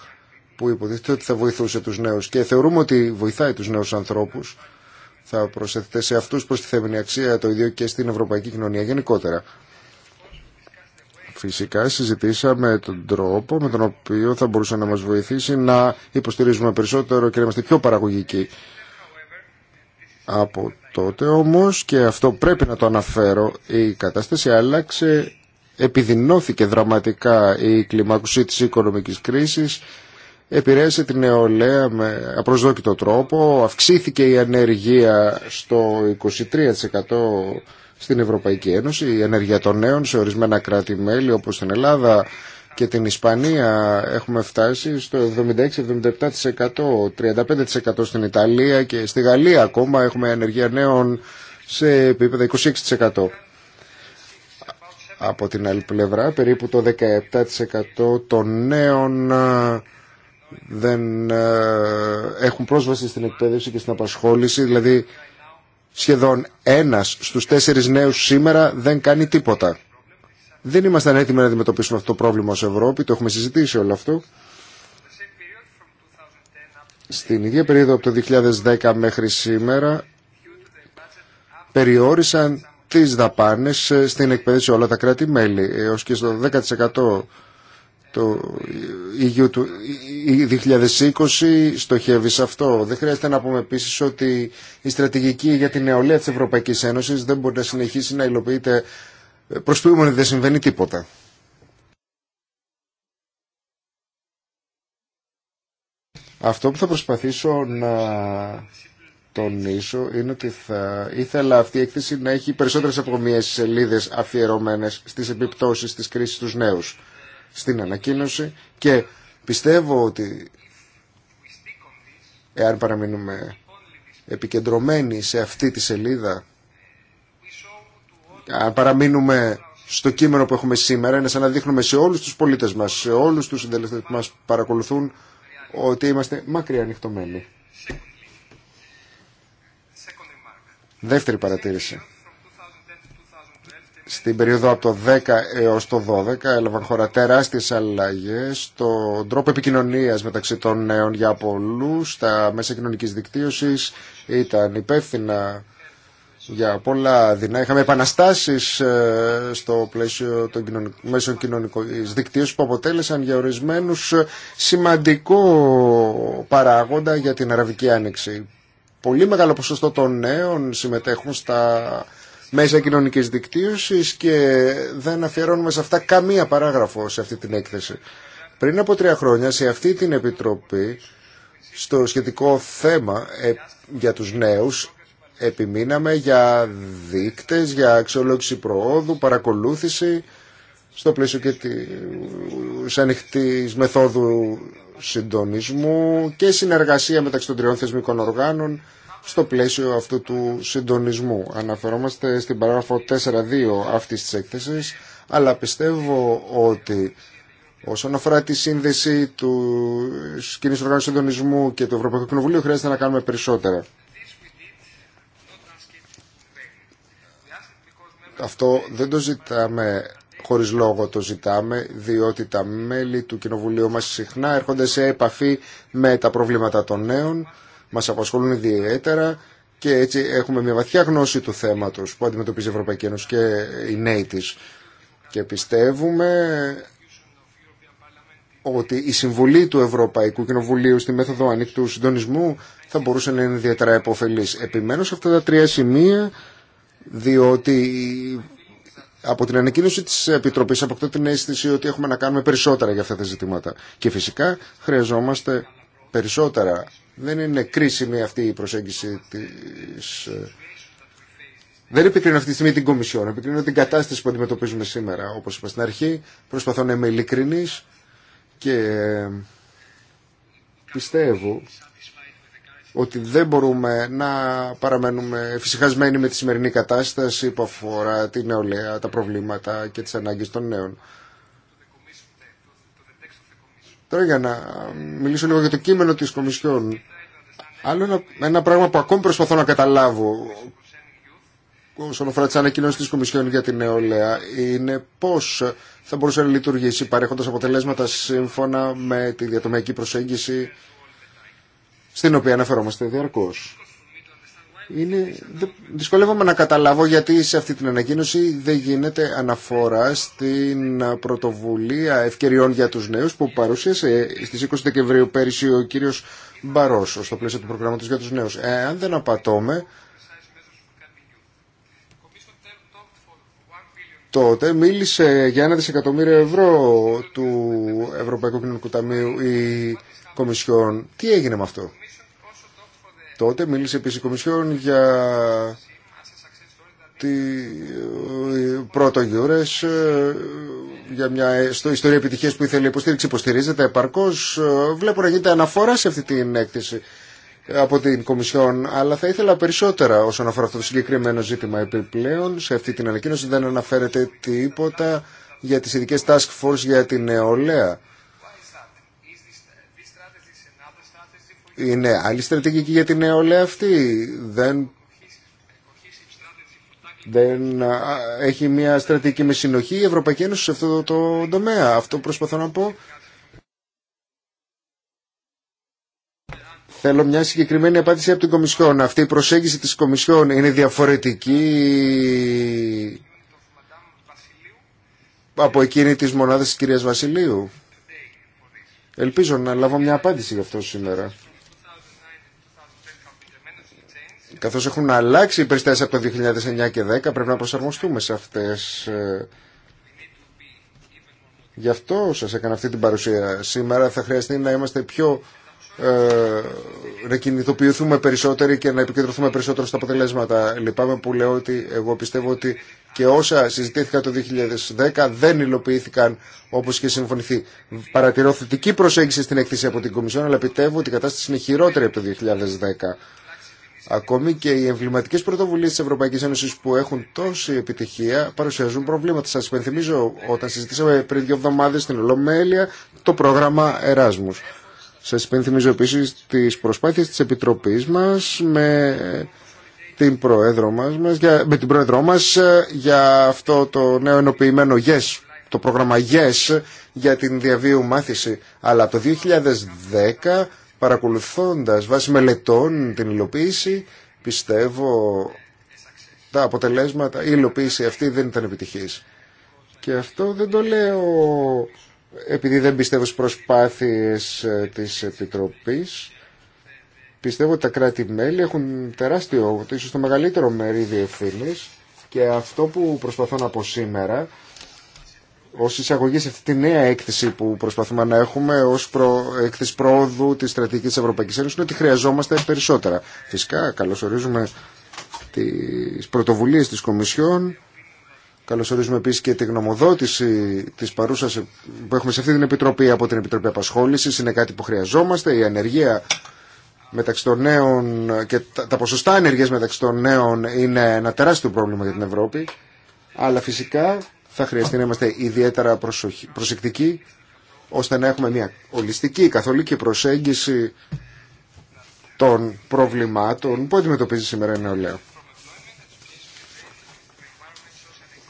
που υποτίθεται ότι θα βοηθούσε του νέου. Και θεωρούμε ότι βοηθάει του νέου ανθρώπου θα προσέθετε σε αυτούς προς τη θέμενη αξία το ίδιο και στην ευρωπαϊκή κοινωνία γενικότερα. Φυσικά συζητήσαμε τον τρόπο με τον οποίο θα μπορούσε να μας βοηθήσει να υποστηρίζουμε περισσότερο και να είμαστε πιο παραγωγικοί. Από τότε όμως, και αυτό πρέπει να το αναφέρω, η κατάσταση άλλαξε, επιδεινώθηκε δραματικά η κλιμάκωση της οικονομικής κρίσης, επηρέασε την νεολαία με απροσδόκητο τρόπο, αυξήθηκε η ανεργία στο 23% στην Ευρωπαϊκή Ένωση, η ανεργία των νέων σε ορισμένα κράτη-μέλη όπως στην Ελλάδα και την Ισπανία έχουμε φτάσει στο 76-77%, 35% στην Ιταλία και στη Γαλλία ακόμα έχουμε ανεργία νέων σε επίπεδα 26%. Από την άλλη πλευρά, περίπου το 17% των νέων δεν ε, έχουν πρόσβαση στην εκπαίδευση και στην απασχόληση, δηλαδή σχεδόν ένας στους τέσσερις νέους σήμερα δεν κάνει τίποτα. Δεν ήμασταν έτοιμοι να αντιμετωπίσουμε αυτό το πρόβλημα ως Ευρώπη, το έχουμε συζητήσει όλο αυτό. Στην ίδια περίοδο από το 2010 μέχρι σήμερα περιόρισαν τις δαπάνες ε, στην εκπαίδευση όλα τα κράτη-μέλη, έως ε, και στο 10% το 2020 στοχεύει σε αυτό. Δεν χρειάζεται να πούμε επίση ότι η στρατηγική για την νεολαία τη Ευρωπαϊκή Ένωση δεν μπορεί να συνεχίσει να υλοποιείται προ το ήμουν δεν συμβαίνει τίποτα. Αυτό που θα προσπαθήσω να τονίσω είναι ότι θα ήθελα αυτή η έκθεση να έχει περισσότερες από μία σελίδες αφιερώμενες στις επιπτώσεις της κρίσης τους νέους στην ανακοίνωση και πιστεύω ότι εάν παραμείνουμε επικεντρωμένοι σε αυτή τη σελίδα αν παραμείνουμε στο κείμενο που έχουμε σήμερα είναι σαν να δείχνουμε σε όλους τους πολίτες μας, σε όλους τους συντελεστές που μας παρακολουθούν ότι είμαστε μακριά ανοιχτομένοι. Δεύτερη παρατήρηση. Στην περίοδο από το 10 έως το 12 έλαβαν χώρα τεράστιες αλλαγές στον τρόπο επικοινωνίας μεταξύ των νέων για πολλού. τα μέσα κοινωνικής δικτύωσης ήταν υπεύθυνα για πολλά δεινά. Είχαμε επαναστάσεις ε, στο πλαίσιο των μέσων κοινωνικών δικτύωσης που αποτέλεσαν για ορισμένους σημαντικό παράγοντα για την Αραβική Άνοιξη. Πολύ μεγάλο ποσοστό των νέων συμμετέχουν στα μέσα κοινωνική δικτύωση και δεν αφιερώνουμε σε αυτά καμία παράγραφο σε αυτή την έκθεση. Πριν από τρία χρόνια σε αυτή την Επιτροπή στο σχετικό θέμα ε, για τους νέους επιμείναμε για δείκτες, για αξιολόγηση προόδου, παρακολούθηση στο πλαίσιο και της ανοιχτή μεθόδου συντονισμού και συνεργασία μεταξύ των τριών θεσμικών οργάνων στο πλαίσιο αυτού του συντονισμού. Αναφερόμαστε στην παράγραφο 4.2 αυτής της έκθεσης, αλλά πιστεύω ότι όσον αφορά τη σύνδεση του κοινή οργάνωση συντονισμού και του Ευρωπαϊκού Κοινοβουλίου χρειάζεται να κάνουμε περισσότερα. Αυτό δεν το ζητάμε χωρίς λόγο το ζητάμε, διότι τα μέλη του Κοινοβουλίου μας συχνά έρχονται σε επαφή με τα προβλήματα των νέων μας απασχολούν ιδιαίτερα και έτσι έχουμε μια βαθιά γνώση του θέματος που αντιμετωπίζει η Ευρωπαϊκή Ένωση και οι νέοι της. Και πιστεύουμε ότι η συμβολή του Ευρωπαϊκού Κοινοβουλίου στη μέθοδο ανοιχτού συντονισμού θα μπορούσε να είναι ιδιαίτερα επωφελής. Επιμένω σε αυτά τα τρία σημεία, διότι από την ανακοίνωση της Επιτροπής αποκτώ την αίσθηση ότι έχουμε να κάνουμε περισσότερα για αυτά τα ζητήματα. Και φυσικά χρειαζόμαστε περισσότερα. Δεν είναι κρίσιμη αυτή η προσέγγιση της... Ε, δεν επικρίνω αυτή τη στιγμή την Κομισιόν, επικρίνω την κατάσταση που αντιμετωπίζουμε σήμερα. Όπως είπα στην αρχή, προσπαθώ να είμαι ειλικρινής και ε, πιστεύω ότι δεν μπορούμε να παραμένουμε φυσικασμένοι με τη σημερινή κατάσταση που αφορά την νεολαία, τα προβλήματα και τις ανάγκες των νέων. Τώρα για να μιλήσω λίγο για το κείμενο της Κομισιόν. Άλλο ένα, ένα πράγμα που ακόμη προσπαθώ να καταλάβω όσον αφορά τι ανακοινώσει τη Κομισιόν για την νεολαία είναι πώ θα μπορούσε να λειτουργήσει παρέχοντα αποτελέσματα σύμφωνα με τη διατομιακή προσέγγιση στην οποία αναφερόμαστε διαρκώ είναι, δυσκολεύομαι να καταλάβω γιατί σε αυτή την ανακοίνωση δεν γίνεται αναφορά στην πρωτοβουλία ευκαιριών για τους νέους που παρουσίασε στις 20 Δεκεμβρίου πέρυσι ο κύριος Μπαρόσο στο πλαίσιο του προγράμματος για τους νέους. Ε, αν δεν απατώμε, τότε μίλησε για ένα δισεκατομμύριο ευρώ του Ευρωπαϊκού Κοινωνικού Ταμείου η Κομισιόν. Τι έγινε με αυτό. Τότε μίλησε επίσης η Κομισιόν για τη ε, πρώτο γιούρες για μια ιστορία επιτυχίας που ήθελε υποστήριξη υποστηρίζεται επαρκώς ε, βλέπω να γίνεται αναφορά σε αυτή την έκθεση ε, από την Κομισιόν αλλά θα ήθελα περισσότερα όσον αφορά αυτό το συγκεκριμένο ζήτημα επιπλέον σε αυτή την ανακοίνωση δεν αναφέρεται τίποτα για τις ειδικές task force για την νεολαία Είναι άλλη στρατηγική για την νεολαία αυτή. Δεν, δεν έχει μια στρατηγική με συνοχή η Ευρωπαϊκή Ένωση σε αυτό το τομέα. Αυτό προσπαθώ να πω. Θέλω μια συγκεκριμένη απάντηση από την Κομισιόν. Αυτή η προσέγγιση της Κομισιόν είναι διαφορετική από εκείνη της μονάδας της κυρίας Βασιλείου. Ελπίζω να λάβω μια απάντηση γι' αυτό σήμερα. καθώς έχουν αλλάξει οι περιστάσεις από το 2009 και 2010 πρέπει να προσαρμοστούμε σε αυτές. Ε, Γι' αυτό σας έκανα αυτή την παρουσία. Σήμερα θα χρειαστεί να είμαστε πιο ε, να κινητοποιηθούμε περισσότεροι και να επικεντρωθούμε περισσότερο στα αποτελέσματα. Λυπάμαι που λέω ότι εγώ πιστεύω ότι και όσα συζητήθηκαν το 2010 δεν υλοποιήθηκαν όπως είχε συμφωνηθεί. Παρατηρώ θετική προσέγγιση στην έκθεση από την Κομισιόν, αλλά πιστεύω ότι η κατάσταση είναι χειρότερη από το 2010. Ακόμη και οι εμβληματικέ πρωτοβουλίε τη Ευρωπαϊκή Ένωση που έχουν τόση επιτυχία παρουσιάζουν προβλήματα. Σα υπενθυμίζω όταν συζητήσαμε πριν δύο εβδομάδε στην Ολομέλεια το πρόγραμμα Εράσμου. Σα υπενθυμίζω επίση τι προσπάθειε τη Επιτροπή μα με την πρόεδρό μας, για, με την πρόεδρό μας ε, για αυτό το νέο ενοποιημένο YES, το πρόγραμμα YES για την διαβίου μάθηση. Αλλά το 2010 Παρακολουθώντας βάσει μελετών την υλοποίηση, πιστεύω τα αποτελέσματα, η υλοποίηση αυτή δεν ήταν επιτυχής. Και αυτό δεν το λέω επειδή δεν πιστεύω στις προσπάθειες ε, της Επιτροπής. Πιστεύω ότι τα κράτη-μέλη έχουν τεράστιο, ίσως το μεγαλύτερο μερίδιο ευθύνη και αυτό που προσπαθώ να πω σήμερα ως εισαγωγή σε αυτή τη νέα έκθεση που προσπαθούμε να έχουμε ως προ, έκθεση πρόοδου της στρατηγικής της Ευρωπαϊκής Ένωσης είναι ότι χρειαζόμαστε περισσότερα. Φυσικά καλωσορίζουμε τις πρωτοβουλίες της Κομισιόν, καλωσορίζουμε επίσης και τη γνωμοδότηση της παρούσα που έχουμε σε αυτή την Επιτροπή από την Επιτροπή Απασχόλησης, είναι κάτι που χρειαζόμαστε, η ανεργία μεταξύ των νέων και τα ποσοστά ενεργείας μεταξύ των νέων είναι ένα τεράστιο πρόβλημα για την Ευρώπη αλλά φυσικά θα χρειαστεί να είμαστε ιδιαίτερα προσεκτικοί ώστε να έχουμε μια ολιστική καθολική προσέγγιση των προβλημάτων που αντιμετωπίζει σήμερα η νεολαία.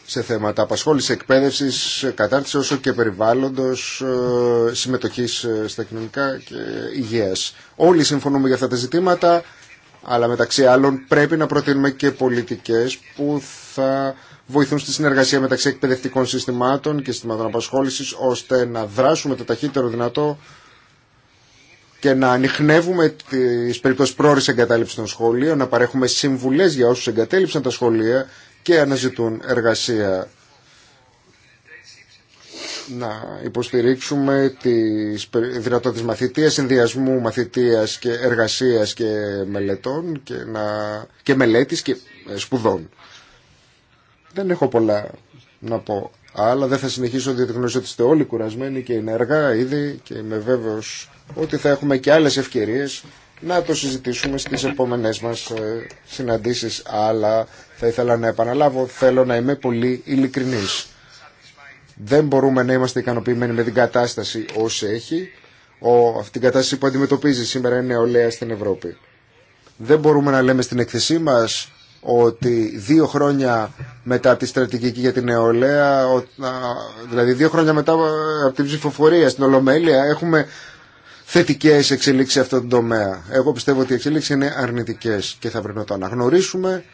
σε θέματα απασχόληση, εκπαίδευση, κατάρτιση όσο και περιβάλλοντο, ε, συμμετοχή ε, στα κοινωνικά και υγεία. Όλοι συμφωνούμε για αυτά τα ζητήματα, αλλά μεταξύ άλλων πρέπει να προτείνουμε και πολιτικέ που θα βοηθούν στη συνεργασία μεταξύ εκπαιδευτικών συστημάτων και συστημάτων απασχόληση, ώστε να δράσουμε το ταχύτερο δυνατό και να ανοιχνεύουμε τι περιπτώσεις πρόορη εγκατάλειψης των σχολείων, να παρέχουμε συμβουλές για όσους εγκατέλειψαν τα σχολεία και αναζητούν εργασία. Να υποστηρίξουμε τις δυνατότητες μαθητεία, συνδυασμού μαθητεία και εργασία και μελετών και, να... και μελέτης και ε, σπουδών. Δεν έχω πολλά να πω αλλά δεν θα συνεχίσω διότι γνωρίζω ότι είστε όλοι κουρασμένοι και ενεργά ήδη και είμαι βέβαιος ότι θα έχουμε και άλλε ευκαιρίε να το συζητήσουμε στι επόμενε μα ε, συναντήσει, αλλά θα ήθελα να επαναλάβω θέλω να είμαι πολύ ειλικρινή. δεν μπορούμε να είμαστε ικανοποιημένοι με την κατάσταση όσο έχει ο, αυτή την κατάσταση που αντιμετωπίζει σήμερα η νεολαία στην Ευρώπη δεν μπορούμε να λέμε στην εκθεσή μας ότι δύο χρόνια μετά τη στρατηγική για την νεολαία, δηλαδή δύο χρόνια μετά ε, από την ψηφοφορία στην Ολομέλεια, έχουμε θετικές εξελίξεις σε αυτόν τον τομέα. Εγώ πιστεύω ότι οι εξελίξεις είναι αρνητικές και θα πρέπει να το αναγνωρίσουμε.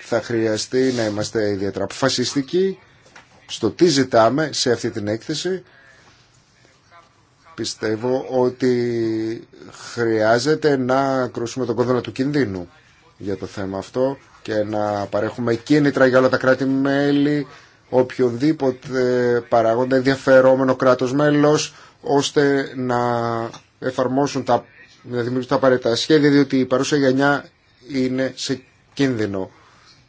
Θα χρειαστεί να είμαστε ιδιαίτερα αποφασιστικοί στο τι ζητάμε σε αυτή την έκθεση. Πιστεύω ότι χρειάζεται να κρούσουμε τον κόδωνα του κινδύνου για το θέμα αυτό και να παρέχουμε κίνητρα για όλα τα κράτη-μέλη, οποιονδήποτε παράγοντα ενδιαφερόμενο κράτος μέλος, ώστε να εφαρμόσουν τα, να δημιουργήσουν τα απαραίτητα σχέδια, διότι η παρούσα γενιά είναι σε κίνδυνο.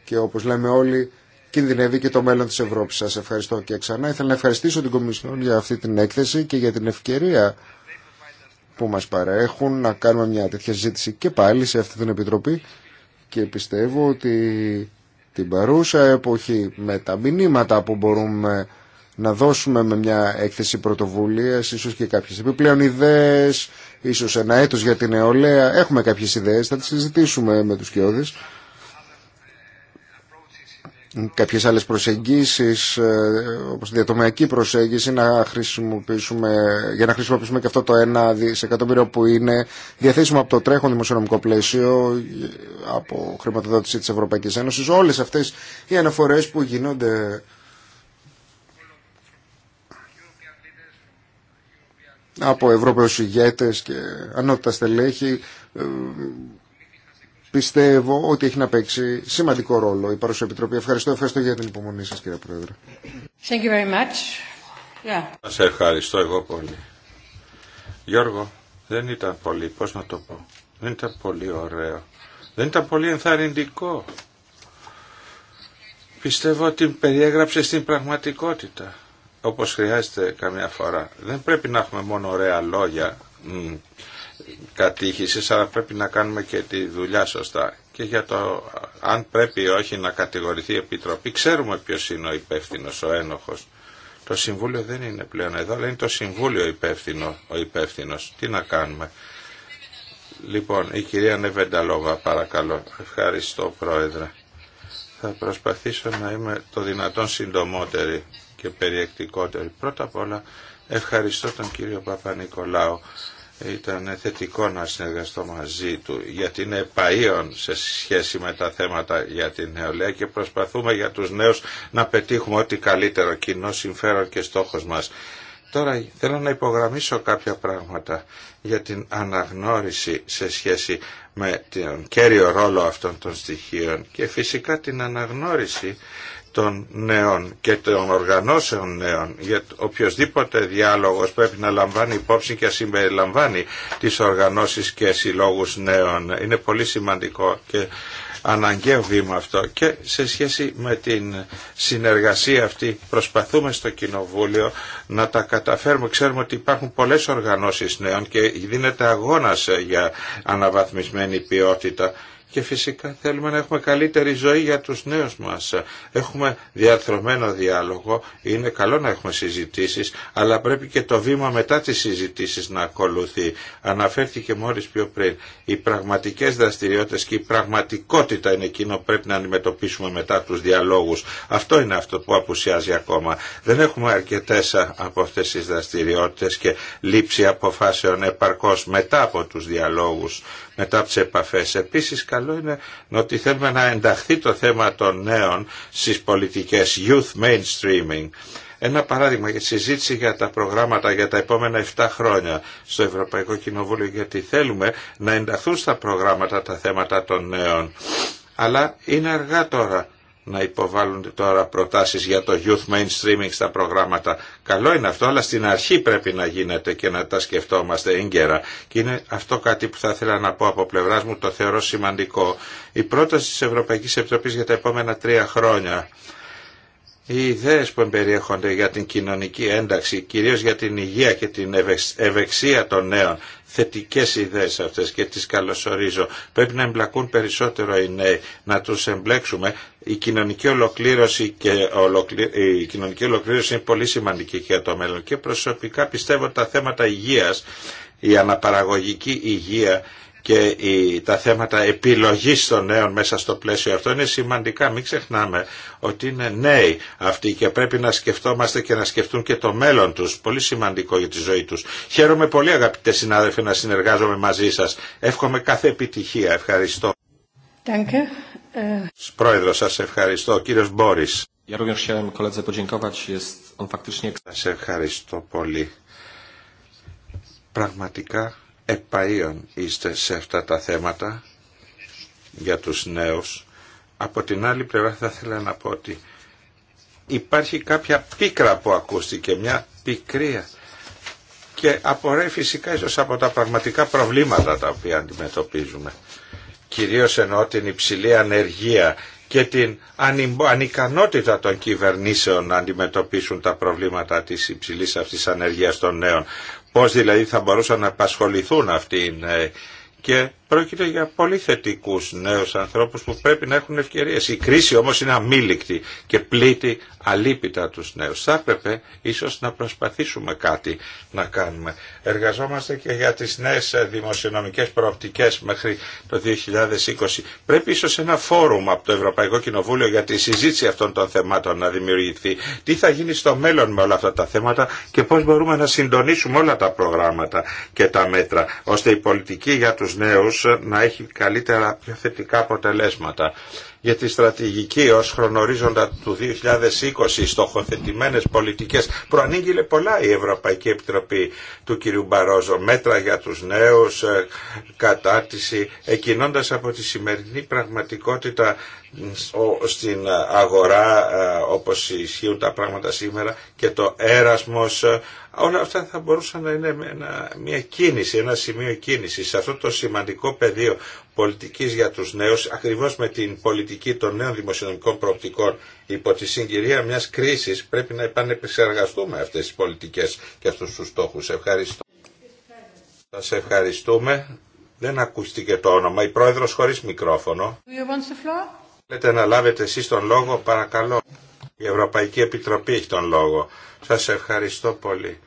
Και όπως λέμε όλοι, κινδυνεύει και το μέλλον της Ευρώπης. Σας ευχαριστώ και ξανά. Ήθελα να ευχαριστήσω την Κομισιόν για αυτή την έκθεση και για την ευκαιρία που μας παρέχουν να κάνουμε μια τέτοια συζήτηση και πάλι σε αυτή την Επιτροπή και πιστεύω ότι την παρούσα εποχή με τα μηνύματα που μπορούμε να δώσουμε με μια έκθεση πρωτοβουλίας, ίσως και κάποιες επιπλέον ιδέες, ίσως ένα έτος για την νεολαία, έχουμε κάποιες ιδέες, θα τις συζητήσουμε με τους κοιόδης κάποιες άλλες προσεγγίσεις ε, όπως τη διατομιακή προσέγγιση να χρησιμοποιήσουμε, για να χρησιμοποιήσουμε και αυτό το 1 δισεκατομμύριο που είναι διαθέσιμο από το τρέχον δημοσιονομικό πλαίσιο από χρηματοδότηση της Ευρωπαϊκής Ένωσης όλες αυτές οι αναφορές που γίνονται από Ευρωπαίους ηγέτες και ανώτατα στελέχη ε, πιστεύω ότι έχει να παίξει σημαντικό ρόλο η παρουσία. επιτροπή. Ευχαριστώ, ευχαριστώ για την υπομονή σας κύριε Πρόεδρε. Thank you very much. Σας ευχαριστώ εγώ πολύ. Γιώργο, δεν ήταν πολύ, πώς να το πω, δεν ήταν πολύ ωραίο. Δεν ήταν πολύ ενθαρρυντικό. Πιστεύω ότι περιέγραψε στην πραγματικότητα, όπως χρειάζεται καμιά φορά. Δεν πρέπει να έχουμε μόνο ωραία λόγια κατήχησης, αλλά πρέπει να κάνουμε και τη δουλειά σωστά. Και για το αν πρέπει ή όχι να κατηγορηθεί η Επιτροπή, ξέρουμε ποιος είναι ο υπεύθυνο, ο ένοχος. Το Συμβούλιο δεν είναι πλέον εδώ, αλλά είναι το Συμβούλιο υπεύθυνο, ο υπεύθυνο. Τι να κάνουμε. Λοιπόν, η κυρία Νεβενταλόβα, παρακαλώ. Ευχαριστώ, Πρόεδρε. Θα προσπαθήσω να είμαι το δυνατόν συντομότερη και περιεκτικότερη. Πρώτα απ' όλα, ευχαριστώ τον κύριο Παπα-Νικολάου ήταν θετικό να συνεργαστώ μαζί του γιατί είναι παίων σε σχέση με τα θέματα για την νεολαία και προσπαθούμε για τους νέους να πετύχουμε ό,τι καλύτερο κοινό συμφέρον και στόχος μας. Τώρα θέλω να υπογραμμίσω κάποια πράγματα για την αναγνώριση σε σχέση με τον κέριο ρόλο αυτών των στοιχείων και φυσικά την αναγνώριση των νέων και των οργανώσεων νέων για οποιοδήποτε διάλογος πρέπει να λαμβάνει υπόψη και συμπεριλαμβάνει τις οργανώσεις και συλλόγους νέων. Είναι πολύ σημαντικό και αναγκαίο βήμα αυτό και σε σχέση με την συνεργασία αυτή προσπαθούμε στο Κοινοβούλιο να τα καταφέρουμε. Ξέρουμε ότι υπάρχουν πολλές οργανώσεις νέων και δίνεται αγώνας ε, για αναβαθμισμένη ποιότητα και φυσικά θέλουμε να έχουμε καλύτερη ζωή για τους νέους μας. Έχουμε διαρθρωμένο διάλογο, είναι καλό να έχουμε συζητήσεις, αλλά πρέπει και το βήμα μετά τις συζητήσεις να ακολουθεί. Αναφέρθηκε μόλις πιο πριν, οι πραγματικές δραστηριότητες και η πραγματικότητα είναι εκείνο που πρέπει να αντιμετωπίσουμε μετά τους διαλόγους. Αυτό είναι αυτό που απουσιάζει ακόμα. Δεν έχουμε αρκετές από αυτές τις δραστηριότητες και λήψη αποφάσεων επαρκώς μετά από τους διαλόγους μετά από τι επαφέ. Επίση, καλό είναι ότι θέλουμε να ενταχθεί το θέμα των νέων στι πολιτικέ youth mainstreaming. Ένα παράδειγμα για συζήτηση για τα προγράμματα για τα επόμενα 7 χρόνια στο Ευρωπαϊκό Κοινοβούλιο, γιατί θέλουμε να ενταχθούν στα προγράμματα τα θέματα των νέων. Αλλά είναι αργά τώρα να υποβάλλονται τώρα προτάσεις για το youth mainstreaming στα προγράμματα. Καλό είναι αυτό, αλλά στην αρχή πρέπει να γίνεται και να τα σκεφτόμαστε έγκαιρα. Και είναι αυτό κάτι που θα ήθελα να πω από πλευρά μου, το θεωρώ σημαντικό. Η πρόταση της Ευρωπαϊκής Επιτροπής για τα επόμενα τρία χρόνια οι ιδέες που εμπεριέχονται για την κοινωνική ένταξη, κυρίως για την υγεία και την ευεξία των νέων, θετικές ιδέες αυτές και τις καλωσορίζω. Πρέπει να εμπλακούν περισσότερο οι νέοι, να τους εμπλέξουμε. Η κοινωνική ολοκλήρωση, και η κοινωνική ολοκλήρωση είναι πολύ σημαντική για το μέλλον και προσωπικά πιστεύω τα θέματα υγείας, η αναπαραγωγική υγεία και τα θέματα επιλογής των νέων μέσα στο πλαίσιο αυτό είναι σημαντικά. Μην ξεχνάμε ότι είναι νέοι αυτοί και πρέπει να σκεφτόμαστε και να σκεφτούν και το μέλλον τους. Πολύ σημαντικό για τη ζωή τους. Χαίρομαι πολύ αγαπητέ συνάδελφοι να συνεργάζομαι μαζί σας. Εύχομαι κάθε επιτυχία. Ευχαριστώ. Πρόεδρο, σας ευχαριστώ. Σας ευχαριστώ πολύ. Πραγματικά επαΐων είστε σε αυτά τα θέματα για τους νέους. Από την άλλη πλευρά θα ήθελα να πω ότι υπάρχει κάποια πίκρα που ακούστηκε, μια πικρία και απορρέει φυσικά ίσως από τα πραγματικά προβλήματα τα οποία αντιμετωπίζουμε. Κυρίως ενώ την υψηλή ανεργία και την ανικανότητα των κυβερνήσεων να αντιμετωπίσουν τα προβλήματα της υψηλής αυτής ανεργίας των νέων. Πώς δηλαδή θα μπορούσαν να απασχοληθούν αυτοί ε, και Πρόκειται για πολύ θετικού νέου ανθρώπου που πρέπει να έχουν ευκαιρίε. Η κρίση όμω είναι αμήλικτη και πλήττει αλήπητα του νέου. Θα έπρεπε ίσω να προσπαθήσουμε κάτι να κάνουμε. Εργαζόμαστε και για τι νέε δημοσιονομικέ προοπτικέ μέχρι το 2020. Πρέπει ίσω ένα φόρουμ από το Ευρωπαϊκό Κοινοβούλιο για τη συζήτηση αυτών των θεμάτων να δημιουργηθεί. Τι θα γίνει στο μέλλον με όλα αυτά τα θέματα και πώ μπορούμε να συντονίσουμε όλα τα προγράμματα και τα μέτρα ώστε η πολιτική για του νέου να έχει καλύτερα πιο θετικά αποτελέσματα για τη στρατηγική ως χρονορίζοντα του 2020 στοχοθετημένες πολιτικές προανήγγειλε πολλά η Ευρωπαϊκή Επιτροπή του κ. Μπαρόζο μέτρα για τους νέους, ε, κατάρτιση, εκκινώντας από τη σημερινή πραγματικότητα στην αγορά ε, όπως ισχύουν τα πράγματα σήμερα και το έρασμος ε, όλα αυτά θα μπορούσαν να είναι μια κίνηση, ένα σημείο κίνηση σε αυτό το σημαντικό πεδίο Πολιτική για τους νέους, ακριβώς με την πολιτική των νέων δημοσιονομικών προοπτικών υπό τη συγκυρία μιας κρίσης πρέπει να επανεπισεργαστούμε αυτές τις πολιτικές και αυτούς τους στόχους. Ευχαριστώ. Σας ευχαριστούμε. Δεν ακούστηκε το όνομα. Η πρόεδρος χωρίς μικρόφωνο. Θέλετε να λάβετε εσεί τον λόγο, παρακαλώ. Η Ευρωπαϊκή Επιτροπή έχει τον λόγο. Σα ευχαριστώ πολύ.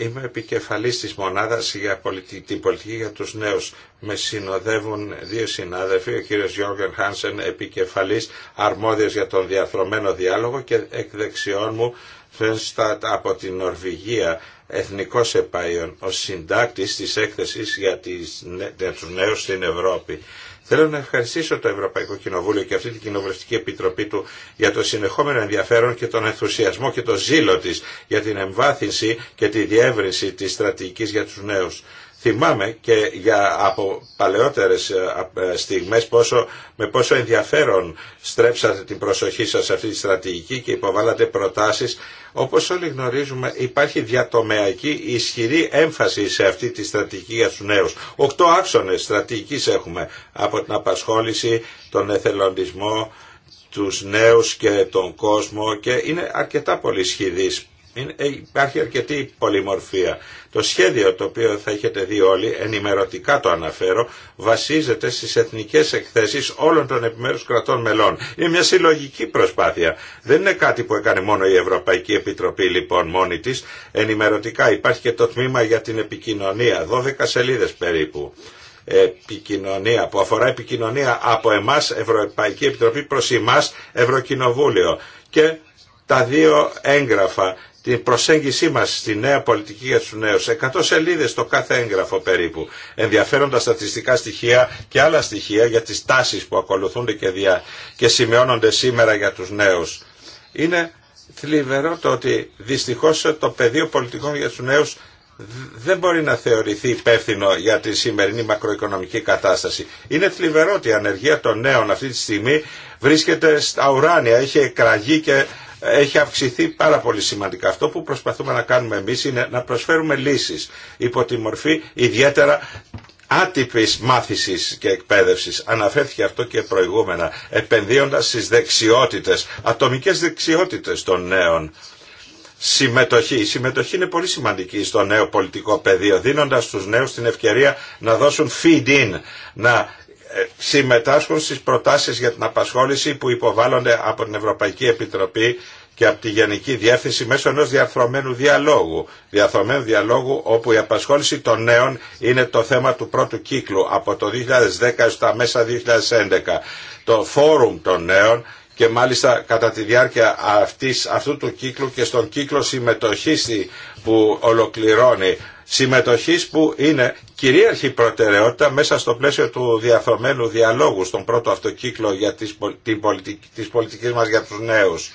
Είμαι επικεφαλής της μονάδας για πολιτική, την πολιτική για τους νέους. Με συνοδεύουν δύο συνάδελφοι, ο κύριος Γιώργεν Χάνσεν, επικεφαλής αρμόδιος για τον διαθρωμένο διάλογο και εκ δεξιών μου Φένστατ από την Νορβηγία, εθνικός επαίων, ο συντάκτης της έκθεσης για τις, για τους νέους στην Ευρώπη. Θέλω να ευχαριστήσω το Ευρωπαϊκό Κοινοβούλιο και αυτή την Κοινοβουλευτική Επιτροπή του για το συνεχόμενο ενδιαφέρον και τον ενθουσιασμό και το ζήλο της για την εμβάθυνση και τη διεύρυνση της στρατηγικής για τους νέους. Θυμάμαι και για από παλαιότερες ε, ε, στιγμές πόσο, με πόσο ενδιαφέρον στρέψατε την προσοχή σας σε αυτή τη στρατηγική και υποβάλατε προτάσεις. Όπως όλοι γνωρίζουμε υπάρχει διατομεακή ισχυρή έμφαση σε αυτή τη στρατηγική για τους νέους. Οκτώ άξονες στρατηγικής έχουμε από την απασχόληση, τον εθελοντισμό, τους νέους και τον κόσμο και είναι αρκετά πολύ ισχυρής. Ε, υπάρχει αρκετή πολυμορφία. Το σχέδιο το οποίο θα έχετε δει όλοι, ενημερωτικά το αναφέρω, βασίζεται στις εθνικές εκθέσεις όλων των επιμέρους κρατών μελών. Είναι μια συλλογική προσπάθεια. Δεν είναι κάτι που έκανε μόνο η Ευρωπαϊκή Επιτροπή λοιπόν μόνη της. Ενημερωτικά υπάρχει και το τμήμα για την επικοινωνία, 12 σελίδες περίπου επικοινωνία, που αφορά επικοινωνία από εμάς Ευρωπαϊκή Επιτροπή προς εμάς Ευρωκοινοβούλιο. Και τα δύο έγγραφα την προσέγγισή μας στη νέα πολιτική για τους νέους. 100 σελίδες το κάθε έγγραφο περίπου. Ενδιαφέροντα στατιστικά στοιχεία και άλλα στοιχεία για τις τάσεις που ακολουθούνται και, σημειώνονται σήμερα για τους νέους. Είναι θλιβερό το ότι δυστυχώς το πεδίο πολιτικών για τους νέους δεν μπορεί να θεωρηθεί υπεύθυνο για τη σημερινή μακροοικονομική κατάσταση. Είναι θλιβερό ότι η ανεργία των νέων αυτή τη στιγμή βρίσκεται στα ουράνια, έχει εκραγεί και έχει αυξηθεί πάρα πολύ σημαντικά. Αυτό που προσπαθούμε να κάνουμε εμείς είναι να προσφέρουμε λύσεις υπό τη μορφή ιδιαίτερα άτυπης μάθησης και εκπαίδευσης. Αναφέρθηκε αυτό και προηγούμενα, επενδύοντας στις δεξιότητες, ατομικές δεξιότητες των νέων. Συμμετοχή. Η συμμετοχή είναι πολύ σημαντική στο νέο πολιτικό πεδίο, δίνοντας στους νέους την ευκαιρία να δώσουν feed-in, να συμμετάσχουν στις προτάσεις για την απασχόληση που υποβάλλονται από την Ευρωπαϊκή Επιτροπή και από τη Γενική Διεύθυνση μέσω ενός διαρθρωμένου διαλόγου. Διαρθρωμένου διαλόγου όπου η απασχόληση των νέων είναι το θέμα του πρώτου κύκλου από το 2010 στα μέσα 2011. Το φόρουμ των νέων και μάλιστα κατά τη διάρκεια αυτής, αυτού του κύκλου και στον κύκλο συμμετοχής που ολοκληρώνει συμμετοχής που είναι κυρίαρχη προτεραιότητα μέσα στο πλαίσιο του διαφρομένου διαλόγου στον πρώτο αυτοκύκλο για τις, την πολιτική, της μας για τους νέους.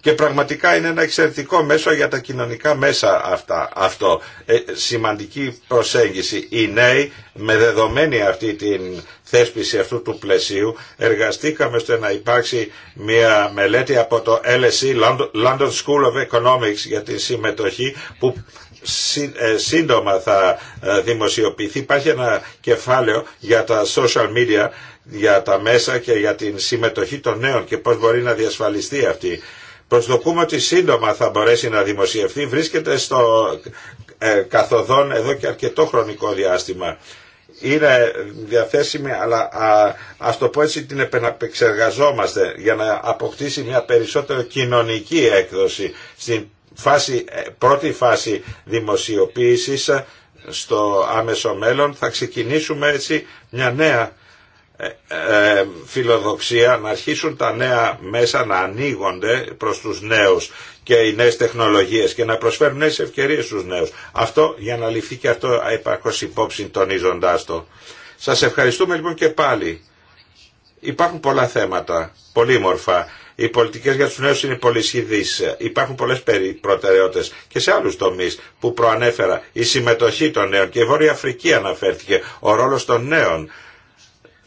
Και πραγματικά είναι ένα εξαιρετικό μέσο για τα κοινωνικά μέσα αυτά, αυτό. Ε, σημαντική προσέγγιση. Οι νέοι με δεδομένη αυτή την θέσπιση αυτού του πλαισίου εργαστήκαμε ώστε να υπάρξει μια μελέτη από το LSE London School of Economics για τη συμμετοχή που ε, σύντομα θα ε, δημοσιοποιηθεί. Υπάρχει ένα κεφάλαιο για τα social media, για τα μέσα και για την συμμετοχή των νέων και πώς μπορεί να διασφαλιστεί αυτή. Προσδοκούμε ότι σύντομα θα μπορέσει να δημοσιευτεί. Βρίσκεται στο ε, καθοδόν εδώ και αρκετό χρονικό διάστημα. Είναι διαθέσιμη αλλά α, ας το πω έτσι την επεξεργαζόμαστε για να αποκτήσει μια περισσότερο κοινωνική έκδοση στην φάση, ε, πρώτη φάση δημοσιοποίησης ε, στο άμεσο μέλλον θα ξεκινήσουμε έτσι μια νέα ε, φιλοδοξία να αρχίσουν τα νέα μέσα να ανοίγονται προς τους νέους και οι νέες τεχνολογίες και να προσφέρουν νέες ευκαιρίες στους νέους. Αυτό για να ληφθεί και αυτό υπάρχει υπόψη τονίζοντάς το. Σας ευχαριστούμε λοιπόν και πάλι. Υπάρχουν πολλά θέματα, πολύμορφα. Οι πολιτικές για του νέου είναι πολύ Υπάρχουν πολλές προτεραιότητες και σε άλλους τομεί που προανέφερα. Η συμμετοχή των νέων και η Βόρεια Αφρική αναφέρθηκε. Ο ρόλος των νέων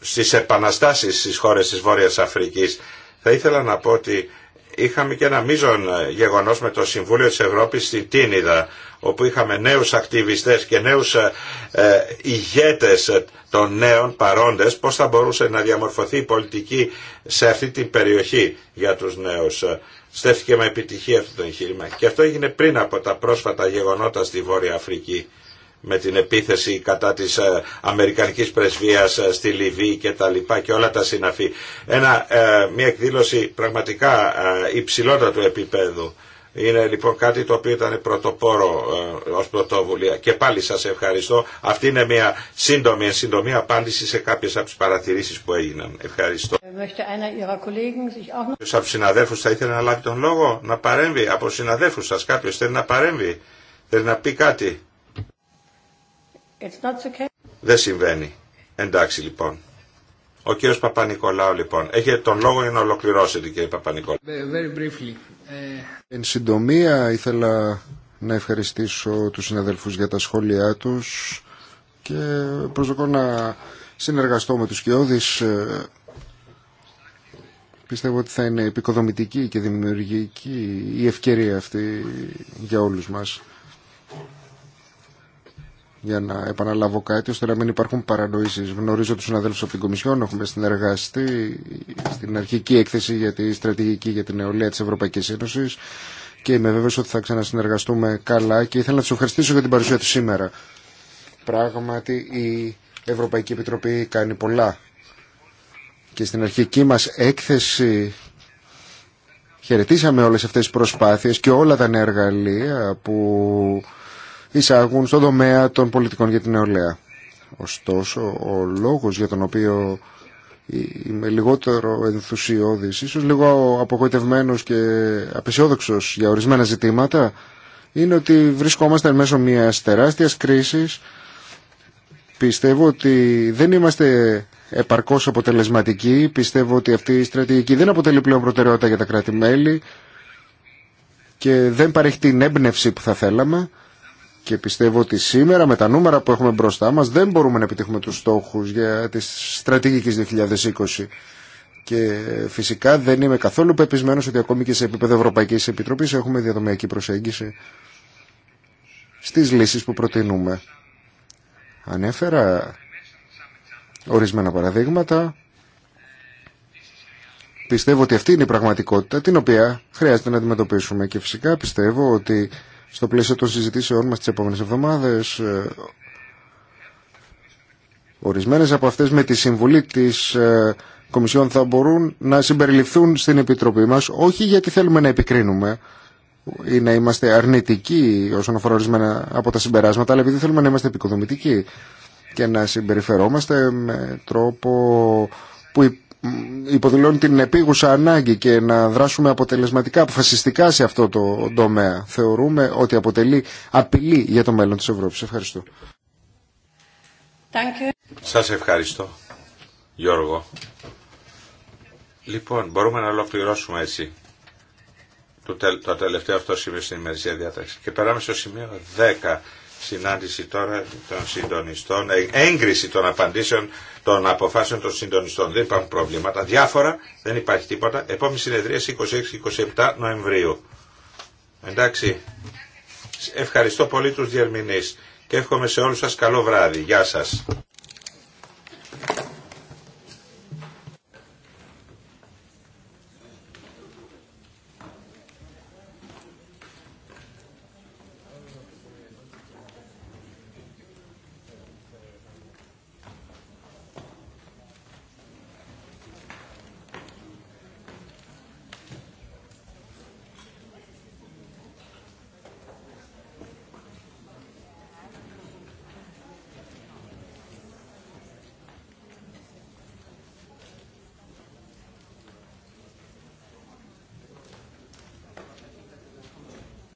στις επαναστάσεις στις χώρες της Βόρειας Αφρικής. Θα ήθελα να πω ότι είχαμε και ένα μείζον γεγονός με το Συμβούλιο της Ευρώπης στη Τίνιδα όπου είχαμε νέους ακτιβιστές και νέους ε, ε, ηγέτες των νέων παρόντες πώς θα μπορούσε να διαμορφωθεί η πολιτική σε αυτή την περιοχή για τους νέους. Στέφθηκε με επιτυχία αυτό το εγχείρημα και αυτό έγινε πριν από τα πρόσφατα γεγονότα στη Βόρεια Αφρική με την επίθεση κατά της ε, Αμερικανικής Πρεσβείας ε, στη Λιβύη και τα λοιπά και όλα τα συναφή. Ένα, ε, μια εκδήλωση πραγματικά υψηλότατου επίπεδου. Είναι λοιπόν κάτι το οποίο ήταν πρωτοπόρο ε, ως πρωτοβουλία. Και πάλι σας ευχαριστώ. Αυτή είναι μια σύντομη, συντομή απάντηση σε κάποιες από τις παρατηρήσεις που έγιναν. Ευχαριστώ. Ποιος από συναδέλφους θα ήθελε να λάβει τον λόγο, να παρέμβει. Από συναδέλφους σας κάποιος θέλει να παρέμβει. Θέλει να πει κάτι okay. Δεν συμβαίνει. Εντάξει λοιπόν. Ο κύριος Παπα-Νικολάου λοιπόν. Έχετε τον λόγο για να ολοκληρώσετε κύριε Παπα-Νικολάου. Very briefly. Ε, Εν συντομία ήθελα να ευχαριστήσω τους συναδελφούς για τα σχόλιά τους και προσδοκώ να συνεργαστώ με τους Κιώδης. Ε, πιστεύω ότι θα είναι επικοδομητική και δημιουργική η ευκαιρία αυτή για όλους μας για να επαναλάβω κάτι ώστε να μην υπάρχουν παρανοήσεις. Γνωρίζω τους συναδέλφους από την Κομισιόν, έχουμε συνεργαστεί στην αρχική έκθεση για τη στρατηγική για την νεολαία της Ευρωπαϊκής Ένωσης και είμαι βέβαιος ότι θα ξανασυνεργαστούμε καλά και ήθελα να τους ευχαριστήσω για την παρουσία του σήμερα. Πράγματι η Ευρωπαϊκή Επιτροπή κάνει πολλά και στην αρχική μας έκθεση χαιρετήσαμε όλες αυτές τις προσπάθειες και όλα τα νέα εργαλεία που εισάγουν στον τομέα των πολιτικών για την νεολαία. Ωστόσο, ο λόγος για τον οποίο είμαι λιγότερο ενθουσιώδη, ίσως λίγο απογοητευμένος και απεσιόδοξος για ορισμένα ζητήματα, είναι ότι βρισκόμαστε εν μέσω μια τεράστια κρίση. Πιστεύω ότι δεν είμαστε επαρκώς αποτελεσματικοί. Πιστεύω ότι αυτή η στρατηγική δεν αποτελεί πλέον προτεραιότητα για τα κράτη-μέλη και δεν παρέχει την έμπνευση που θα θέλαμε. Και πιστεύω ότι σήμερα με τα νούμερα που έχουμε μπροστά μας δεν μπορούμε να επιτύχουμε τους στόχους για τις στρατηγικές 2020. Και ε, φυσικά δεν είμαι καθόλου πεπισμένος ότι ακόμη και σε επίπεδο Ευρωπαϊκής Επιτροπής έχουμε διαδομιακή προσέγγιση στις λύσεις που προτείνουμε. Ανέφερα ορισμένα παραδείγματα. Πιστεύω ότι αυτή είναι η πραγματικότητα την οποία χρειάζεται να αντιμετωπίσουμε και φυσικά πιστεύω ότι στο πλαίσιο των συζητήσεών μας τις επόμενες εβδομάδες. Ε, ορισμένες από αυτές με τη συμβουλή της ε, Κομισιόν θα μπορούν να συμπεριληφθούν στην Επιτροπή μας, όχι γιατί θέλουμε να επικρίνουμε ή να είμαστε αρνητικοί όσον αφορά ορισμένα από τα συμπεράσματα, αλλά επειδή θέλουμε να είμαστε επικοδομητικοί και να συμπεριφερόμαστε με τρόπο που υποδηλώνει την επίγουσα ανάγκη και να δράσουμε αποτελεσματικά, αποφασιστικά σε αυτό το τομέα. Θεωρούμε ότι αποτελεί απειλή για το μέλλον της Ευρώπης. Ευχαριστώ. Σας ευχαριστώ, Γιώργο. Λοιπόν, μπορούμε να ολοκληρώσουμε έτσι το, το τελευταίο αυτό σημείο στην ημερησία διάταξη. Και περάμε στο σημείο 10, συνάντηση τώρα των συντονιστών, ε, έγκριση των απαντήσεων των αποφάσεων των συντονιστών. Δεν υπάρχουν προβλήματα. Διάφορα, δεν υπάρχει τίποτα. Επόμενη συνεδρία 26-27 Νοεμβρίου. Εντάξει. Ευχαριστώ πολύ τους διερμηνείς και εύχομαι σε όλους σας καλό βράδυ. Γεια σας.